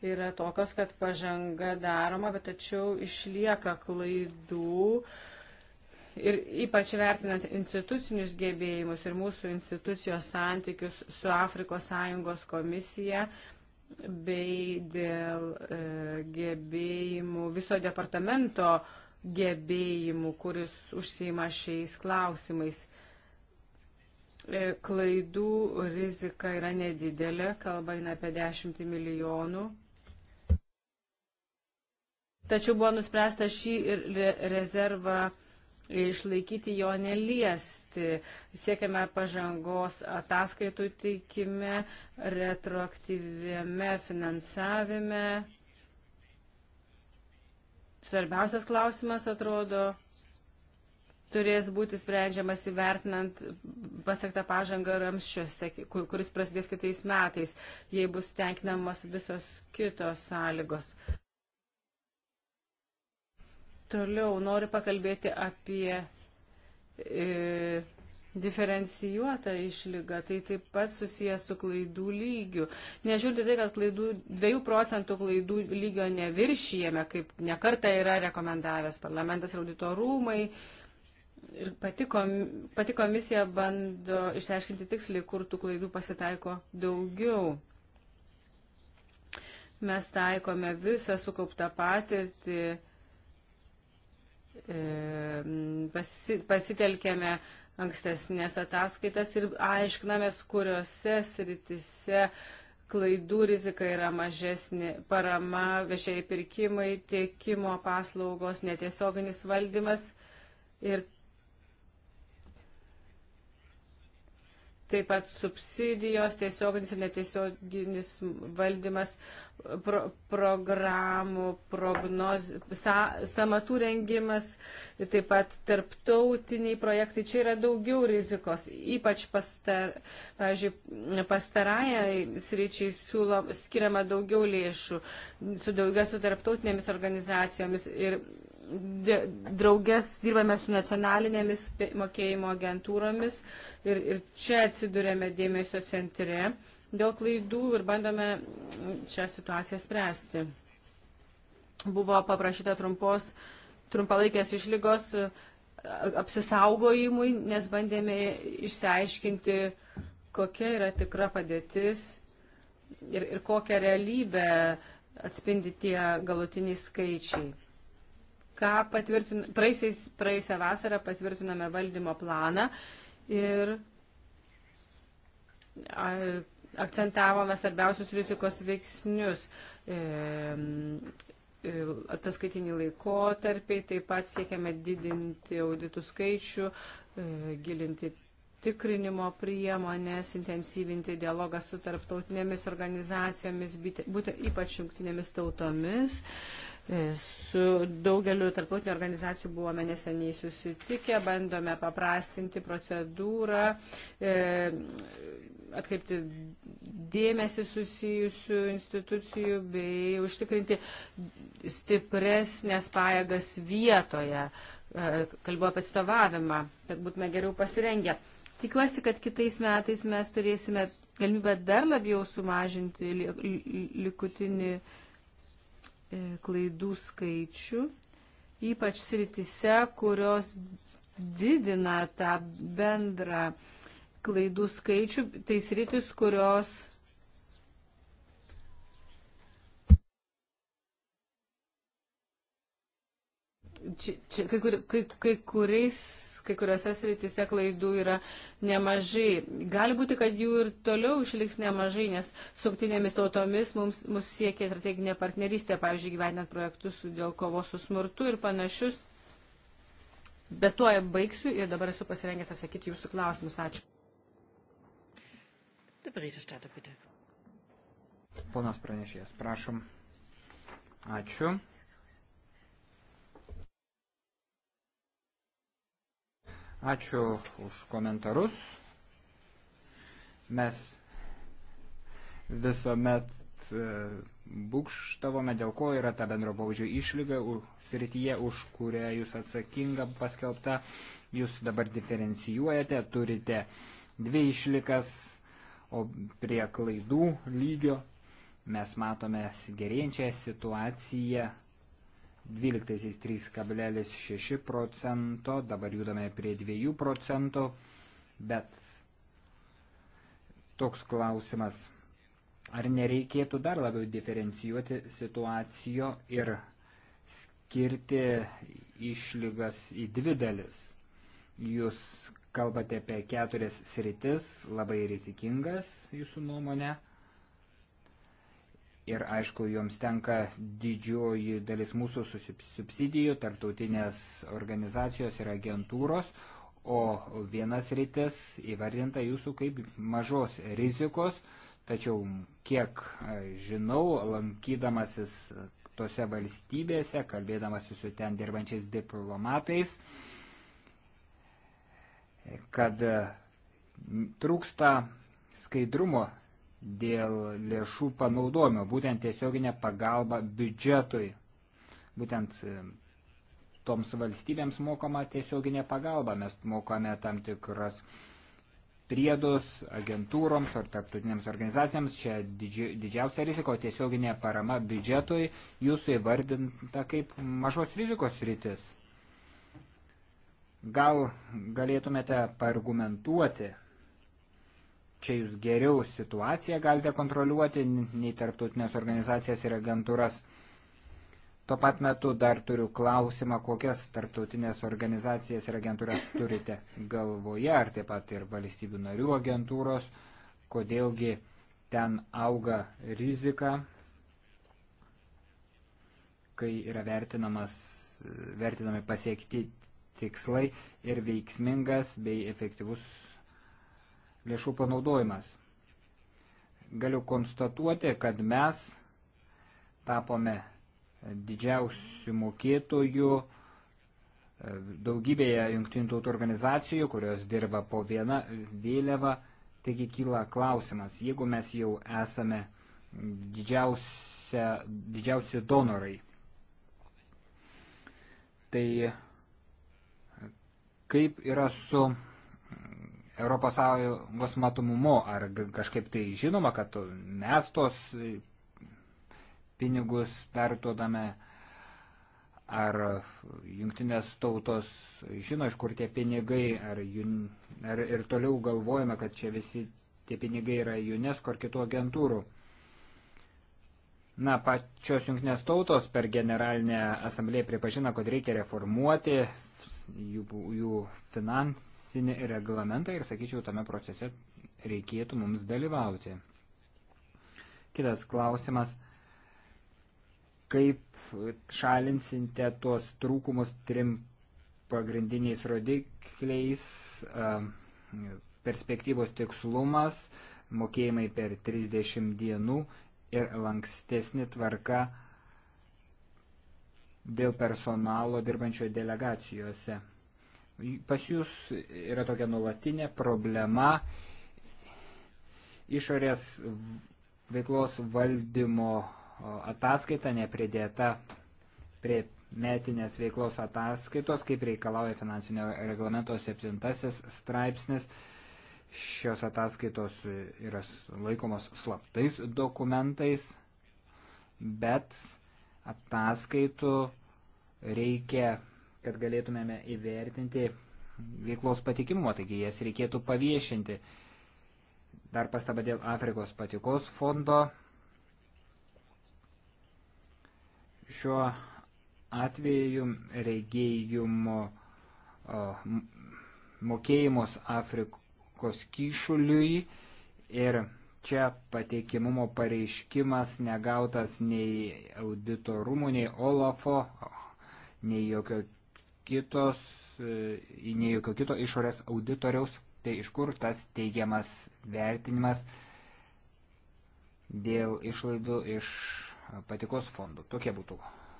yra tokios, kad pažanga daroma, bet tačiau išlieka klaidų. Ir ypač vertinant institucinius gebėjimus ir mūsų institucijos santykius su Afrikos Sąjungos komisija bei dėl e, gebėjimų, viso departamento gebėjimų, kuris užsima šiais klausimais. E, E, klaidų rizika yra nedidelė, kalba eina apie 10 milijonų. Tačiau buvo nuspręsta šį rezervą išlaikyti jo neliesti. Siekiame pažangos ataskaitų teikime, retroaktyviame finansavime. Svarbiausias klausimas atrodo turės būti sprendžiamas įvertinant pasiektą pažangą ramščiuose, kuris prasidės kitais metais, jei bus tenkinamos visos kitos sąlygos. Toliau noriu pakalbėti apie e, diferencijuotą išlygą, tai taip pat susijęs su klaidų lygiu. Nežiūrint tai, kad klaidų, 2 procentų klaidų lygio neviršijame, kaip nekarta yra rekomendavęs parlamentas ir auditorumai. rūmai ir pati, kom, pati komisija bando išsiaiškinti tiksliai, kur tų klaidų pasitaiko daugiau. Mes taikome visą sukauptą patirtį, e, pasi, pasitelkėme ankstesnės ataskaitas ir aiškinamės, kuriuose sritise klaidų rizika yra mažesnė, parama viešiai pirkimai, tiekimo paslaugos, netiesioginis valdymas ir taip pat subsidijos, tiesioginis ir netiesioginis valdymas, pro, programų, prognoz, sa, samatų rengimas, taip pat tarptautiniai projektai. Čia yra daugiau rizikos, ypač pastar, pastarąją sričiai siūlo, skiriama daugiau lėšų, su daugia su tarptautinėmis organizacijomis ir draugės dirbame su nacionalinėmis mokėjimo agentūromis ir, ir čia atsidurėme dėmesio centre dėl klaidų ir bandome šią situaciją spręsti. Buvo paprašyta trumpos, trumpalaikės išlygos e, apsisaugojimui, nes bandėme išsiaiškinti, kokia yra tikra padėtis ir, ir kokią realybę atspindi tie galutiniai skaičiai ką patvirtin, praeisiais, praeisią vasarą patvirtiname valdymo planą ir akcentavome svarbiausius rizikos veiksnius. E, ataskaitinį laikotarpį, taip pat siekiame didinti auditų skaičių, e, gilinti tikrinimo priemonės, intensyvinti dialogą su tarptautinėmis organizacijomis, būtent ypač jungtinėmis tautomis. E, E, su daugeliu tarptautinių organizacijų buvome neseniai susitikę, bandome paprastinti procedūrą, e, atkreipti dėmesį susijusių institucijų bei užtikrinti stipresnės pajėgas vietoje, e, kalbu apie atstovavimą, kad būtume geriau pasirengę. Tikiuosi, kad kitais metais mes turėsime galimybę dar labiau sumažinti likutinį li E, klaidų skaičių, ypač sritise, kurios didina tą bendrą klaidų skaičių, tai sritis, kurios čia, čia, kai, kur, kai, kai kuriais kai kuriuose srityse klaidų yra nemažai. Gali būti, kad jų ir toliau išliks nemažai, nes su jungtinėmis tautomis mums, mums siekia strateginė partnerystė, pavyzdžiui, gyvenant projektus dėl kovos su smurtu ir panašius. Bet tuo baigsiu ir dabar esu pasirengęs atsakyti jūsų klausimus. Ačiū. Ponas pranešėjas, prašom. Ačiū. Ačiū už komentarus. Mes visuomet e, būkštavome, dėl ko yra ta bendro baudžio išlyga srityje, už kurią jūs atsakinga paskelbta. Jūs dabar diferencijuojate, turite dvi išlikas, o prie klaidų lygio mes matome gerėjančią situaciją 12 3,6 procento, dabar judame prie 2 procentų, bet toks klausimas, ar nereikėtų dar labiau diferencijuoti situacijo ir skirti išlygas į dvi dalis. Jūs kalbate apie keturias sritis, labai rizikingas jūsų nuomonė ir aišku, joms tenka didžioji dalis mūsų subsidijų, tarptautinės organizacijos ir agentūros, o vienas rytis įvardinta jūsų kaip mažos rizikos, tačiau kiek žinau, lankydamasis tose valstybėse, kalbėdamasis su ten dirbančiais diplomatais, kad trūksta skaidrumo dėl lėšų panaudojimo, būtent tiesioginė pagalba biudžetui. Būtent e, toms valstybėms mokama tiesioginė pagalba, mes mokame tam tikras priedus agentūroms ar tarptautinėms organizacijoms, čia didži, didžiausia riziko tiesioginė parama biudžetui, jūsų įvardinta kaip mažos rizikos rytis. Gal galėtumėte pargumentuoti, čia jūs geriau situaciją galite kontroliuoti nei tarptautinės organizacijas ir agentūras. Tuo pat metu dar turiu klausimą, kokias tarptautinės organizacijas ir agentūras turite galvoje, ar taip pat ir valstybių narių agentūros, kodėlgi ten auga rizika, kai yra vertinamas, vertinami pasiekti tikslai ir veiksmingas bei efektyvus lėšų panaudojimas. Galiu konstatuoti, kad mes tapome didžiausių mokėtojų e, daugybėje jungtinių tautų organizacijų, kurios dirba po vieną vėliavą. Taigi kyla klausimas, jeigu mes jau esame didžiausi donorai, tai kaip yra su ES matumumu, ar kažkaip tai žinoma, kad mes tos e, pinigus perduodame, ar jungtinės tautos žino, iš kur tie pinigai, ar, ar ir toliau galvojame, kad čia visi tie pinigai yra UNESCO ar kitų agentūrų. Na, pačios jungtinės tautos per generalinę asamblėją pripažino, kad reikia reformuoti jų, jų finans, teisinį reglamentą ir, sakyčiau, tame procese reikėtų mums dalyvauti. Kitas klausimas, kaip šalinsite tuos trūkumus trim pagrindiniais rodikliais, e, perspektyvos tikslumas, mokėjimai per 30 dienų ir lankstesnė tvarka dėl personalo dirbančio delegacijose. Pas jūs yra tokia nuolatinė problema išorės veiklos valdymo ataskaita nepridėta prie metinės veiklos ataskaitos, kaip reikalauja finansinio reglamento 7 straipsnis. Šios ataskaitos yra laikomos slaptais dokumentais, bet ataskaitų reikia kad galėtumėme įvertinti veiklos patikimumą, taigi jas reikėtų paviešinti. Dar pastaba dėl Afrikos patikos fondo. Šiuo atveju regėjumo mokėjimus Afrikos kyšuliui ir čia pateikimumo pareiškimas negautas nei auditorumų, nei Olafo, nei jokio kitos, e, nei jokio kito išorės auditoriaus, tai iš kur tas teigiamas vertinimas dėl išlaidų iš patikos fondų. Tokie būtų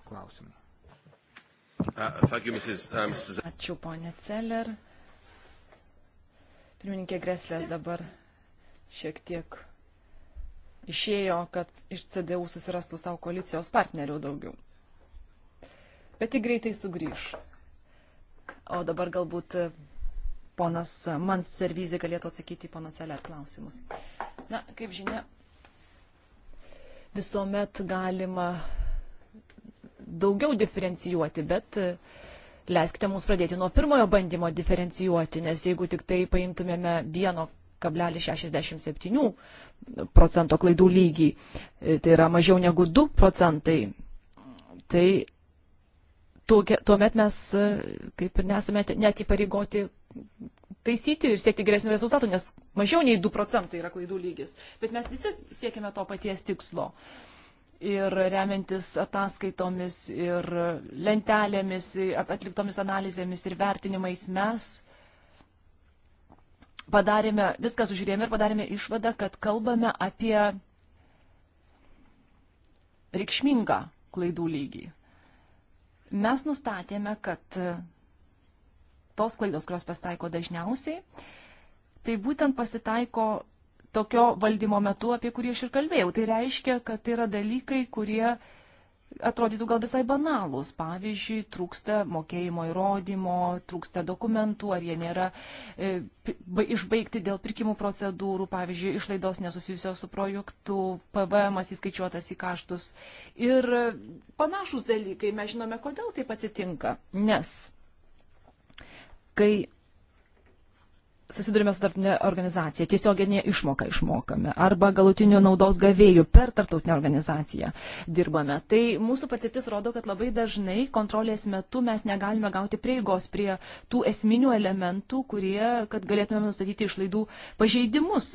klausimai. Uh, uh, Ačiū, ponė Celler. Pirmininkė Greslė dabar šiek tiek išėjo, kad iš CDU susirastų savo koalicijos partnerių daugiau. Bet ji greitai sugrįž. O dabar galbūt e, ponas Mans Servizė galėtų atsakyti į pono Celer klausimus. Na, kaip žinia, visuomet galima daugiau diferencijuoti, bet e, leiskite mums pradėti nuo pirmojo bandymo diferencijuoti, nes jeigu tik tai paimtumėme vieno 1,67 procento klaidų lygį, e, tai yra mažiau negu 2 procentai, tai tuomet mes e, kaip ir nesame net įpareigoti taisyti ir siekti geresnių rezultatų, nes mažiau nei 2 procentai yra klaidų lygis. Bet mes visi siekime to paties tikslo. Ir remiantis ataskaitomis ir lentelėmis, atliktomis analizėmis ir vertinimais mes padarėme, viską sužiūrėjome ir padarėme išvadą, kad kalbame apie reikšmingą klaidų lygį mes nustatėme, kad e, tos klaidos, kurios pasitaiko dažniausiai, tai būtent pasitaiko tokio valdymo metu, apie kurį aš ir kalbėjau. Tai reiškia, kad tai yra dalykai, kurie atrodytų gal visai banalūs. Pavyzdžiui, trūksta mokėjimo įrodymo, trūksta dokumentų, ar jie nėra e, išbaigti dėl pirkimų procedūrų, pavyzdžiui, išlaidos nesusijusios su projektu, PVM įskaičiuotas į kaštus. Ir panašus dalykai, mes žinome, kodėl taip atsitinka. Nes kai susidurime su tarptautinė organizacija, tiesioginė išmoka išmokame, arba galutinių naudos gavėjų per tarptautinę organizaciją dirbame. Tai mūsų patirtis rodo, kad labai dažnai kontrolės metu mes negalime gauti prieigos prie tų esminių elementų, kurie, kad galėtume nustatyti išlaidų pažeidimus.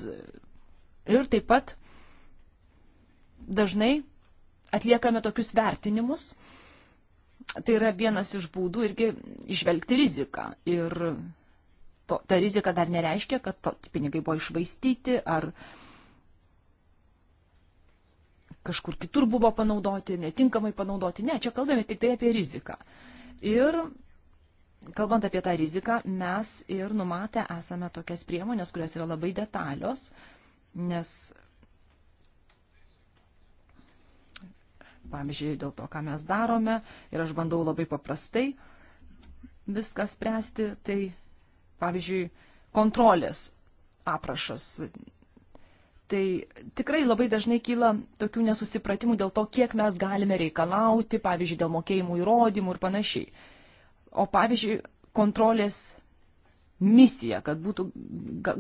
Ir taip pat dažnai atliekame tokius vertinimus. Tai yra vienas iš būdų irgi išvelgti riziką. Ir to, ta rizika dar nereiškia, kad to, pinigai buvo išvaistyti ar kažkur kitur buvo panaudoti, netinkamai panaudoti. Ne, čia kalbame tik tai apie riziką. Ir kalbant apie tą riziką, mes ir numatę esame tokias priemonės, kurios yra labai detalios, nes, pavyzdžiui, dėl to, ką mes darome, ir aš bandau labai paprastai viską spręsti, tai pavyzdžiui, kontrolės aprašas. Tai tikrai labai dažnai kyla tokių nesusipratimų dėl to, kiek mes galime reikalauti, pavyzdžiui, dėl mokėjimų įrodymų ir panašiai. O pavyzdžiui, kontrolės misija, kad būtų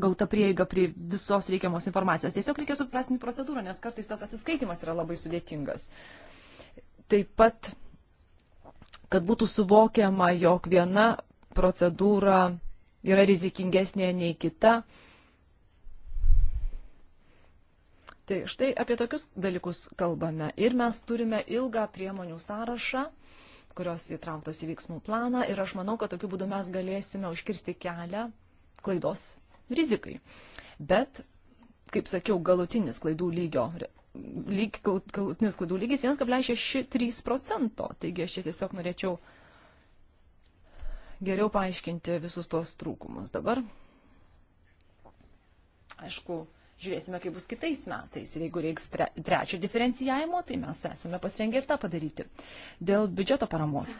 gauta prieiga prie visos reikiamos informacijos. Tiesiog reikia suprastinti procedūrą, nes kartais tas atsiskaitimas yra labai sudėtingas. Taip pat, kad būtų suvokiama, jog viena procedūra yra rizikingesnė nei kita. Tai štai apie tokius dalykus kalbame. Ir mes turime ilgą priemonių sąrašą, kurios įtrauktos į veiksmų planą. Ir aš manau, kad tokiu būdu mes galėsime užkirsti kelią klaidos rizikai. Bet, kaip sakiau, galutinis klaidų lygio. Lyg, galutinis klaidų lygis 1,63 procento. Taigi aš čia tiesiog norėčiau geriau paaiškinti visus tuos trūkumus. Dabar, aišku, žiūrėsime, kaip bus kitais metais. Ir jeigu reiks tre, trečio diferencijavimo, tai mes esame pasirengę ir tą padaryti. Dėl biudžeto paramos.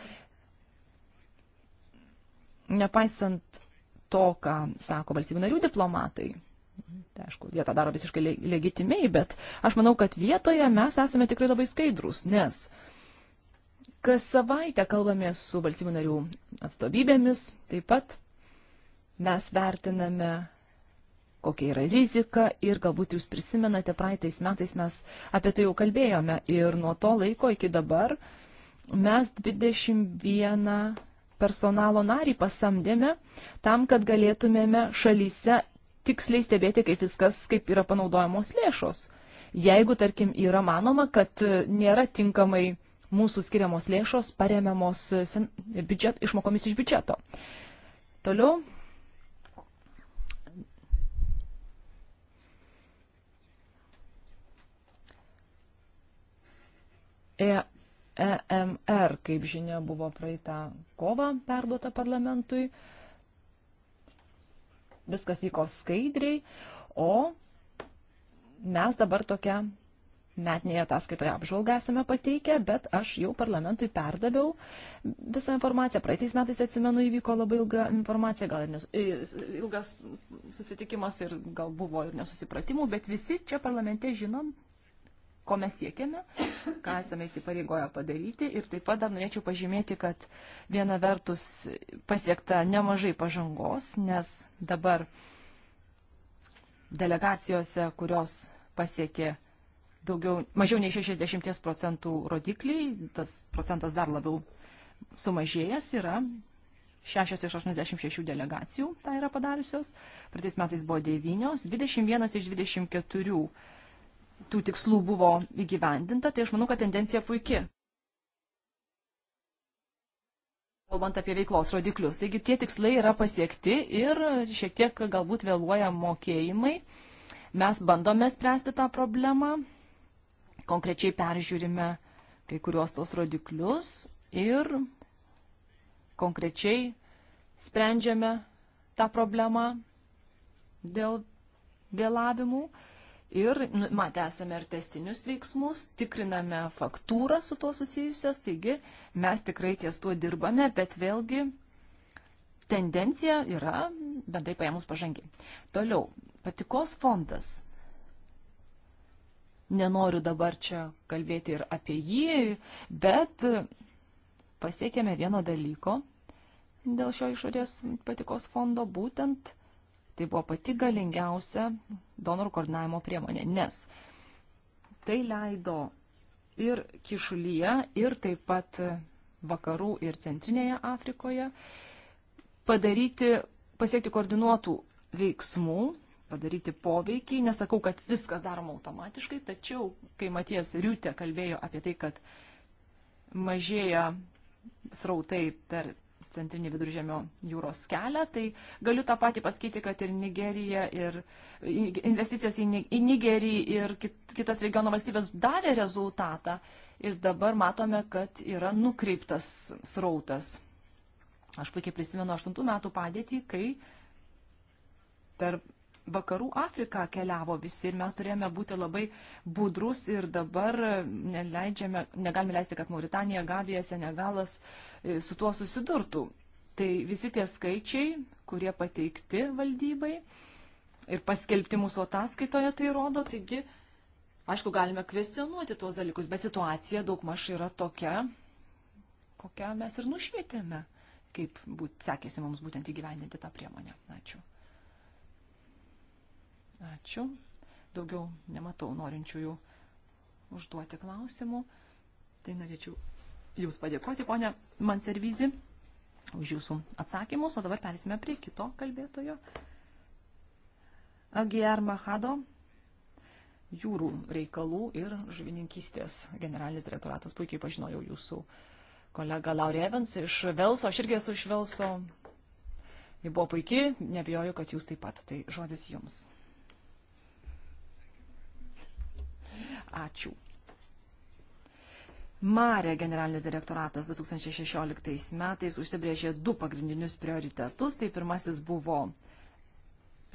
Nepaisant to, ką sako valstybių narių diplomatai, tai aišku, jie tą daro visiškai legitimiai, bet aš manau, kad vietoje mes esame tikrai labai skaidrus, nes Kas savaitę kalbame su valstybių narių atstovybėmis, taip pat mes vertiname, kokia yra rizika ir galbūt jūs prisimenate, praeitais metais mes apie tai jau kalbėjome ir nuo to laiko iki dabar mes 21 personalo narį pasamdėme tam, kad galėtumėme šalyse tiksliai stebėti, kaip viskas, kaip yra panaudojamos lėšos. Jeigu, tarkim, yra manoma, kad nėra tinkamai mūsų skiriamos lėšos paremiamos fin... biudžet... išmokomis iš biudžeto. Toliau. EMR, e kaip žinia, buvo praeitą kovą perduota parlamentui. Viskas vyko skaidriai, o mes dabar tokią metinėje ataskaitoje apžvalgą esame pateikę, bet aš jau parlamentui perdaviau visą informaciją. Praeitais metais, atsimenu, įvyko labai ilga informacija, gal ir nes, ilgas susitikimas ir gal buvo ir nesusipratimų, bet visi čia parlamente žinom, ko mes siekiame, ką esame įsipareigoję padaryti. Ir taip pat dar norėčiau pažymėti, kad viena vertus pasiekta nemažai pažangos, nes dabar delegacijose, kurios pasiekė daugiau, mažiau nei 60 procentų rodikliai, tas procentas dar labiau sumažėjęs yra. 6 iš 86 delegacijų tą yra padariusios. Praeitais metais buvo 9, 21 iš 24 tų tikslų buvo įgyvendinta, tai aš manau, kad tendencija puikia. Kalbant apie veiklos rodiklius, taigi tie tikslai yra pasiekti ir šiek tiek galbūt vėluoja mokėjimai. Mes bandome spręsti tą problemą, konkrečiai peržiūrime kai kuriuos tos rodiklius ir konkrečiai sprendžiame tą problemą dėl vėlavimų. Ir nu, matę esame ir testinius veiksmus, tikriname faktūrą su tuo susijusias, taigi mes tikrai ties tuo dirbame, bet vėlgi tendencija yra bendrai paėmus pažangiai. Toliau, patikos fondas. Nenoriu dabar čia kalbėti ir apie jį, bet pasiekėme vieno dalyko dėl šio išorės patikos fondo, būtent tai buvo pati galingiausia donorų koordinavimo priemonė, nes tai leido ir kišulyje, ir taip pat vakarų ir centrinėje Afrikoje padaryti, pasiekti koordinuotų veiksmų padaryti poveikį. Nesakau, kad viskas daroma automatiškai, tačiau kai Matijas Riutė kalbėjo apie tai, kad mažėja srautai per centrinį viduržėmio jūros kelią, tai galiu tą patį pasakyti, kad ir Nigerija, ir investicijos į Nigerį ir kitas regiono valstybės davė rezultatą. Ir dabar matome, kad yra nukreiptas srautas. Aš puikiai prisimenu 8 metų padėtį, kai per vakarų Afriką keliavo visi ir mes turėjome būti labai budrus ir dabar negalime leisti, kad Mauritanija, Gabija, Senegalas e, su tuo susidurtų. Tai visi tie skaičiai, kurie pateikti valdybai ir paskelbti mūsų ataskaitoje, tai rodo. Taigi, aišku, galime kvestionuoti tuos dalykus, bet situacija daugmaž yra tokia, kokią mes ir nušvietėme, kaip būt, sekėsi mums būtent įgyvendinti tą priemonę. Ačiū. Ačiū. Daugiau nematau norinčiųjų užduoti klausimų. Tai norėčiau Jums padėkoti, ponė Manservizi, už Jūsų atsakymus. O dabar persime prie kito kalbėtojo. Agijar Mahado, jūrų reikalų ir žuvininkystės generalinis direktoratas. Puikiai pažinojau Jūsų kolega Laurė Evans iš Velso, aš irgi esu iš Velso. Ji buvo puikiai, nebijoju, kad Jūs taip pat. Tai žodis Jums. ačiū. Mare generalinis direktoratas 2016 metais užsibrėžė du pagrindinius prioritetus. Tai pirmasis buvo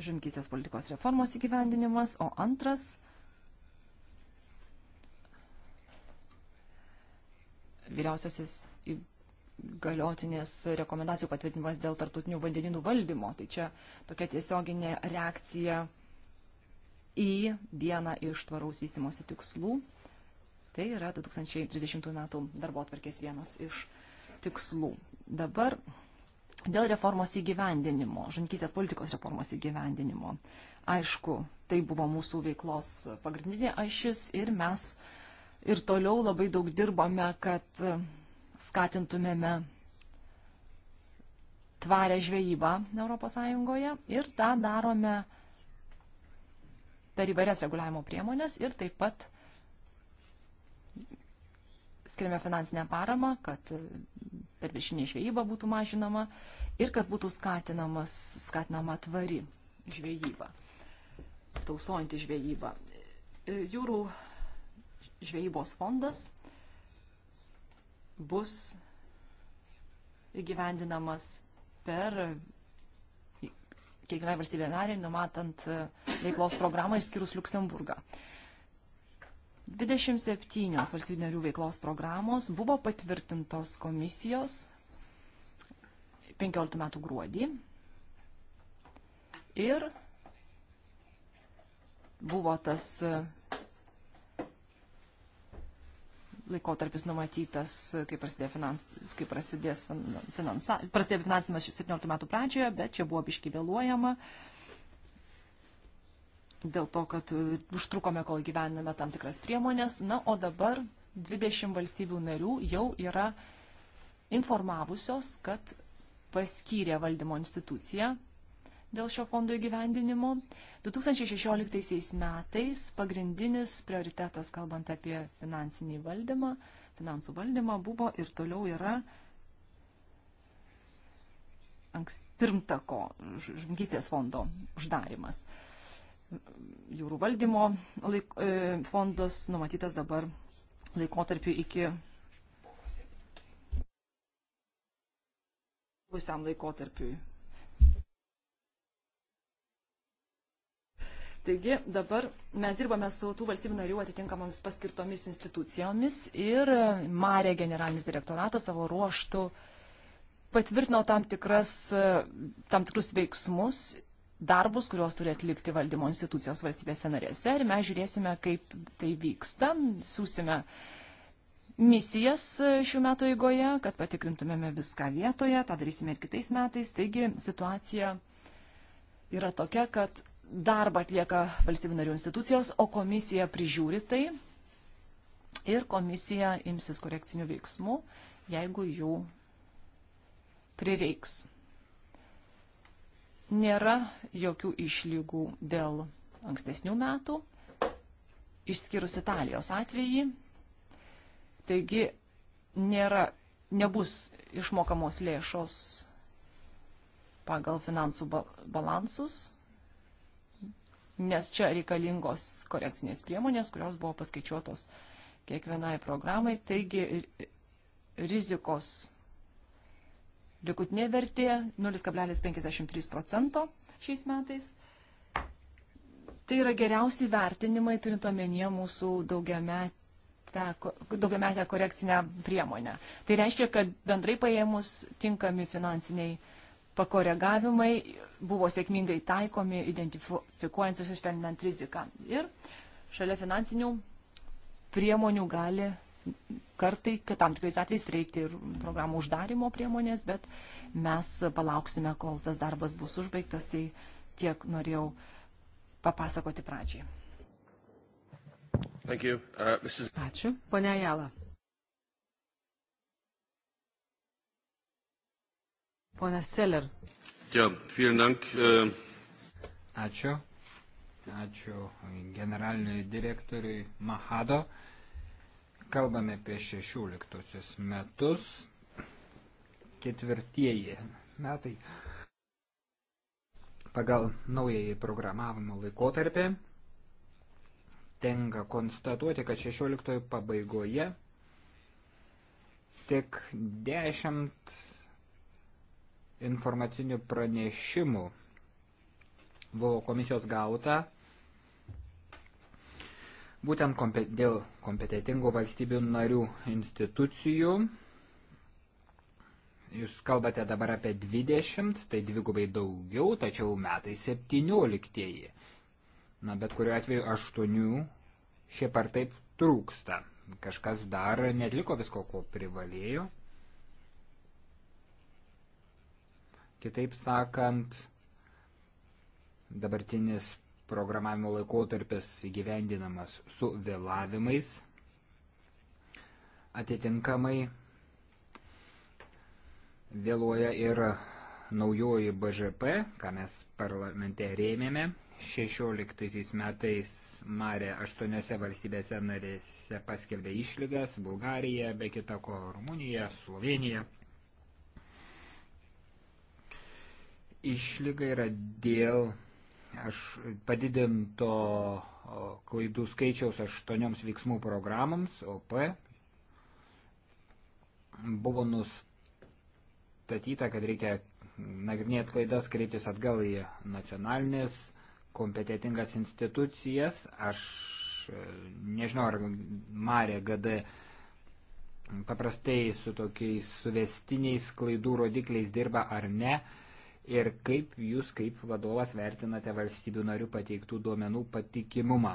žemkysės politikos reformos įgyvendinimas, o antras vyriausiasis galiotinės rekomendacijų patvirtinimas dėl tartutinių vandeninų valdymo. Tai čia tokia tiesioginė reakcija į vieną iš tvaraus vystimosi tikslų. Tai yra 2030 metų darbo atvarkės vienas iš tikslų. Dabar dėl reformos įgyvendinimo, žunkysės politikos reformos įgyvendinimo. Aišku, tai buvo mūsų veiklos pagrindinė ašis ir mes ir toliau labai daug dirbame, kad skatintumėme tvarę žvejybą ES ir tą darome per įvairias reguliavimo priemonės ir taip pat skiriame finansinę paramą, kad per viršinį žvejybą būtų mažinama ir kad būtų skatinama tvari žvejyba, tausojanti žvejyba. Jūrų žvejybos fondas bus įgyvendinamas per kiekvienai valstybė narė, numatant e, veiklos programą išskyrus Luksemburgą. 27 valstybių narių veiklos programos buvo patvirtintos komisijos 15 metų gruodį ir buvo tas e, laikotarpis numatytas, kai prasidėjo, finans, kai prasidės finansa, prasidėjo finansavimas 17 metų pradžioje, bet čia buvo biški vėluojama dėl to, kad e, užtrukome, kol gyvename tam tikras priemonės. Na, o dabar 20 valstybių narių jau yra informavusios, kad paskyrė valdymo instituciją dėl šio fondo įgyvendinimo. 2016 metais pagrindinis prioritetas, kalbant apie finansinį valdymą, finansų valdymą, buvo ir toliau yra pirmtako žvinkystės fondo uždarimas. Jūrų valdymo laik, e, fondas numatytas dabar laikotarpiu iki pusiam laikotarpiui Taigi dabar mes dirbame su tų valstybių narių atitinkamomis paskirtomis institucijomis ir Marė generalinis direktoratas savo ruoštų patvirtino tam, tikras, tam tikrus veiksmus, darbus, kuriuos turi atlikti valdymo institucijos valstybėse narėse ir mes žiūrėsime, kaip tai vyksta, siūsime misijas šių metų eigoje, kad patikrintumėme viską vietoje, tą darysime ir kitais metais. Taigi situacija yra tokia, kad darbą atlieka valstybių narių institucijos, o komisija prižiūri tai ir komisija imsis korekcinių veiksmų, jeigu jų prireiks. Nėra jokių išlygų dėl ankstesnių metų, išskyrus Italijos atvejį. Taigi nėra, nebus išmokamos lėšos pagal finansų balansus nes čia reikalingos korekcinės priemonės, kurios buvo paskaičiuotos kiekvienai programai. Taigi rizikos likutinė vertė 0,53 procento šiais metais. Tai yra geriausi vertinimai, turint omenyje mūsų daugiametį daugiametę korekcinę priemonę. Tai reiškia, kad bendrai paėmus tinkami finansiniai pakoregavimai buvo sėkmingai taikomi, identifikuojant ir sušvelninant riziką. Ir šalia finansinių priemonių gali kartai, kad tam tikrais atvejais reikia ir programų uždarimo priemonės, bet mes palauksime, kol tas darbas bus užbaigtas, tai tiek norėjau papasakoti pradžiai. Uh, Mrs... Ačiū. Pone Jala. Ponas Celer. Ja, dank, uh... Ačiū. Ačiū generaliniui direktoriui Mahado. Kalbame apie 16 metus. Ketvirtieji metai pagal naująjį programavimo laikotarpį. Tenka konstatuoti, kad 16 pabaigoje tik 10 informacinių pranešimų buvo komisijos gauta būtent kompe, dėl kompetitingų valstybių narių institucijų. Jūs kalbate dabar apie 20, tai dvigubai daugiau, tačiau metai 17. Na, bet kuriuo atveju 8 šiaip ar taip trūksta. Kažkas dar netliko visko, ko privalėjo. Kitaip sakant, dabartinis programavimo laikotarpis įgyvendinamas su vėlavimais. Atitinkamai vėluoja ir naujoji BŽP, ką mes parlamente rėmėme. 16 metais Marė aštuoniuose valstybėse narėse paskelbė išlygas - Bulgarija, be kita ko Rumunija, Slovenija. išlyga yra dėl aš padidinto klaidų skaičiaus aštuonioms veiksmų programoms, OP, buvo nustatyta, kad reikia nagrinėti klaidas, kreiptis atgal į nacionalinės kompetitingas institucijas. Aš e, nežinau, ar Marė GD paprastai su tokiais suvestiniais klaidų rodikliais dirba ar ne ir kaip jūs kaip vadovas vertinate valstybių narių pateiktų duomenų patikimumą.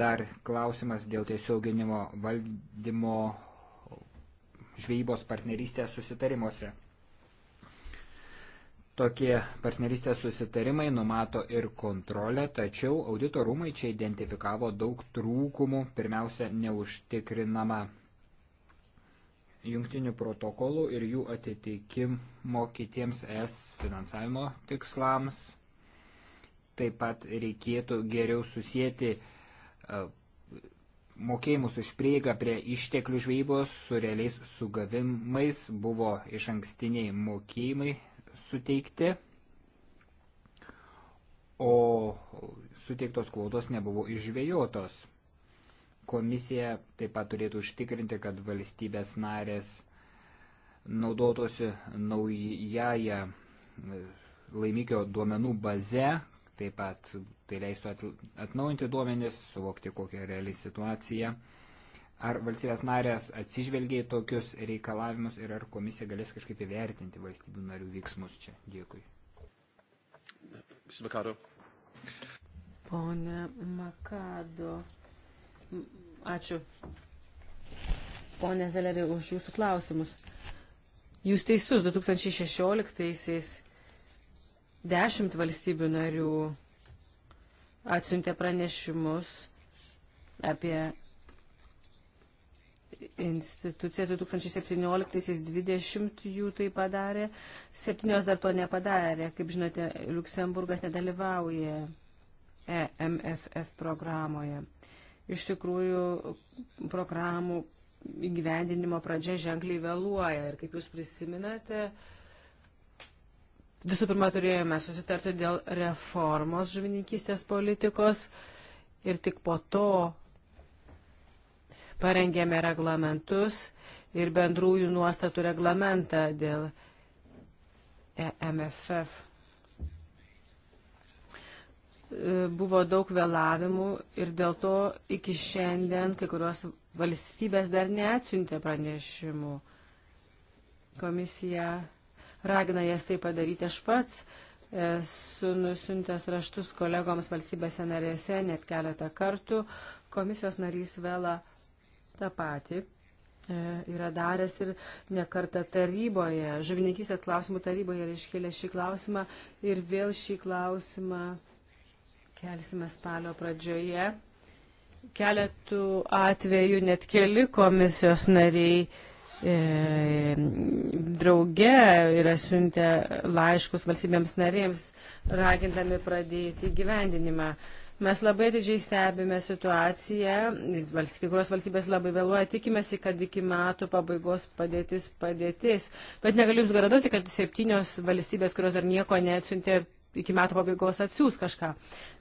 Dar klausimas dėl tiesioginimo valdymo žvejybos partnerystės susitarimuose. Tokie partnerystės susitarimai numato ir kontrolę, tačiau auditorumai čia identifikavo daug trūkumų, pirmiausia, neužtikrinama jungtinių protokolų ir jų atitikimo kitiems es finansavimo tikslams. Taip pat reikėtų geriau susijęti e, mokėjimus už prieigą prie išteklių žvejybos su realiais sugavimais buvo iš ankstiniai mokėjimai suteikti, o suteiktos kvotos nebuvo išžvėjotos. Komisija taip pat turėtų užtikrinti, kad valstybės narės naudotųsi naująją e, laimikio duomenų baze, taip pat tai leistų atnaujinti duomenis, suvokti kokią reali situaciją. Ar valstybės narės atsižvelgia į tokius reikalavimus ir ar komisija galės kažkaip įvertinti valstybių narių veiksmus čia? Dėkui. Makado. Pone Makado, Ačiū. Pone Zeleri, už jūsų klausimus. Jūs teisus, 2016-aisiais dešimt valstybių narių atsiuntė pranešimus apie institucijas 2017-2020 jų tai padarė, septynios dar to nepadarė. Kaip žinote, Luksemburgas nedalyvauja EMFF programoje iš tikrųjų programų įgyvendinimo pradžia ženkliai vėluoja. Ir kaip jūs prisiminate, visų pirma turėjome susitarti dėl reformos žuvininkystės politikos ir tik po to parengėme reglamentus ir bendrųjų nuostatų reglamentą dėl EMFF E, buvo daug vėlavimų ir dėl to iki šiandien kai kurios valstybės dar neatsiuntė pranešimų. Komisija ragina jas tai padaryti aš pats. Esu nusintęs raštus kolegoms valstybėse narėse net keletą kartų. Komisijos narys Vela tą patį e, yra daręs ir nekarta taryboje, žuvininkysės klausimų taryboje ir iškėlė šį klausimą ir vėl šį klausimą kelsime spalio pradžioje. Keletų atvejų net keli komisijos nariai e, drauge yra siuntę laiškus valstybėms narėms, ragindami pradėti gyvendinimą. Mes labai didžiai stebime situaciją, kai kurios valstybės labai vėluoja, tikimėsi, kad iki metų pabaigos padėtis padėtis, bet negaliu Jums garantuoti, kad septynios valstybės, kurios dar nieko neatsiuntė iki metų pabaigos atsiūs kažką.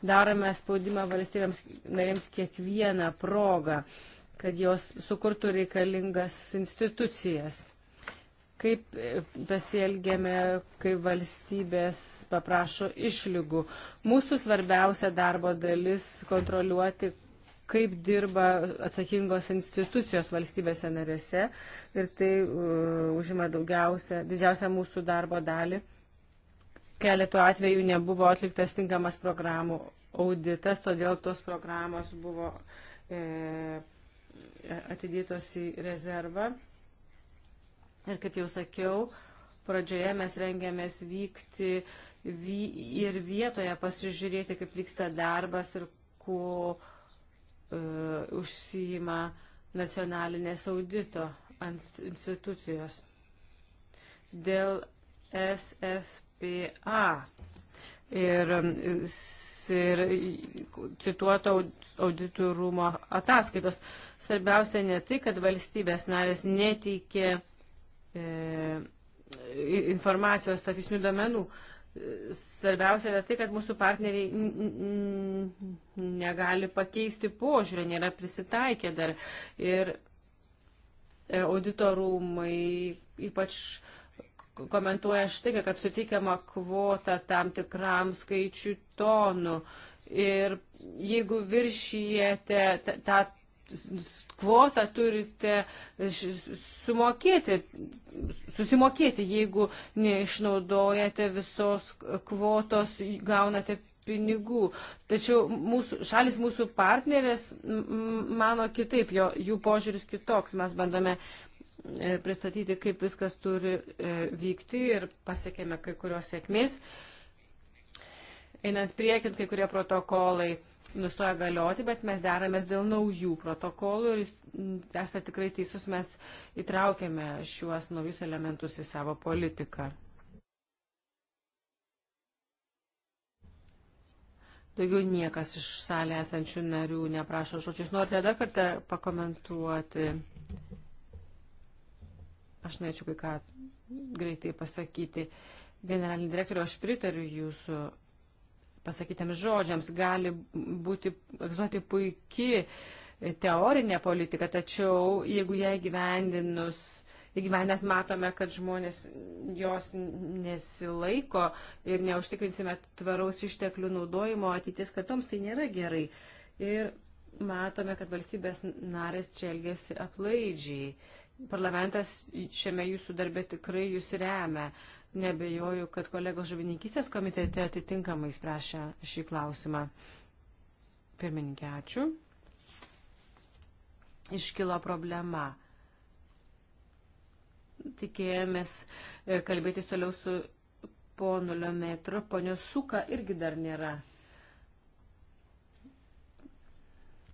Darome spaudimą valstybėms narėms kiekvieną progą, kad jos sukurtų reikalingas institucijas. Kaip pasielgėme, e, kai valstybės paprašo išlygų. Mūsų svarbiausia darbo dalis kontroliuoti, kaip dirba atsakingos institucijos valstybėse narėse ir tai uh, užima daugiausia, didžiausia mūsų darbo dalį. Uh, Keletų atvejų nebuvo atliktas tinkamas programų auditas, todėl tos programos buvo e, atidėtos į rezervą. Ir kaip jau sakiau, pradžioje mes rengiamės vykti vy, ir vietoje pasižiūrėti, kaip vyksta darbas ir kuo e, užsijima nacionalinės audito institucijos. Dėl SFP EBPA. Ir, um, ir cituota auditorumo ataskaitos. Svarbiausia ne tai, kad valstybės narės neteikė e, informacijos statistinių domenų. Svarbiausia yra tai, kad mūsų partneriai negali pakeisti požiūrį, nėra prisitaikę dar. Ir e, auditorumai ypač komentuoja štai, kad suteikiama kvota tam tikram skaičių tonų. Ir jeigu viršijate tą kvotą turite sumokėti, susimokėti, jeigu neišnaudojate visos kvotos, gaunate pinigų. Tačiau mūsų, šalis mūsų partnerės mano kitaip, jo, jų požiūris kitoks. Mes bandome E, pristatyti, kaip viskas turi e, vykti ir pasiekėme kai kurios sėkmės. Einant priekint, kai kurie protokolai nustoja galioti, bet mes deramės dėl naujų protokolų ir esate tikrai teisus, mes įtraukėme šiuos naujus elementus į savo politiką. Daugiau niekas iš salė esančių narių neprašo žodžius. Norite dar kartą pakomentuoti? Aš norėčiau kai ką greitai pasakyti. Generalinį direktorių, aš pritariu jūsų pasakytėms žodžiams. Gali būti, egzuoti puikiai teorinė politika, tačiau jeigu ją įgyvendinus, įgyvendinant matome, kad žmonės jos nesilaiko ir neužtikrinsime tvaraus išteklių naudojimo ateities kartoms, tai nėra gerai. Ir matome, kad valstybės narės čia elgesi aplaidžiai. Parlamentas šiame jūsų darbe tikrai jūs remia. Nebejoju, kad kolegos žuvininkystės komitete atitinkamai sprašė šį klausimą. Pirmininkė, ačiū. Iškilo problema tikėjomės e, kalbėtis toliau su ponu Liometru. Ponio Suka irgi dar nėra.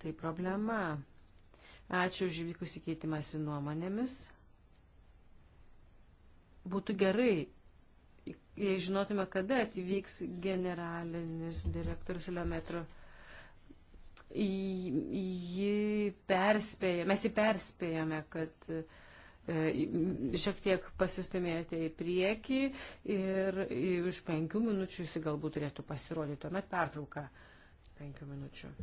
Tai problema. Ačiū už vykusį keitimąsi nuomonėmis. Būtų gerai, jei žinotume, kada atvyks generalinis direktorius Lemetro. Jį perspėja, mes jį perspėjame, kad e, šiek tiek pasistumėjote į priekį ir už penkių minučių jis galbūt turėtų pasirodyti. Tuomet pertrauka penkių minučių.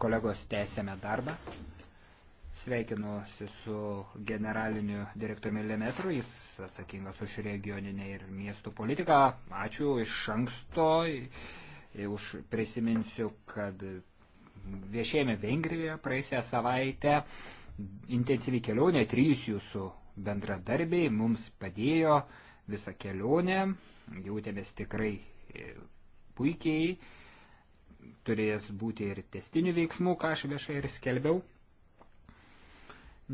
Kolegos, tęsėme darbą. Sveikinuosi su generaliniu direktoriumi Lemetru, jis atsakingas už regioninę ir miestų politiką. Ačiū iš anksto, už prisiminsiu, kad viešėjame Vengrijoje praėjusią savaitę, intensyvi kelionė, trys jūsų bendradarbiai mums padėjo visą kelionę, jautėmės tikrai e, puikiai turės būti ir testinių veiksmų, ką aš viešai ir skelbiau.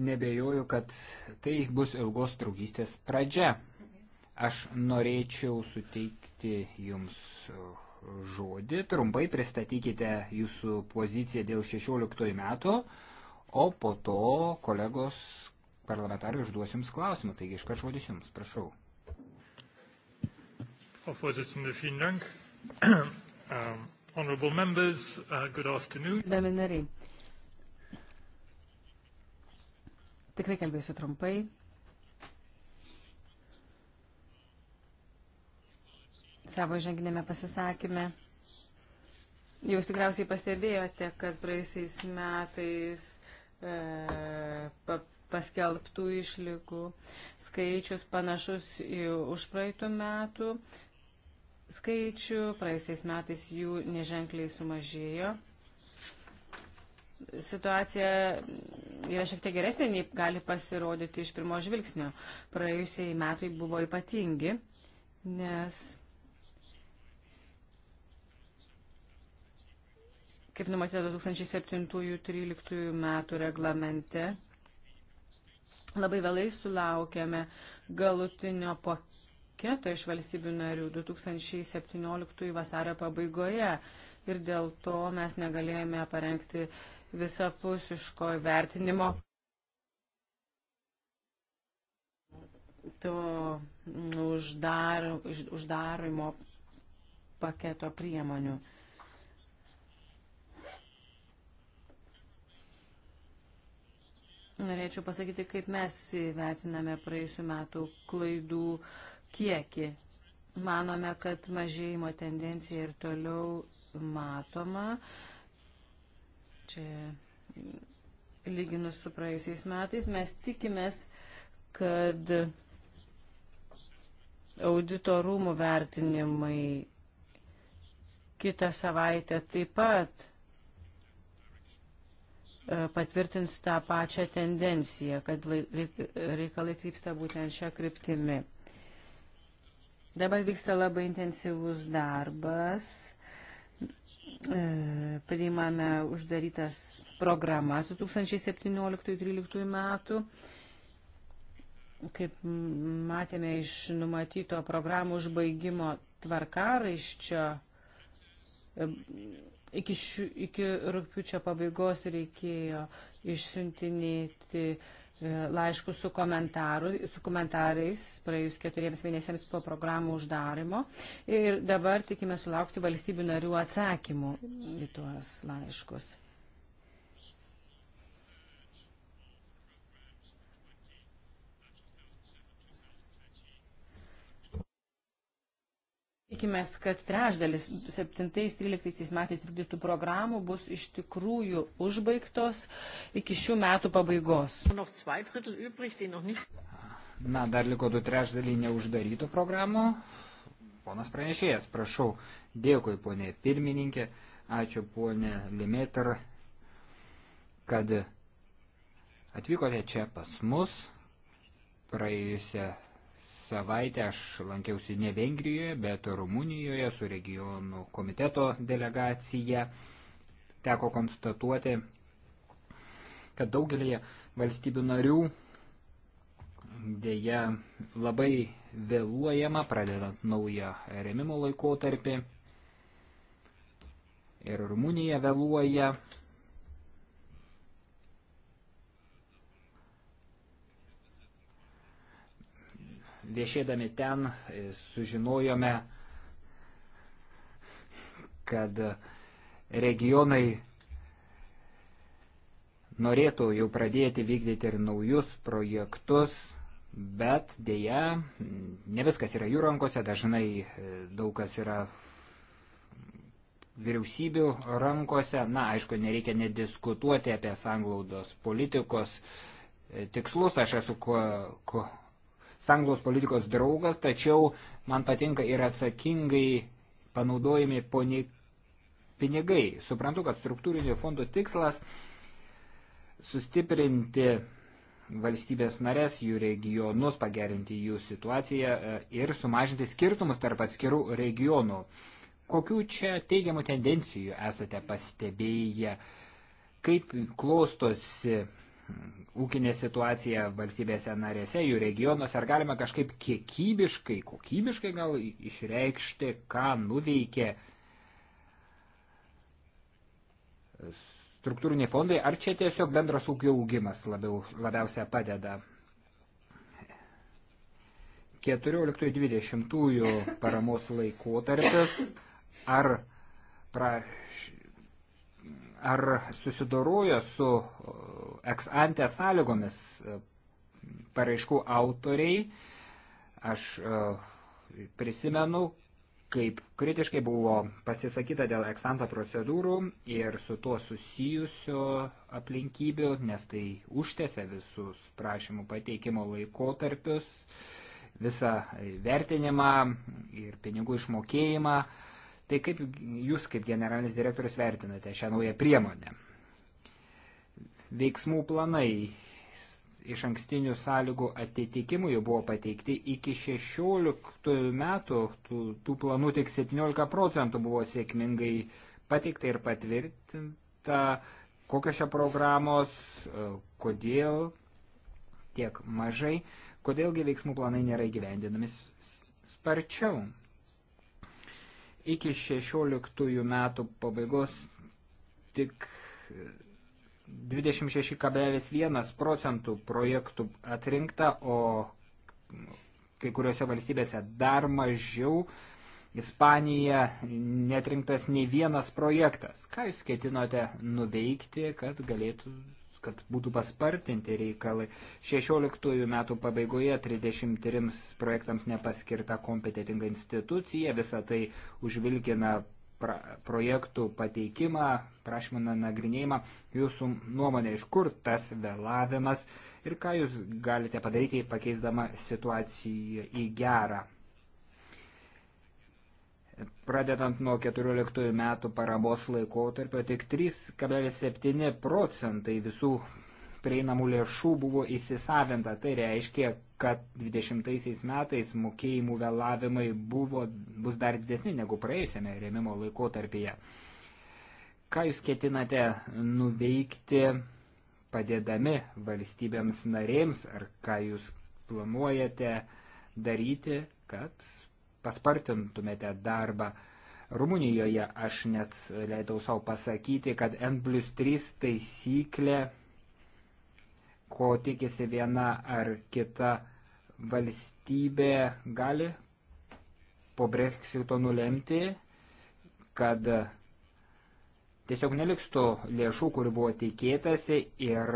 Nebejoju, kad tai bus ilgos draugystės pradžia. Aš norėčiau suteikti jums žodį, trumpai pristatykite jūsų poziciją dėl 16 metų, o po to kolegos parlamentarai užduos jums klausimą, taigi iškart žodis jums, prašau. Frau Vorsitzende, vielen Dank. <clears throat> Ähm, Honorable members, uh, good afternoon. Gerbiami nariai, tikrai kalbėsiu trumpai. Savo ženginėme pasisakymę. Jūs tikriausiai pastebėjote, kad praeisiais metais e, pa, paskelbtų išlygų skaičius panašus į užpraeitų metų. E, skaičių, praėjusiais metais jų neženkliai sumažėjo. Situacija yra šiek tiek geresnė, nei gali pasirodyti iš pirmo žvilgsnio. Praėjusiai metai buvo ypatingi, nes kaip numatyta 2007-2013 metų reglamente, labai vėlai sulaukėme galutinio po paketą iš valstybių narių 2017 vasario pabaigoje ir dėl to mes negalėjome parengti visapusiško vertinimo to mm, uždar, uždarimo paketo priemonių. Norėčiau pasakyti, kaip mes vertiname praėjusiu metu klaidų uh, kiekį. Manome, kad mažėjimo tendencija ir toliau matoma. Čia lyginus su praėjusiais metais mes tikimės, kad audito rūmų vertinimai kitą savaitę taip pat e, patvirtins tą pačią tendenciją, kad reikalai krypsta būtent šią kryptimį. Dabar vyksta labai intensyvus darbas. E, priimame uždarytas programas 2017-2013 metų. Kaip matėme iš numatyto programų užbaigimo tvarkaraiščio, e, iki, šių, iki rūpiučio pabaigos reikėjo išsiuntinėti uh, E, laiškus su, su komentarais praėjus keturiems mėnesiams po programų uždarimo. Ir dabar tikime sulaukti valstybių narių atsakymų į tuos laiškus. Tikimės, kad trešdalis 7-13 metais vykdytų programų bus iš tikrųjų užbaigtos iki šių metų pabaigos. Na, dar liko du trešdaliai neuždarytų programų. Ponas pranešėjas, prašau, dėkui ponė pirmininkė, ačiū ponė Limetar, kad atvykote čia pas mus praėjusią savaitę aš lankiausi ne Vengrijoje, bet Rumunijoje su regionų komiteto delegacija. Teko konstatuoti, kad daugelėje valstybių narių dėja labai vėluojama, pradedant naują remimo laikotarpį. Ir Rumunija vėluoja, Viešėdami ten e, sužinojome, kad regionai norėtų jau pradėti vykdyti ir naujus projektus, bet dėja, ne viskas yra jų rankose, dažnai e, daug kas yra vyriausybių rankose. Na, aišku, nereikia nediskutuoti apie sanglaudos politikos e, tikslus. Aš esu ko, ko, sanglos politikos draugas, tačiau man patinka ir atsakingai panaudojami poni... pinigai. Suprantu, kad struktūrinio fondo tikslas sustiprinti valstybės narės, jų regionus, pagerinti jų situaciją e, ir sumažinti skirtumus tarp atskirų regionų. Kokių čia teigiamų tendencijų esate pastebėję? Kaip klostosi ūkinė situacija valstybėse narėse, jų regionuose, ar galima kažkaip kiekybiškai, kokybiškai gal išreikšti, ką nuveikė struktūriniai fondai, ar čia tiesiog bendras ūkio augimas labiau, labiausia padeda. 14-20 paramos laikotarpis, ar praš, ar susidorojo su uh, ex ante sąlygomis uh, paraiškų autoriai. Aš uh, prisimenu, kaip kritiškai buvo pasisakyta dėl ex ante procedūrų ir su tuo susijusio aplinkybių, nes tai užtėse visus prašymų pateikimo laikotarpius, visą vertinimą ir pinigų išmokėjimą. Uh, Tai kaip jūs kaip generalinis direktorius vertinate šią naują priemonę? Veiksmų planai iš ankstinių sąlygų atitikimų jau buvo pateikti iki 16 metų, tų, tų planų tik 17 procentų buvo sėkmingai pateikta ir patvirtinta, kokios čia programos, e, kodėl tiek mažai, kodėlgi veiksmų planai nėra įgyvendinami sparčiau iki 16 metų pabaigos tik 26,1 procentų projektų atrinkta, o kai kuriuose valstybėse dar mažiau. Ispanija netrinktas nei vienas projektas. Ką jūs ketinote nuveikti, kad galėtų kad būtų paspartinti reikalai. 16 metų pabaigoje 33 projektams nepaskirta kompetitinga institucija, visa tai užvilkina pra, projektų pateikimą, prašymą nagrinėjimą. Jūsų nuomonė, iš kur tas vėlavimas ir ką jūs galite padaryti pakeisdama situaciją į gerą? pradedant nuo 14 metų paramos laikotarpio, tik 3,7 procentai visų prieinamų lėšų buvo įsisavinta. Tai reiškia, kad 20 metais mokėjimų vėlavimai buvo, bus dar didesni negu praėjusiame rėmimo laikotarpyje. Ką jūs ketinate nuveikti, padėdami valstybėms narėms, ar ką jūs planuojate daryti, kad paspartintumėte darbą. Rumunijoje aš net leidau savo pasakyti, kad N plus 3 taisyklė, ko tikisi viena ar kita valstybė, gali po Brexito nulemti, kad tiesiog neliks to lėšų, kurių buvo tikėtasi ir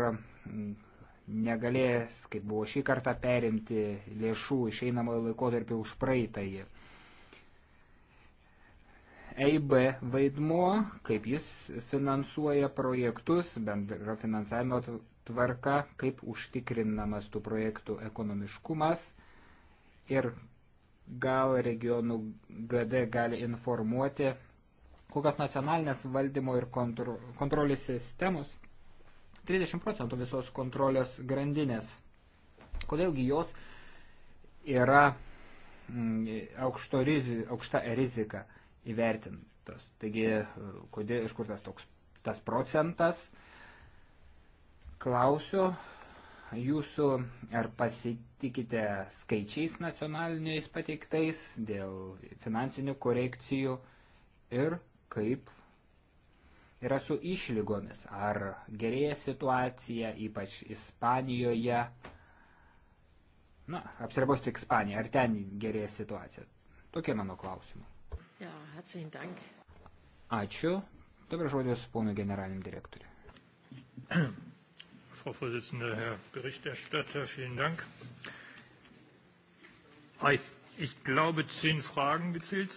negalės, kaip buvo šį kartą, perimti lėšų išeinamojo laikotarpio už praeitąjį. EIB vaidmuo, kaip jis finansuoja projektus, bendra finansavimo tvarka, kaip užtikrinamas tų projektų ekonomiškumas ir gal regionų GD gali informuoti, kokios nacionalinės valdymo ir kontro, kontrolės sistemos 30 procentų visos kontrolės grandinės. Kodėlgi jos yra mm, aukšto rizi, aukšta rizika? įvertintos. Taigi, kodėl, iš kur tas toks tas procentas? Klausiu jūsų, ar pasitikite skaičiais nacionaliniais pateiktais dėl finansinių korekcijų ir kaip yra su išlygomis, ar gerėja situacija, ypač Ispanijoje. Na, apsiribos tik Ispanija, ar ten gerėja situacija? Tokie mano klausimai. Ja, herzlichen Dank. Ačiū. Dabar žodis ponui generaliniam direktoriui. Frau Vorsitzende, Herr Berichterstatter, vielen Dank. Ich glaube, zehn Fragen gezielt.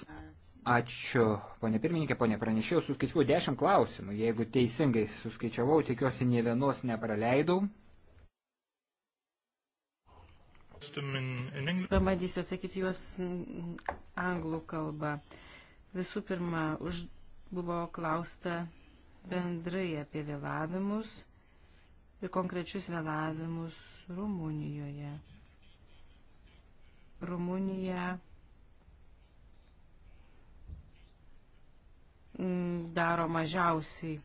Ačiū, ponė pirmininkė, ponė pranešėjau, suskaičiavau dešimt klausimų. Jeigu teisingai suskaičiavau, tikiuosi, ne vienos nepraleidau. Pabandysiu atsakyti juos anglų kalbą. Uh, Visų pirma, už, buvo klausta bendrai apie vėlavimus ir konkrečius vėlavimus Rumunijoje. Rumunija mm, daro mažiausiai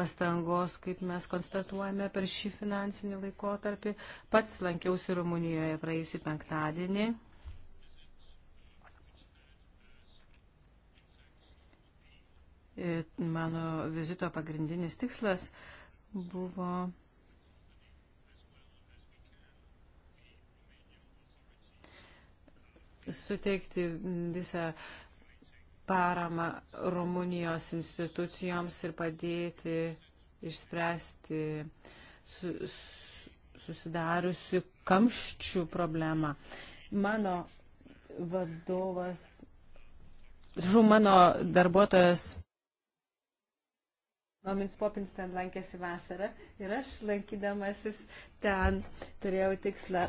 pastangos, kaip mes konstatuojame per šį finansinį laikotarpį. Pats lankiausi Rumunijoje praėjusį penktadienį Mano vizito pagrindinis tikslas buvo suteikti visą paramą Rumunijos institucijoms ir padėti išspręsti su, susidariusi kamščių problemą. Mano vadovas, žinau, mano darbuotojas Momins Popins ten lankėsi vasarą ir aš lankydamasis ten turėjau tikslą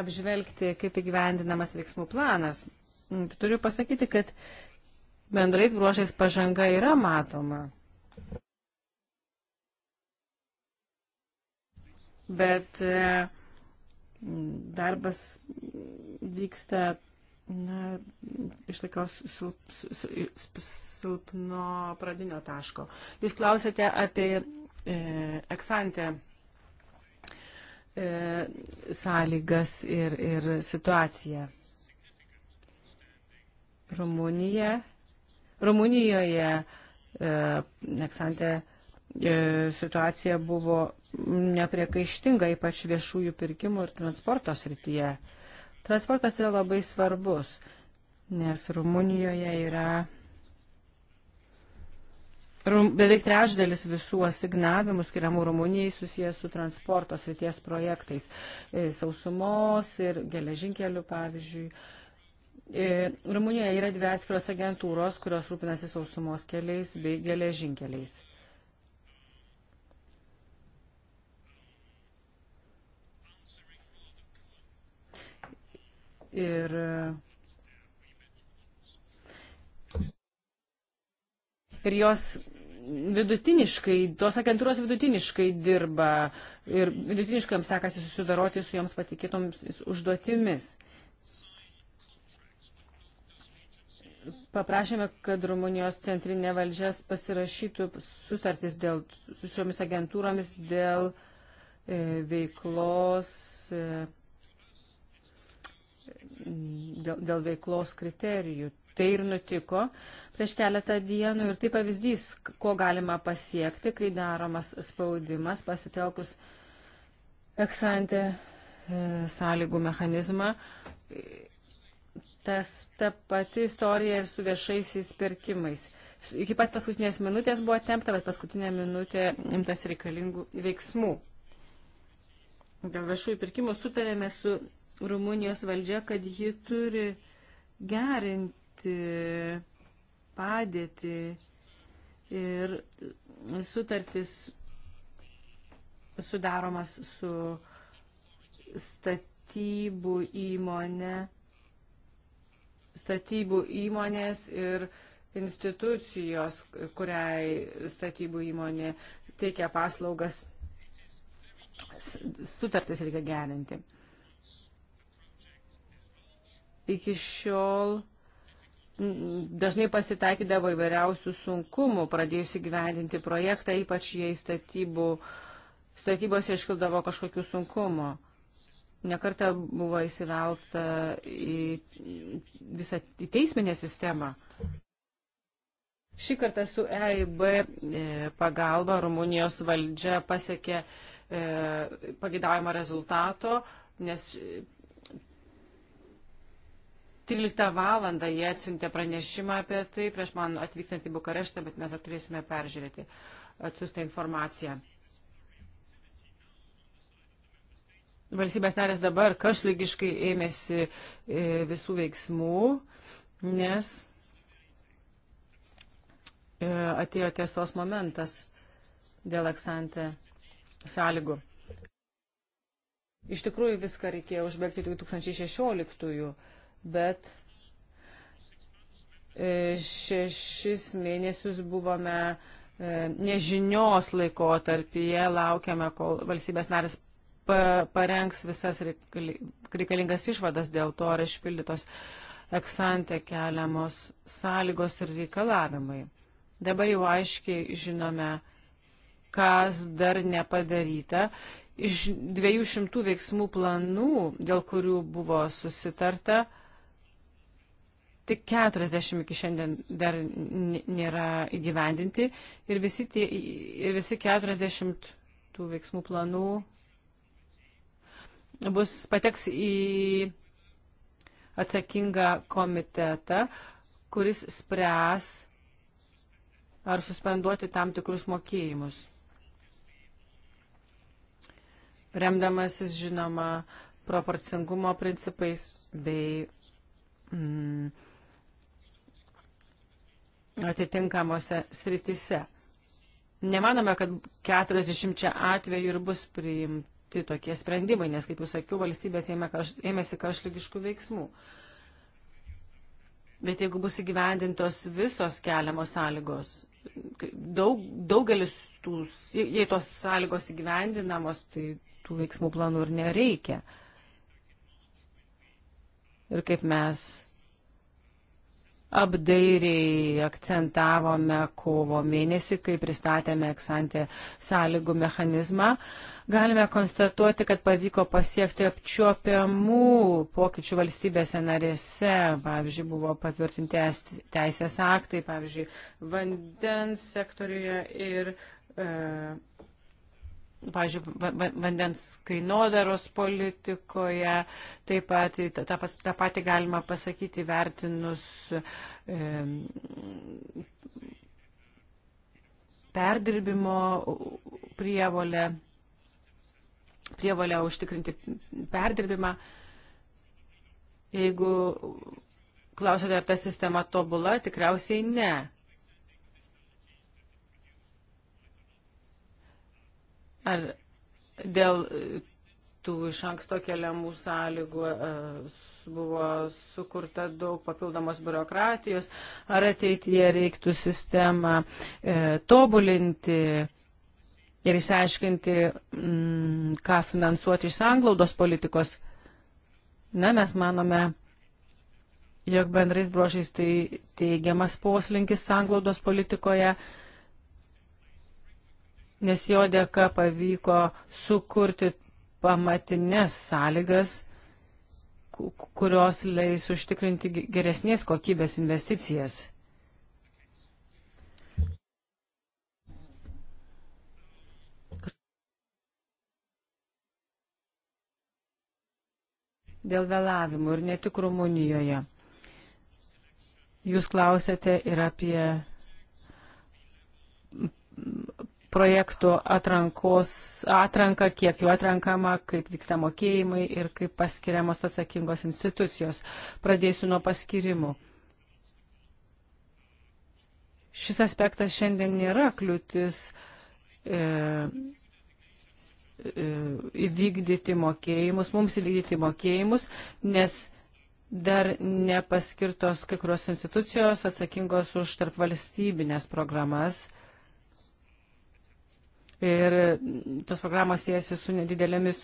apžvelgti, kaip įgyvendinamas veiksmų planas. Mm, tai turiu pasakyti, kad bendrais bruožais pažanga yra matoma. Bet e, darbas vyksta na, išlaikios silpno pradinio taško. Jūs klausėte apie e, eksantę e, sąlygas ir, ir situaciją. Rumunija, Rumunijoje e, eksantė e, situacija buvo nepriekaištinga, ypač viešųjų pirkimų ir transporto srityje. E, Transportas yra labai svarbus, nes Rumunijoje yra Beveik trečdalis visų asignavimų skiriamų Rumunijai susijęs su transporto srities projektais e, - sausumos ir geležinkelių, pavyzdžiui. E, Rumunijoje yra dvi atskiros agentūros, kurios rūpinasi sausumos keliais bei geležinkeliais. Ir ir jos vidutiniškai, tos agentūros vidutiniškai dirba ir vidutiniškai jums sekasi susidaroti su joms patikėtoms užduotimis. Paprašėme, kad Rumunijos centrinė valdžia pasirašytų sutartis dėl, su šiomis agentūromis dėl e, veiklos e, dėl, dėl veiklos kriterijų. Tai ir nutiko prieš keletą dienų ir tai pavyzdys, ko galima pasiekti, kai daromas spaudimas pasitelkus eksantę e, sąlygų mechanizmą. Tas, ta pati istorija ir su viešaisiais pirkimais. Iki pat paskutinės minutės buvo tempta, bet paskutinė minutė imtas reikalingų veiksmų. Dėl viešųjų pirkimų sutarėme su Rumunijos valdžia, kad ji turi gerinti padėtį ir sutartis sudaromas su statybų įmonė, statybų įmonės ir institucijos, kuriai statybų įmonė teikia paslaugas, sutartis reikia gerinti iki šiol dažnai pasitaikydavo įvairiausių sunkumų pradėjus įgyvendinti projektą, ypač jei statybų, statybose iškildavo kažkokių sunkumų. Nekarta buvo įsivelta į visą į teisminę sistemą. Šį kartą su EIB e, pagalba Rumunijos valdžia pasiekė e, pagidavimo rezultato, nes 13 valandą jie atsiuntė pranešimą apie tai, prieš man atvykstant į Bukareštą, bet mes turėsime peržiūrėti atsiųstą informaciją. Valstybės narės dabar kažlygiškai ėmėsi e, visų veiksmų, nes e, atėjo tiesos momentas dėl eksantė sąlygų. Iš tikrųjų viską reikėjo užbėgti 2016. -ųjų bet e, šešis mėnesius buvome e, nežinios laikotarpyje, laukiame, kol valstybės narės parengs visas reikalingas išvadas dėl to, ar išpildytos eksante keliamos sąlygos ir reikalavimai. Dabar jau aiškiai žinome, kas dar nepadaryta. Iš dviejų šimtų veiksmų planų, dėl kurių buvo susitarta, tik 40 iki šiandien dar nėra įgyvendinti ir visi, tie, ir visi 40 tų veiksmų planų bus pateks į atsakingą komitetą, kuris spręs ar suspenduoti tam tikrus mokėjimus. Remdamasis, žinoma, proporcingumo principais bei mm, atitinkamose sritise. Nemanome, kad 40 atvejų ir bus priimti tokie sprendimai, nes, kaip jau sakiau, valstybės ėmėsi karšlygiškų veiksmų. Bet jeigu bus įgyvendintos visos keliamos sąlygos, daug, daugelis tų, jei tos sąlygos įgyvendinamos, tai tų veiksmų planų ir nereikia. Ir kaip mes apdairiai akcentavome kovo mėnesį, kai pristatėme eksantę sąlygų mechanizmą, galime konstatuoti, kad pavyko pasiekti apčiuopiamų pokyčių valstybėse narėse. Pavyzdžiui, buvo patvirtinti teisės aktai, pavyzdžiui, vandens sektoriuje ir e, pavyzdžiui, vandens kainodaros politikoje, taip pat tą, tą patį galima pasakyti vertinus e, perdirbimo prievolę, prievolę užtikrinti perdirbimą. Jeigu klausote, ar ta sistema tobula, tikriausiai ne. Ar dėl tų iš anksto keliamų sąlygų e, buvo sukurta daug papildomos biurokratijos, ar ateityje reiktų sistemą e, tobulinti ir išsiaiškinti, mm, ką finansuoti iš sanglaudos politikos. Na, mes manome, jog bendrais brošiais tai teigiamas poslinkis sanglaudos politikoje. Uh, nes jo dėka pavyko sukurti pamatinės sąlygas, kurios leis užtikrinti geresnės kokybės investicijas. Dėl vėlavimų ir ne tik Rumunijoje. Jūs klausėte ir apie projektų atrankos atranką, kiek jų atrankama, kaip vyksta mokėjimai ir kaip paskiriamos atsakingos institucijos. Pradėsiu nuo paskirimų. Šis aspektas šiandien nėra kliūtis e, e įvykdyti mokėjimus, mums įvykdyti mokėjimus, nes dar nepaskirtos kai kurios institucijos atsakingos už tarpvalstybinės programas ir tos programos siejasi su nedidelėmis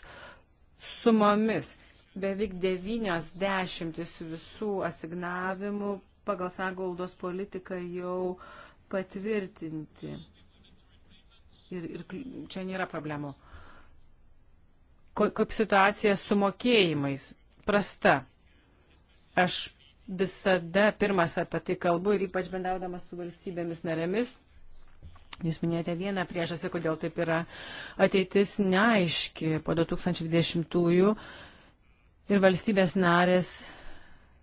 sumomis. Beveik devynios dešimtis visų asignavimų pagal sągaudos politiką jau patvirtinti. Ir, ir čia nėra problemų. Ko, kaip situacija su mokėjimais? Prasta. Aš visada pirmas apie tai kalbu ir ypač bendaudamas su valstybėmis narėmis Jūs minėjote vieną priežastį, kodėl taip yra. Ateitis neaiški po 2020-ųjų ir valstybės narės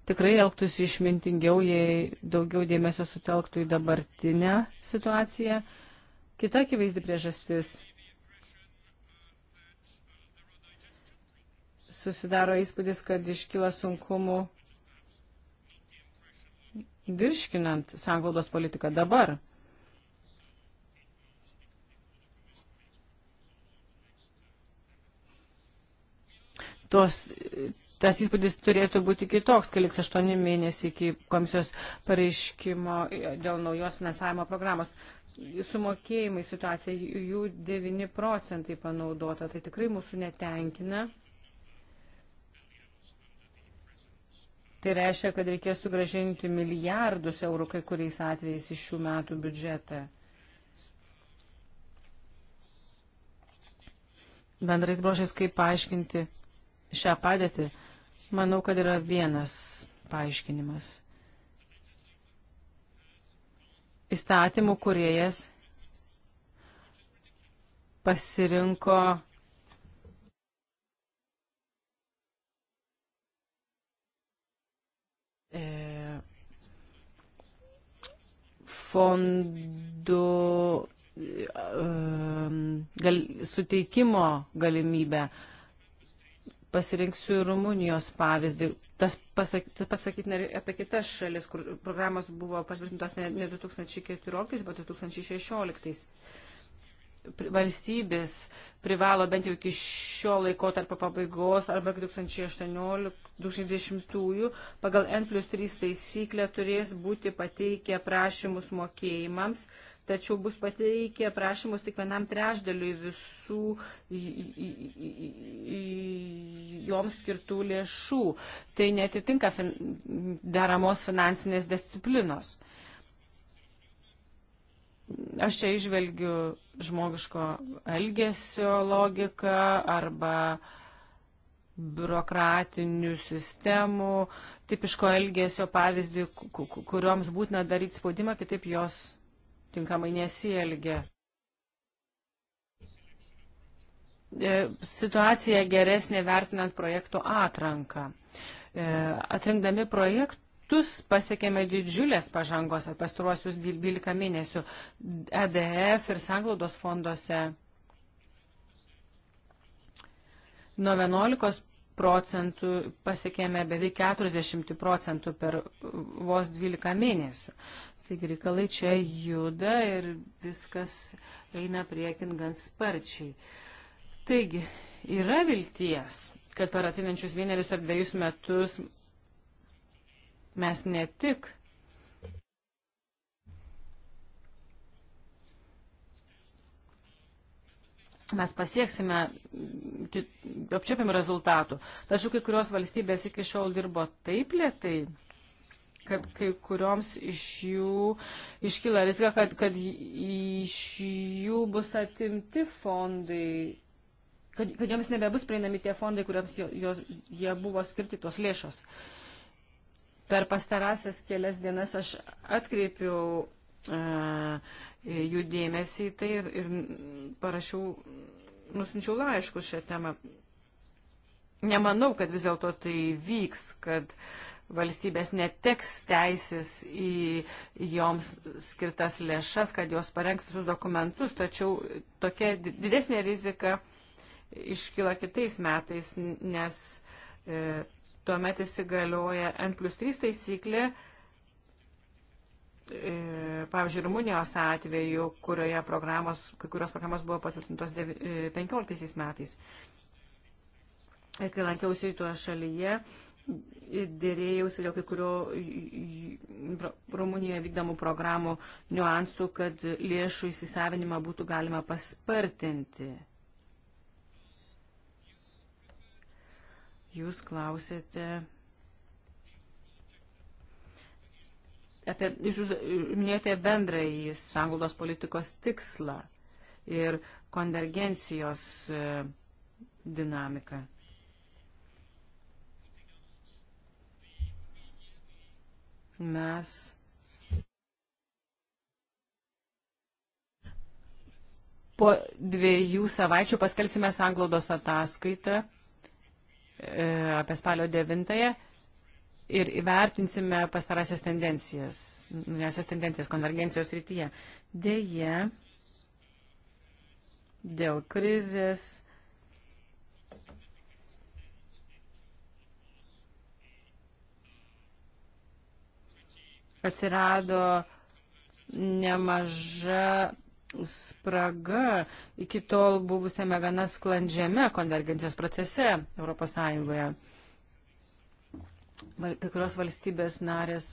tikrai elgtųsi išmintingiau, jei daugiau dėmesio sutelktų į dabartinę situaciją. Kita akivaizdi priežastis susidaro įspūdis, kad iškyla sunkumų virškinant sanglaudos politiką dabar. tos, tas įspūdis turėtų būti kitoks, kai liks aštuoni mėnesiai iki komisijos pareiškimo dėl naujos finansavimo programos. Sumokėjimai situacija, jų 9 procentai panaudota, tai tikrai mūsų netenkina. Tai reiškia, kad reikės sugražinti milijardus eurų kai kuriais atvejais iš šių metų biudžetą. Bendrais brošės kaip paaiškinti šią padėtį, manau, kad yra vienas paaiškinimas. Įstatymų kuriejas pasirinko e, fondų e, gal, suteikimo galimybę pasirinksiu Rumunijos pavyzdį. Tas pasakyti pasakyt apie kitas šalis, kur programos buvo patvirtintos ne, ne 2014, bet 2016. Valstybės privalo bent jau iki šio laiko tarp pabaigos arba 2018-2020 pagal N plus 3 taisyklę turės būti pateikę prašymus mokėjimams tačiau bus pateikę prašymus tik vienam trešdaliui visų joms skirtų lėšų. Tai netitinka fin daramos finansinės disciplinos. Aš čia išvelgiu žmogiško elgesio logiką arba biurokratinių sistemų, tipiško elgesio pavyzdį, kurioms būtina daryti spaudimą, kitaip jos tinkamai nesielgia. E, situacija geresnė vertinant projektų atranką. E, atrinkdami projektus pasiekėme didžiulės pažangos per pastaruosius 12 mėnesių EDF ir sanglaudos fonduose. Nuo 11 procentų pasiekėme beveik 40 procentų per vos 12 mėnesių. Taigi reikalai čia juda ir viskas eina priekin gan sparčiai. Taigi, yra vilties, kad per atinančius vienerius ar dviejus metus mes ne tik mes pasieksime apčiopimų rezultatų. Tačiau kai kurios valstybės iki šiol dirbo taip lietai, kad kai kurioms iš jų iškyla rizika, kad, kad iš jų bus atimti fondai, kad, kad joms nebebus prieinami tie fondai, kuriems jos, jie buvo skirti tos lėšos. Per pastarąsias kelias dienas aš atkreipiau uh, jų dėmesį į tai ir, ir parašiau, nusinčiau laiškus šią temą. Nemanau, kad vis dėlto tai vyks, kad uh, valstybės neteks teisės į joms skirtas lėšas, kad jos parengs visus dokumentus, tačiau tokia didesnė rizika iškyla kitais metais, nes e, tuomet įsigalioja N plus 3 taisyklė, e, pavyzdžiui, Rumunijos atveju, kurioje programos, kai kurios programos buvo patvirtintos 15 e, metais. Ir e, kai lankiausi tuo šalyje, dėrėjausi dėl kai kurio Rumunijoje vykdomų programų niuansų, kad lėšų įsisavinimą būtų galima paspartinti. Jūs klausėte apie, jūs minėjote bendrąjį sanglaudos politikos tikslą ir konvergencijos e, dinamiką. mes po dviejų savaičių paskelbsime sanglaudos ataskaitą e, apie spalio 9-ąją ir įvertinsime pastarasias tendencijas, nesas tendencijas konvergencijos rytyje. Deja, dėl krizės atsirado nemaža spraga iki tol buvusiame gana sklandžiame konvergencijos procese ES. Kai kurios valstybės narės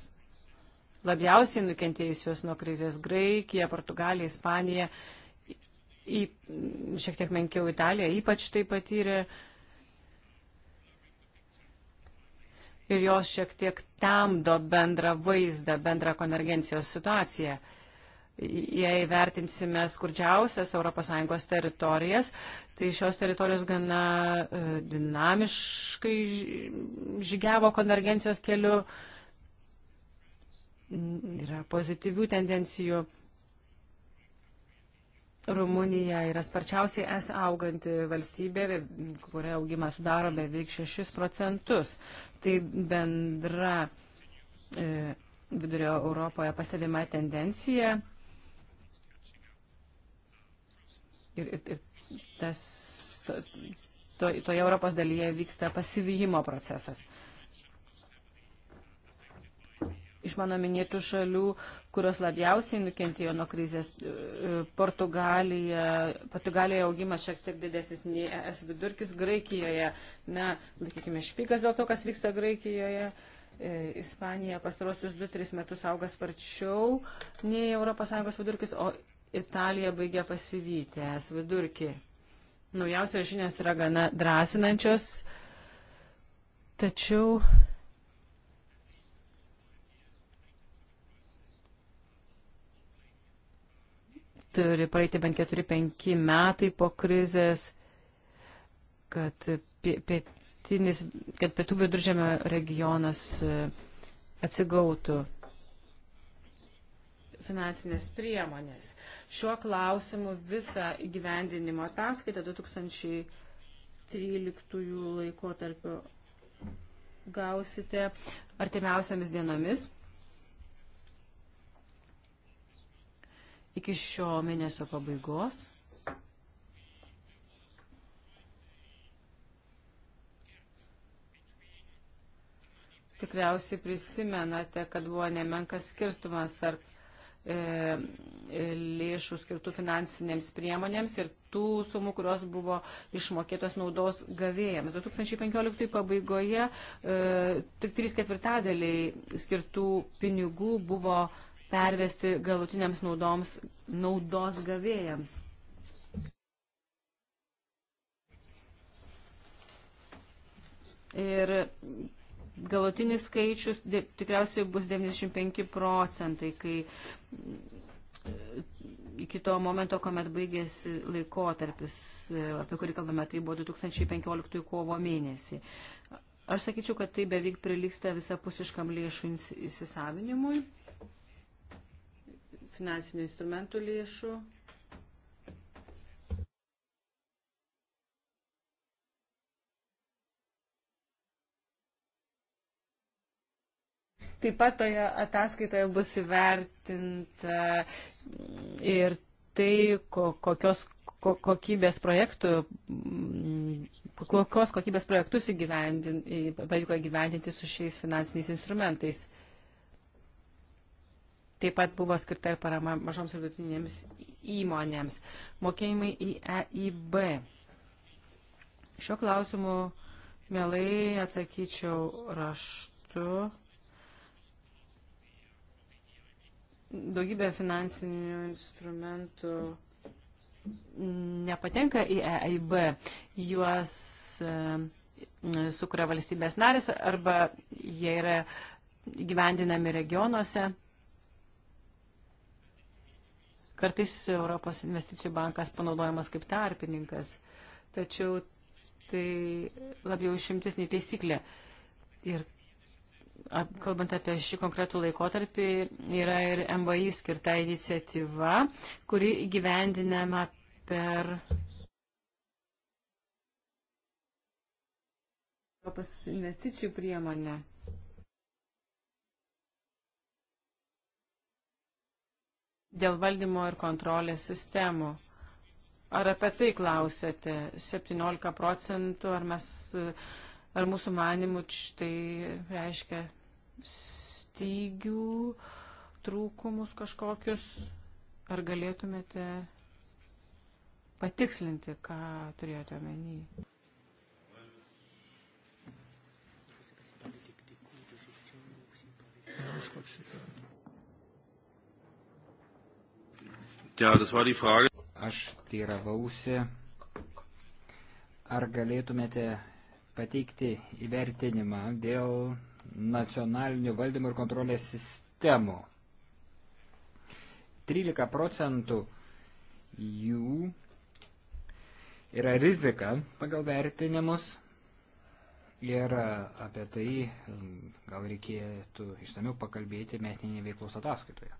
labiausiai nukentėjusios nuo krizės Graikija, Portugalija, Ispanija, į, šiek tiek menkiau Italija ypač tai patyrė. Uh, ir jos šiek tiek temdo bendrą vaizdą, bendrą konvergencijos situaciją. Jei vertinsime skurdžiausias ES teritorijas, tai šios teritorijos gana e, dinamiškai žygiavo konvergencijos keliu, yra pozityvių tendencijų Rumunija yra sparčiausiai es auganti valstybė, kurioje augimas sudaro beveik 6 procentus. Tai bendra e, vidurio Europoje pastebima tendencija. Ir, ir, ir tas, to, to, toje Europos dalyje vyksta pasivyjimo procesas. Iš mano minėtų šalių kurios labiausiai nukentėjo nuo krizės. E, e, Portugalija, Portugalija augimas šiek tiek didesnis nei es vidurkis Graikijoje. Na, laikykime špikas dėl to, kas vyksta Graikijoje. E, Ispanija pastarosius 2-3 metus auga sparčiau nei ES vidurkis, o Italija baigia pasivyti es vidurkį. Naujausios žinios yra gana drąsinančios, tačiau turi praeiti bent 4-5 metai po krizės, kad, pietinis, kad pietų viduržėmio regionas e, atsigautų finansinės priemonės. Šiuo klausimu visą įgyvendinimo ataskaitą 2013 laikotarpio gausite artimiausiamis dienomis. iki šio mėnesio pabaigos. Tikriausiai prisimenate, kad buvo nemenkas skirtumas tarp e, e, lėšų skirtų finansinėms priemonėms ir tų sumų, kurios buvo išmokėtos naudos gavėjams. 2015 pabaigoje e, tik 3 ketvirtadaliai skirtų pinigų buvo pervesti galutiniams naudoms naudos gavėjams. Ir galutinis skaičius tikriausiai bus 95 procentai, kai e, iki to momento, kuomet baigėsi laikotarpis, e, apie kurį kalbame, tai buvo 2015 kovo mėnesį. Aš sakyčiau, kad tai beveik priliksta visapusiškam lėšų įsisavinimui finansinių instrumentų lėšų. Taip pat toje ataskaitoje bus įvertinta ir tai, ko, kokios ko, kokybės projektų, mm, kokios kokybės projektus pavyko įgyvendinti su šiais finansiniais instrumentais. Taip pat buvo skirta ir parama mažoms ir vidutinėms įmonėms. Mokėjimai į EIB. Šiuo klausimu mielai atsakyčiau raštu. Daugybė finansinių instrumentų nepatenka į EIB, juos e, sukuria valstybės narės arba jie yra gyvendinami regionuose. Kartais Europos investicijų bankas panaudojamas kaip tarpininkas, tačiau tai labiau išimtis nei taisyklė. Ir kalbant apie šį konkretų laikotarpį, yra ir MVI skirta iniciatyva, kuri įgyvendinama per. Europos investicijų priemonė. dėl valdymo ir kontrolės sistemų. Ar apie tai klausėte? 17 procentų, ar, mes, ar mūsų manimų tai reiškia stygių, trūkumus kažkokius? Ar galėtumėte patikslinti, ką turėjote omeny? Aš koks įkart. Aš teiravausi, ar galėtumėte pateikti įvertinimą dėl nacionalinių valdymo ir kontrolės sistemų. 13 procentų jų yra rizika pagal vertinimus ir apie tai gal reikėtų ištamiau pakalbėti metinėje veiklos ataskaitoje.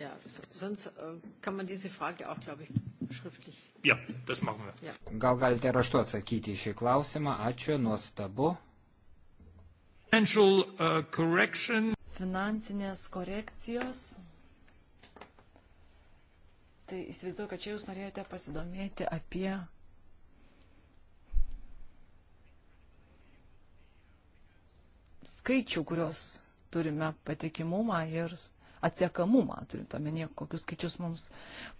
Ja, sonst äh, kann man diese Frage auch, glaube ich, schriftlich. Ja, das machen wir. Ja. Gal galite raštu atsakyti šį klausimą. Ačiū, nuostabu. Financial uh, correction. Finansinės korekcijos. Tai įsivaizduoju, kad čia jūs norėjote pasidomėti apie skaičių, kurios turime patikimumą ir atsiekamumą, turint omenyje, kokius skaičius mums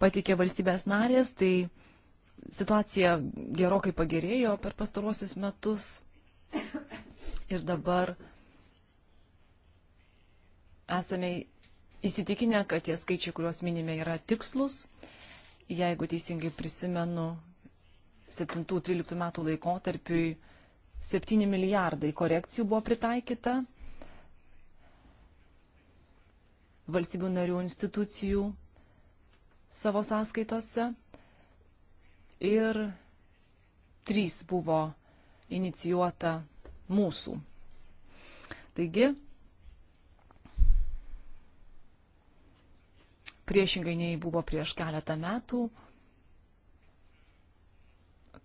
patikė valstybės narės, tai situacija gerokai pagerėjo per pastaruosius metus ir dabar esame įsitikinę, kad tie skaičiai, kuriuos minime, yra tikslus. Jeigu teisingai prisimenu, 7-13 metų laikotarpiui 7 milijardai korekcijų buvo pritaikyta valstybių narių institucijų savo sąskaitose. Ir trys buvo inicijuota mūsų. Taigi, priešingai nei buvo prieš keletą metų,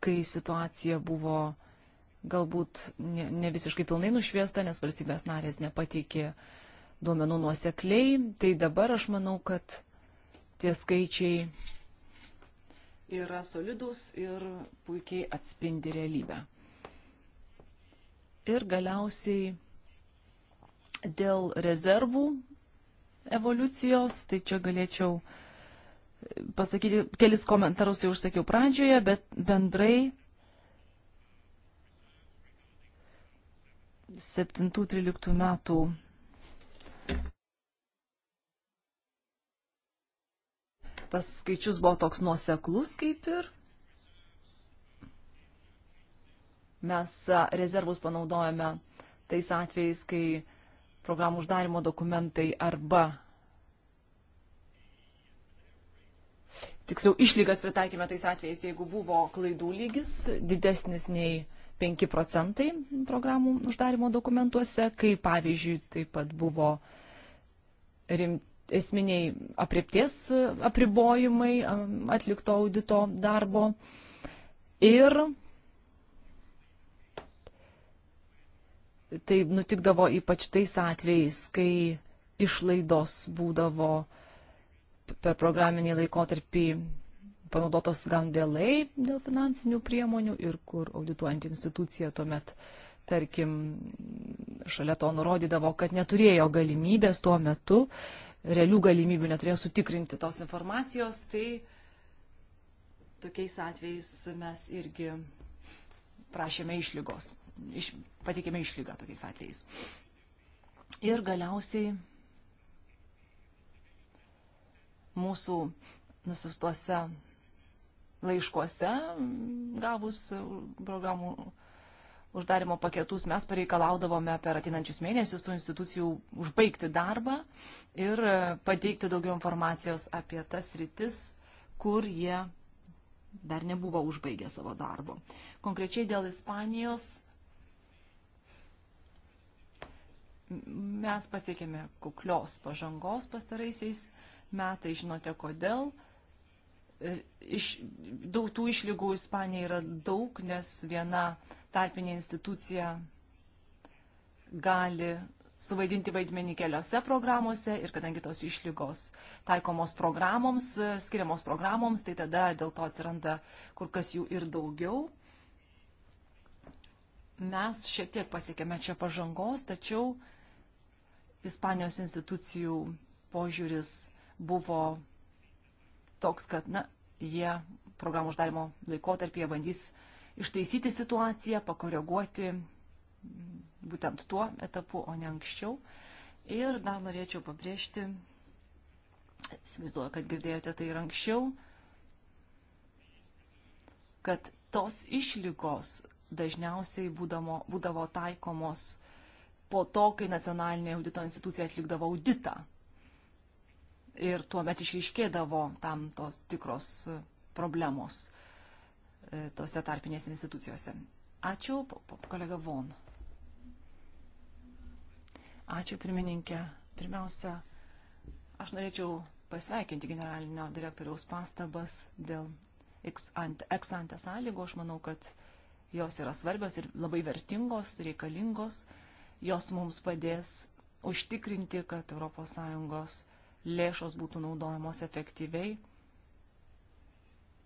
kai situacija buvo galbūt ne visiškai pilnai nušviesta, nes valstybės narės nepateikė uh, duomenų nuosekliai, tai dabar aš manau, kad tie skaičiai yra solidus ir puikiai atspindi realybę. Ir galiausiai dėl rezervų evoliucijos, tai čia galėčiau pasakyti, kelis komentarus jau užsakiau pradžioje, bet bendrai 7-13 metų tas skaičius buvo toks nuoseklus kaip ir. Mes rezervus panaudojame tais atvejais, kai programų uždarimo dokumentai arba tiksliau išlygas pritaikėme tais atvejais, jeigu buvo klaidų lygis didesnis nei 5 procentai programų uždarimo dokumentuose, kai pavyzdžiui taip pat buvo rimti esminiai apriepties apribojimai atlikto audito darbo ir tai nutikdavo ypač tais atvejais, kai išlaidos būdavo per programinį laikotarpį panaudotos gan vėlai dėl finansinių priemonių ir kur audituojant instituciją tuomet, tarkim, šalia to nurodydavo, kad neturėjo galimybės tuo metu uh, realių galimybių neturėjo sutikrinti tos informacijos, tai tokiais atvejais mes irgi prašėme išlygos, iš, pateikėme išlygą tokiais atvejais. Ir galiausiai mūsų nusistuose laiškuose gavus programų uždarimo paketus mes pareikalaudavome per atinančius mėnesius tų institucijų užbaigti darbą ir e, pateikti daugiau informacijos apie tas rytis, kur jie dar nebuvo užbaigę savo darbo. Konkrečiai dėl Ispanijos mes pasiekėme kuklios pažangos pastaraisiais metais, žinote kodėl iš, daug tų išlygų Ispanija yra daug, nes viena tarpinė institucija gali suvaidinti vaidmenį keliose programuose ir kadangi tos išlygos taikomos programoms, skiriamos programoms, tai tada dėl to atsiranda kur kas jų ir daugiau. Mes šiek tiek pasiekėme čia pažangos, tačiau Ispanijos institucijų požiūris buvo toks, kad na, jie programų uždarimo laikotarpyje bandys ištaisyti situaciją, pakoreguoti būtent tuo etapu, o ne anksčiau. Ir dar norėčiau pabrėžti, įsivaizduoju, kad girdėjote tai ir anksčiau, kad tos išlygos dažniausiai būdamo, būdavo taikomos po to, kai nacionalinė audito institucija atlikdavo auditą ir tuomet išaiškėdavo tam tos tikros problemos e, tose tarpinėse institucijose. Ačiū, kolega Von. Ačiū, pirmininkė. Pirmiausia, aš norėčiau pasveikinti generalinio direktoriaus pastabas dėl ex-ante sąlygų. Aš manau, kad jos yra svarbios ir labai vertingos, reikalingos. Jos mums padės užtikrinti, kad ES lėšos būtų naudojamos efektyviai,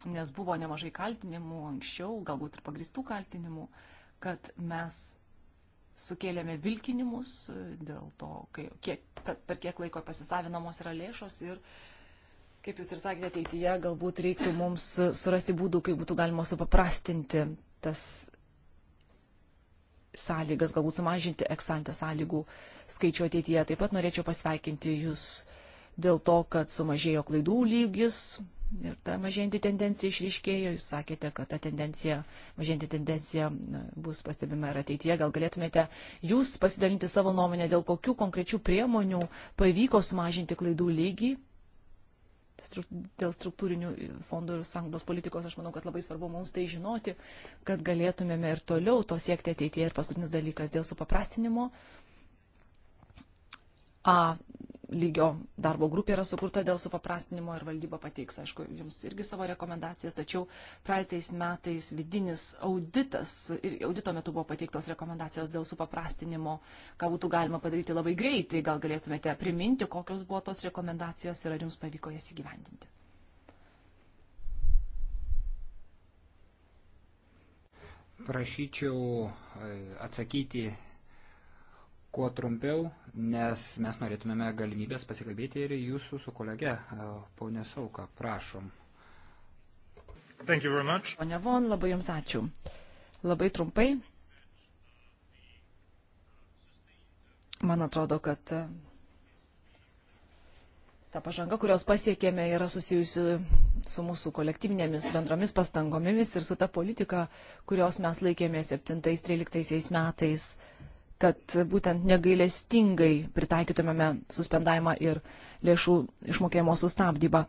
nes buvo nemažai kaltinimų anksčiau, galbūt ir pagristų kaltinimų, kad mes sukėlėme vilkinimus dėl to, kai, kiek, per kiek laiko pasisavinamos yra lėšos ir, kaip jūs ir sakėte, ateityje galbūt reiktų mums surasti būdų, kaip būtų galima supaprastinti tas sąlygas, galbūt sumažinti eksantę sąlygų skaičių ateityje. Taip pat norėčiau pasveikinti jūs dėl to, kad sumažėjo klaidų lygis ir ta mažėjanti tendencija išryškėjo. Jūs sakėte, kad ta tendencija, mažėjanti tendencija bus pastebima ir ateityje. Gal galėtumėte jūs pasidalinti savo nuomonę, dėl kokių konkrečių priemonių pavyko sumažinti klaidų lygį dėl struktūrinių fondų ir sanglos politikos, aš manau, kad labai svarbu mums tai žinoti, kad galėtumėme ir toliau to siekti ateityje. Ir paskutinis dalykas dėl supaprastinimo. A lygio darbo grupė yra sukurta dėl supaprastinimo ir valdyba pateiks, aišku, jums irgi savo rekomendacijas, tačiau praeitais metais vidinis auditas ir audito metu buvo pateiktos rekomendacijos dėl supaprastinimo, ką būtų galima padaryti labai greitai, gal galėtumėte priminti, kokios buvo tos rekomendacijos ir ar jums pavyko jas įgyvendinti. Prašyčiau e, atsakyti kuo trumpiau, nes mes norėtumėme galimybės pasikalbėti ir jūsų su kolege, e, ponė Sauka, prašom. Pone Von, labai Jums ačiū. Labai trumpai. Man atrodo, kad e, ta pažanga, kurios pasiekėme, yra susijusi su mūsų kolektyvinėmis bendromis pastangomis ir su ta politika, kurios mes laikėme 7-13 metais kad būtent negailestingai pritaikytumėme suspendavimą ir lėšų išmokėjimo sustabdymą.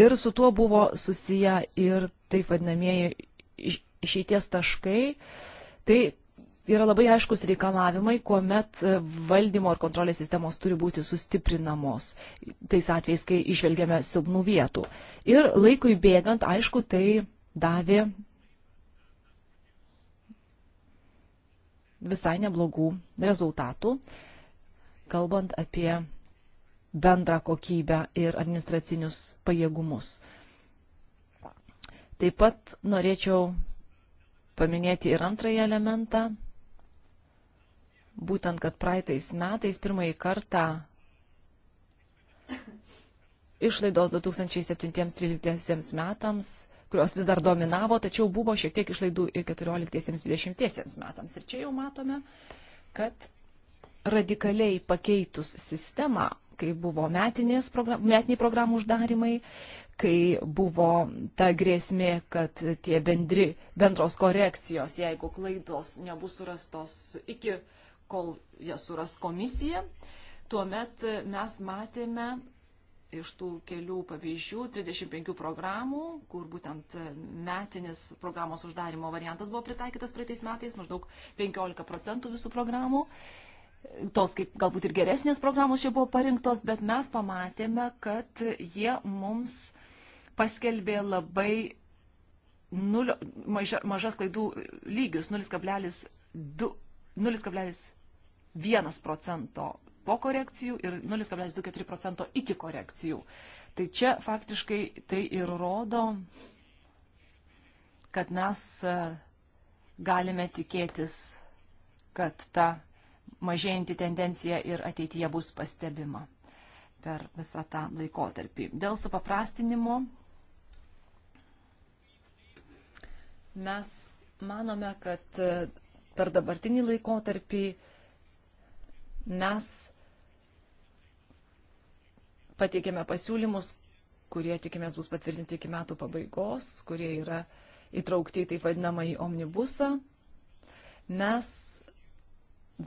Ir su tuo buvo susiję ir taip vadinamieji išeities taškai. Tai yra labai aiškus reikalavimai, kuomet valdymo ir kontrolės sistemos turi būti sustiprinamos, tais atvejais, kai išvelgiame silpnų vietų. Ir laikui bėgant, aišku, tai davė visai neblogų rezultatų, kalbant apie bendrą kokybę ir administracinius pajėgumus. Taip pat norėčiau paminėti ir antrąjį elementą, būtent, kad praeitais metais pirmąjį kartą išlaidos 2007-2013 metams kurios vis dar dominavo, tačiau buvo šiek tiek išlaidų ir 14-20 metams. Ir čia jau matome, kad radikaliai pakeitus sistemą, kai buvo program, metiniai programų uždarimai, kai buvo ta grėsmė, kad tie bendri, bendros korekcijos, jeigu klaidos nebus surastos iki kol jas suras komisija, tuomet mes matėme, iš tų kelių pavyzdžių 35 programų, kur būtent metinis programos uždarimo variantas buvo pritaikytas praeitais metais, maždaug 15 procentų visų programų. Tos kaip galbūt ir geresnės programos čia buvo parinktos, bet mes pamatėme, kad jie mums paskelbė labai nulio, maža, mažas klaidų lygius 0,2. 0,1 procento po korekcijų ir 0,24 procento iki korekcijų. Tai čia faktiškai tai ir rodo, kad mes e, galime tikėtis, kad ta mažėjanti tendencija ir ateityje bus pastebima per visą tą laikotarpį. Dėl supaprastinimo mes manome, kad e, per dabartinį laikotarpį mes pateikėme pasiūlymus, kurie tikimės bus patvirtinti iki metų pabaigos, kurie yra įtraukti į taip vadinamą į omnibusą. Mes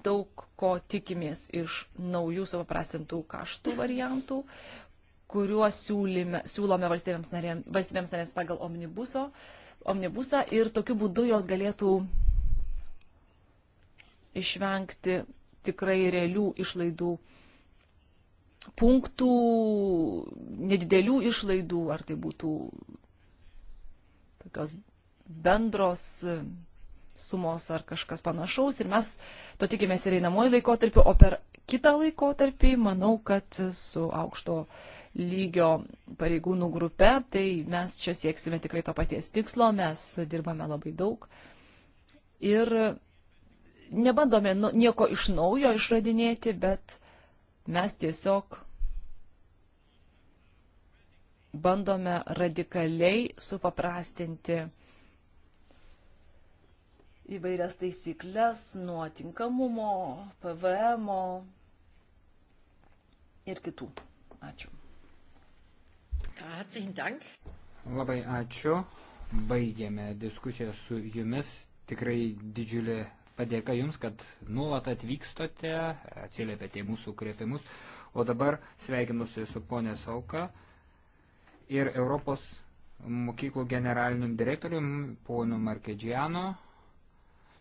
daug ko tikimės iš naujų supaprastintų kaštų variantų, kuriuos siūlyme, siūlome valstybėms narėms, valstybėms narėms pagal omnibuso, omnibusą ir tokiu būdu jos galėtų išvengti tikrai realių išlaidų punktų, nedidelių išlaidų, ar tai būtų tokios bendros e, sumos ar kažkas panašaus. Ir mes to tikimės ir einamojo laikotarpiu, o per kitą laikotarpį, manau, kad su aukšto lygio pareigūnų grupe, tai mes čia sieksime tikrai to paties tikslo, mes dirbame labai daug. Ir nebandome nu, nieko iš naujo išradinėti, bet Mes tiesiog bandome radikaliai supaprastinti įvairias taisyklės nuo tinkamumo, PVM ir kitų. Ačiū. Herzlichen Dank. Labai ačiū. Baigėme diskusiją su jumis. Tikrai didžiulė Padėka Jums, kad nuolat atvykstate, atsiliepėte į mūsų kreipimus. O dabar sveikinusi su ponė Sauka ir Europos mokyklų generaliniu direktoriumi ponu Markedžiano.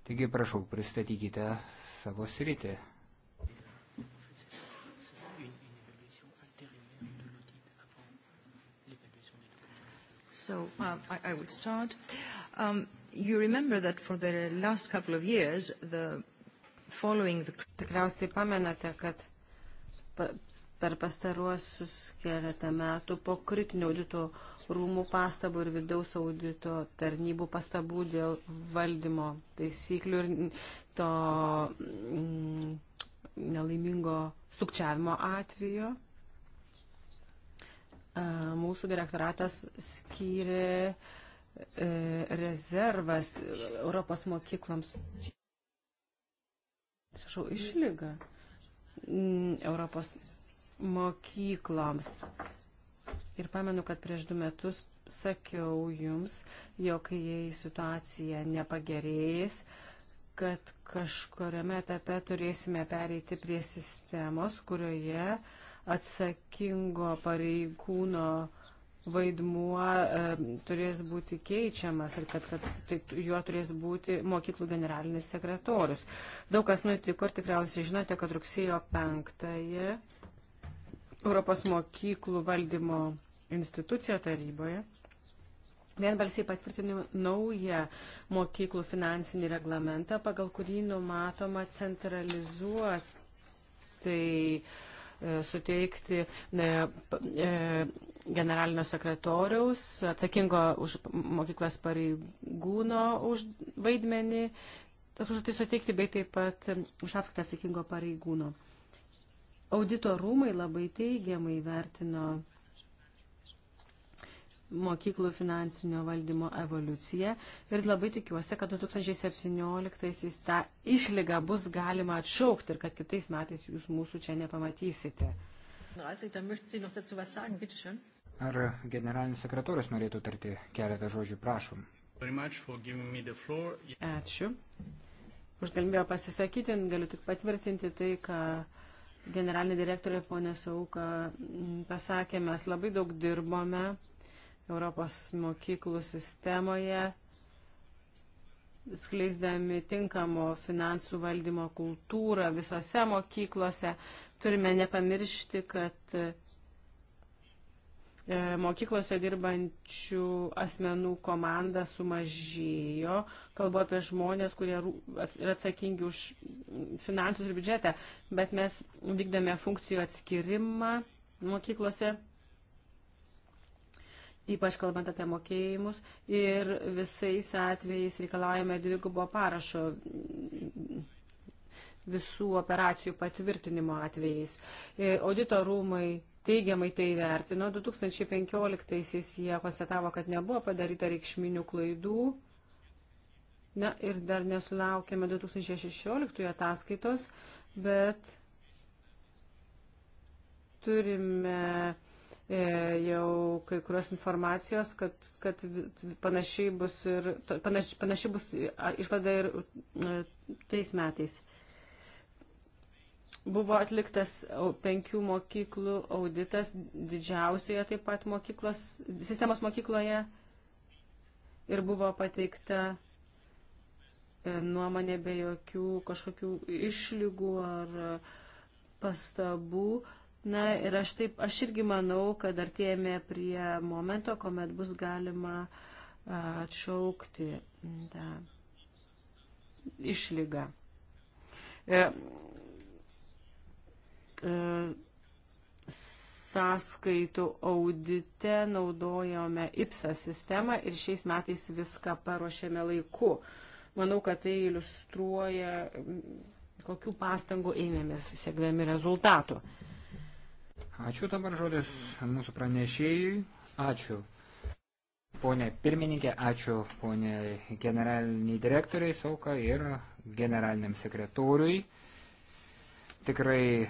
Taigi prašau, pristatykite savo sritį. So, um, I, I would start. Um, You remember that for the last couple of years, the following the... Tikriausiai pamenate, kad pa, per pastaruosius keletą metų po kritinio audito rūmų pastabų ir vidaus audito tarnybų pastabų dėl valdymo taisyklių ir to mm, nelaimingo sukčiavimo atvejo. Mūsų direktoratas skyrė uh, E, rezervas Europos mokykloms. Atsiprašau, išlyga mm, Europos mokykloms. Ir pamenu, kad prieš du metus sakiau jums, jog jei situacija nepagerės, kad kažkuriame etape turėsime pereiti prie sistemos, kurioje atsakingo pareigūno vaidmuo e, turės būti keičiamas ir kad, kad taip, juo turės būti mokyklų generalinis sekretorius. Daug kas nutiko ir tikriausiai žinote, kad rugsėjo 5-ąją Europos mokyklų valdymo institucija taryboje vienbalsiai patvirtino naują mokyklų finansinį reglamentą, pagal kurį numatoma centralizuoti tai e, suteikti ne, generalinio sekretoriaus, atsakingo už mokyklas pareigūno už vaidmenį, tas užduotis suteikti, bei taip pat už apskaitą atsakingo pareigūno. Audito rūmai labai teigiamai vertino mokyklų finansinio valdymo evoliuciją ir labai tikiuosi, kad 2017 tą išlygą bus galima atšaukti ir kad kitais metais jūs mūsų čia nepamatysite. 30, da möchten Sie noch dazu was sagen, bitteschön. Ar generalinis sekretorius norėtų tarti keletą žodžių, prašom. Ačiū. Už galimybę pasisakyti, galiu tik patvirtinti tai, ką generalinė direktorė ponė Sauka mm, pasakė, mes labai daug dirbome Europos mokyklų sistemoje, skleisdami tinkamo finansų valdymo kultūrą visose mokyklose. Turime nepamiršti, kad E, mokyklose dirbančių asmenų komanda sumažėjo. Kalbu apie žmonės, kurie yra atsakingi už finansus ir biudžetą, bet mes vykdome funkcijų atskirimą mokyklose. Ypač kalbant apie mokėjimus ir visais atvejais reikalavome dvigubo parašo visų operacijų patvirtinimo atvejais. E, audito rūmai teigiamai tai vertino. 2015-aisiais jie konstatavo, kad nebuvo padaryta reikšminių klaidų. Na ir dar nesulaukėme 2016 ataskaitos, bet turime e, jau kai kurios informacijos, kad, kad panašiai bus ir panaši, panaši bus išvada ir e, tais metais. Buvo atliktas penkių mokyklų auditas didžiausioje taip pat mokyklos, sistemos mokykloje ir buvo pateikta e, nuomonė be jokių kažkokių išlygų ar pastabų. Na ir aš taip, aš irgi manau, kad artėjame prie momento, kuomet bus galima atšaukti tą išlygą. E, E, sąskaitų audite naudojome IPSA sistemą ir šiais metais viską paruošėme laiku. Manau, kad tai iliustruoja, kokių pastangų ėmėmės siekdami rezultatų. Ačiū dabar žodis mūsų pranešėjui. Ačiū. Pone pirmininkė, ačiū ponė generaliniai direktoriai Sauka ir generaliniam sekretoriui. Tikrai e,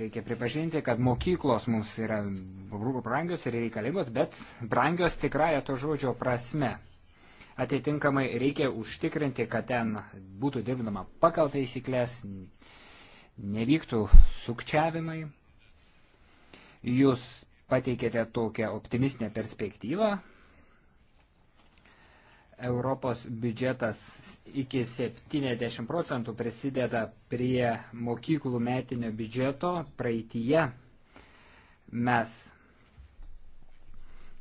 reikia pripažinti, kad mokyklos mums yra brangios ir reikalingos, bet brangios tikrąją to žodžio prasme. Atitinkamai reikia užtikrinti, kad ten būtų dirbdama pagal taisyklės, nevyktų sukčiavimai. Jūs pateikėte tokią optimistinę perspektyvą, Europos biudžetas iki 70 procentų prisideda prie mokyklų metinio biudžeto. Praeitie mes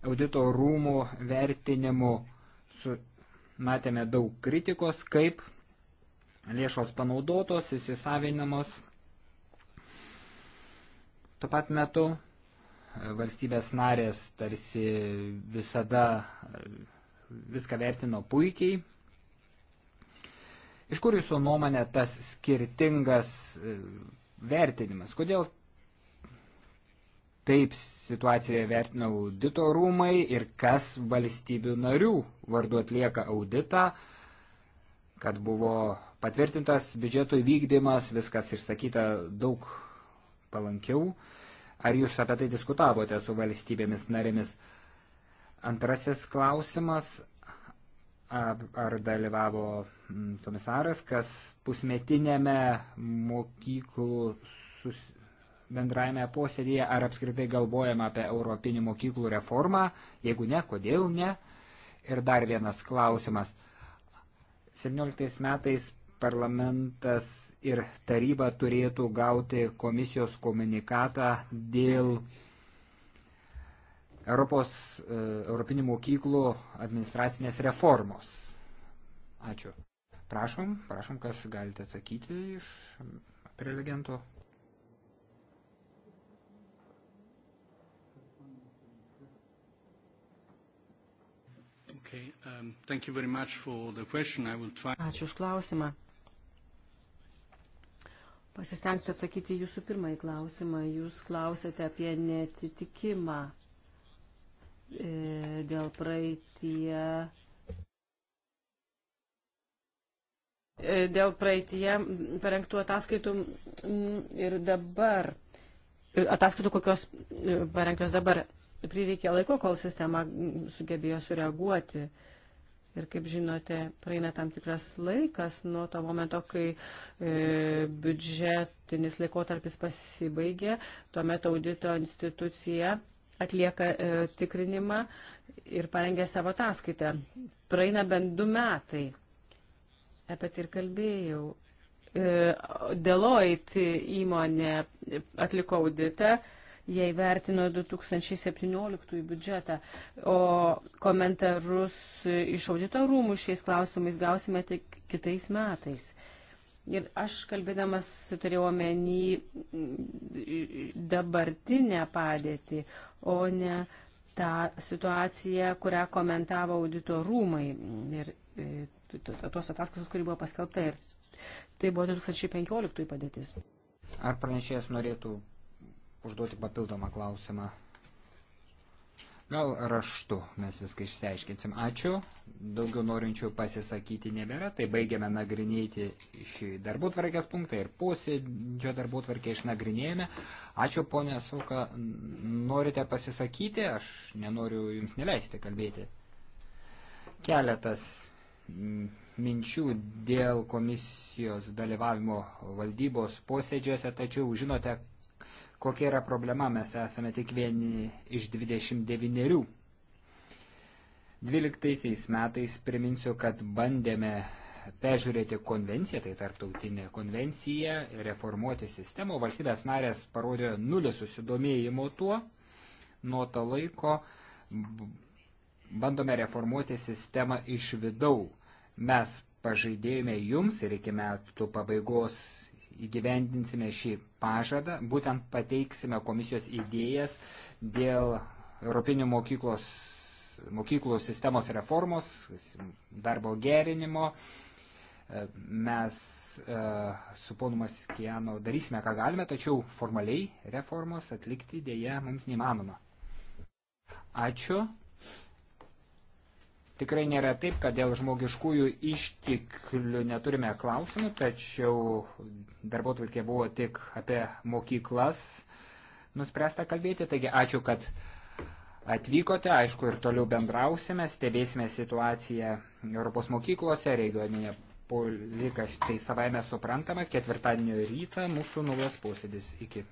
audito rūmų vertinimu su, matėme daug kritikos, kaip lėšos panaudotos, įsisavinamos. Tuo pat metu valstybės narės tarsi visada viską vertino puikiai. Iš kur jūsų nuomonė tas skirtingas e, vertinimas? Kodėl taip situaciją vertina audito rūmai ir kas valstybių narių vardu atlieka auditą, kad buvo patvirtintas biudžeto įvykdymas, viskas išsakyta daug palankiau. Ar jūs apie tai diskutavote su valstybėmis narėmis? Antrasis klausimas, ar dalyvavo komisaras, kas pusmetinėme mokyklų sus... bendrajame posėdėje, ar apskritai galvojama apie europinį mokyklų reformą, jeigu ne, kodėl ne. Ir dar vienas klausimas. 17 metais parlamentas ir taryba turėtų gauti komisijos komunikatą dėl uh, Europos e, Europinių mokyklų administracinės reformos. Ačiū. Prašom, prašom, kas galite atsakyti iš prelegento. Okay, um, thank you very much for the question. I will try. Ačiū už klausimą. Pasistengsiu atsakyti jūsų pirmąjį klausimą. Jūs klausėte apie netitikimą E, dėl praeitie. E, dėl praeitie parengtų ataskaitų ir dabar, ataskaitų kokios e, parengtos dabar, prireikė laiko, kol sistema sugebėjo sureaguoti. Ir kaip žinote, praeina tam tikras laikas nuo to momento, kai e, biudžetinis laikotarpis pasibaigė, tuomet audito institucija atlieka e, tikrinimą ir parengia savo ataskaitę. Praeina bent du metai. Apie tai ir kalbėjau. E, Deloitte įmonė atliko auditą, jie įvertino 2017 biudžetą, o komentarus iš audito rūmų šiais klausimais gausime tik kitais metais. E, Ir aš kalbėdamas turėjau omeny mm, dabartinę padėtį, o ne tą situaciją, kurią komentavo audito rūmai ir e, tos ataskaitos, kuri buvo paskelbta. Ir tai buvo 2015 padėtis. Ar pranešėjas norėtų užduoti papildomą klausimą? Gal raštu mes viską išsiaiškinsim. Ačiū. Daugiau norinčių pasisakyti nebėra. Tai baigiame nagrinėti šį darbų tvarkės punktą ir posėdžio darbų tvarkę išnagrinėjame. Ačiū, ponė Suka. Norite pasisakyti? Aš nenoriu jums neleisti kalbėti. Keletas minčių dėl komisijos dalyvavimo valdybos posėdžiuose, tačiau žinote, kokia yra problema, mes esame tik vieni iš 29. 12 metais priminsiu, kad bandėme peržiūrėti konvenciją, tai tarptautinė konvencija, reformuoti sistemą, valstybės narės parodė nulį susidomėjimo tuo, nuo to laiko bandome reformuoti sistemą iš vidau. Mes pažaidėjome jums ir iki metų pabaigos įgyvendinsime šį pažadą, būtent pateiksime komisijos idėjas dėl Europinių mokyklos, mokyklų sistemos reformos, darbo gerinimo. E, mes e, su ponu Maskiano darysime, ką galime, tačiau formaliai reformos atlikti dėja mums neįmanoma. Ačiū. Tikrai nėra taip, kad dėl žmogiškųjų išteklių neturime klausimų, tačiau darbo tvarkė buvo tik apie mokyklas nuspręsta kalbėti. Taigi ačiū, kad atvykote, aišku, ir toliau bendrausime, stebėsime situaciją Europos mokyklose, regioninė politika, tai savaime suprantama, ketvirtadienio rytą mūsų naujas posėdis iki.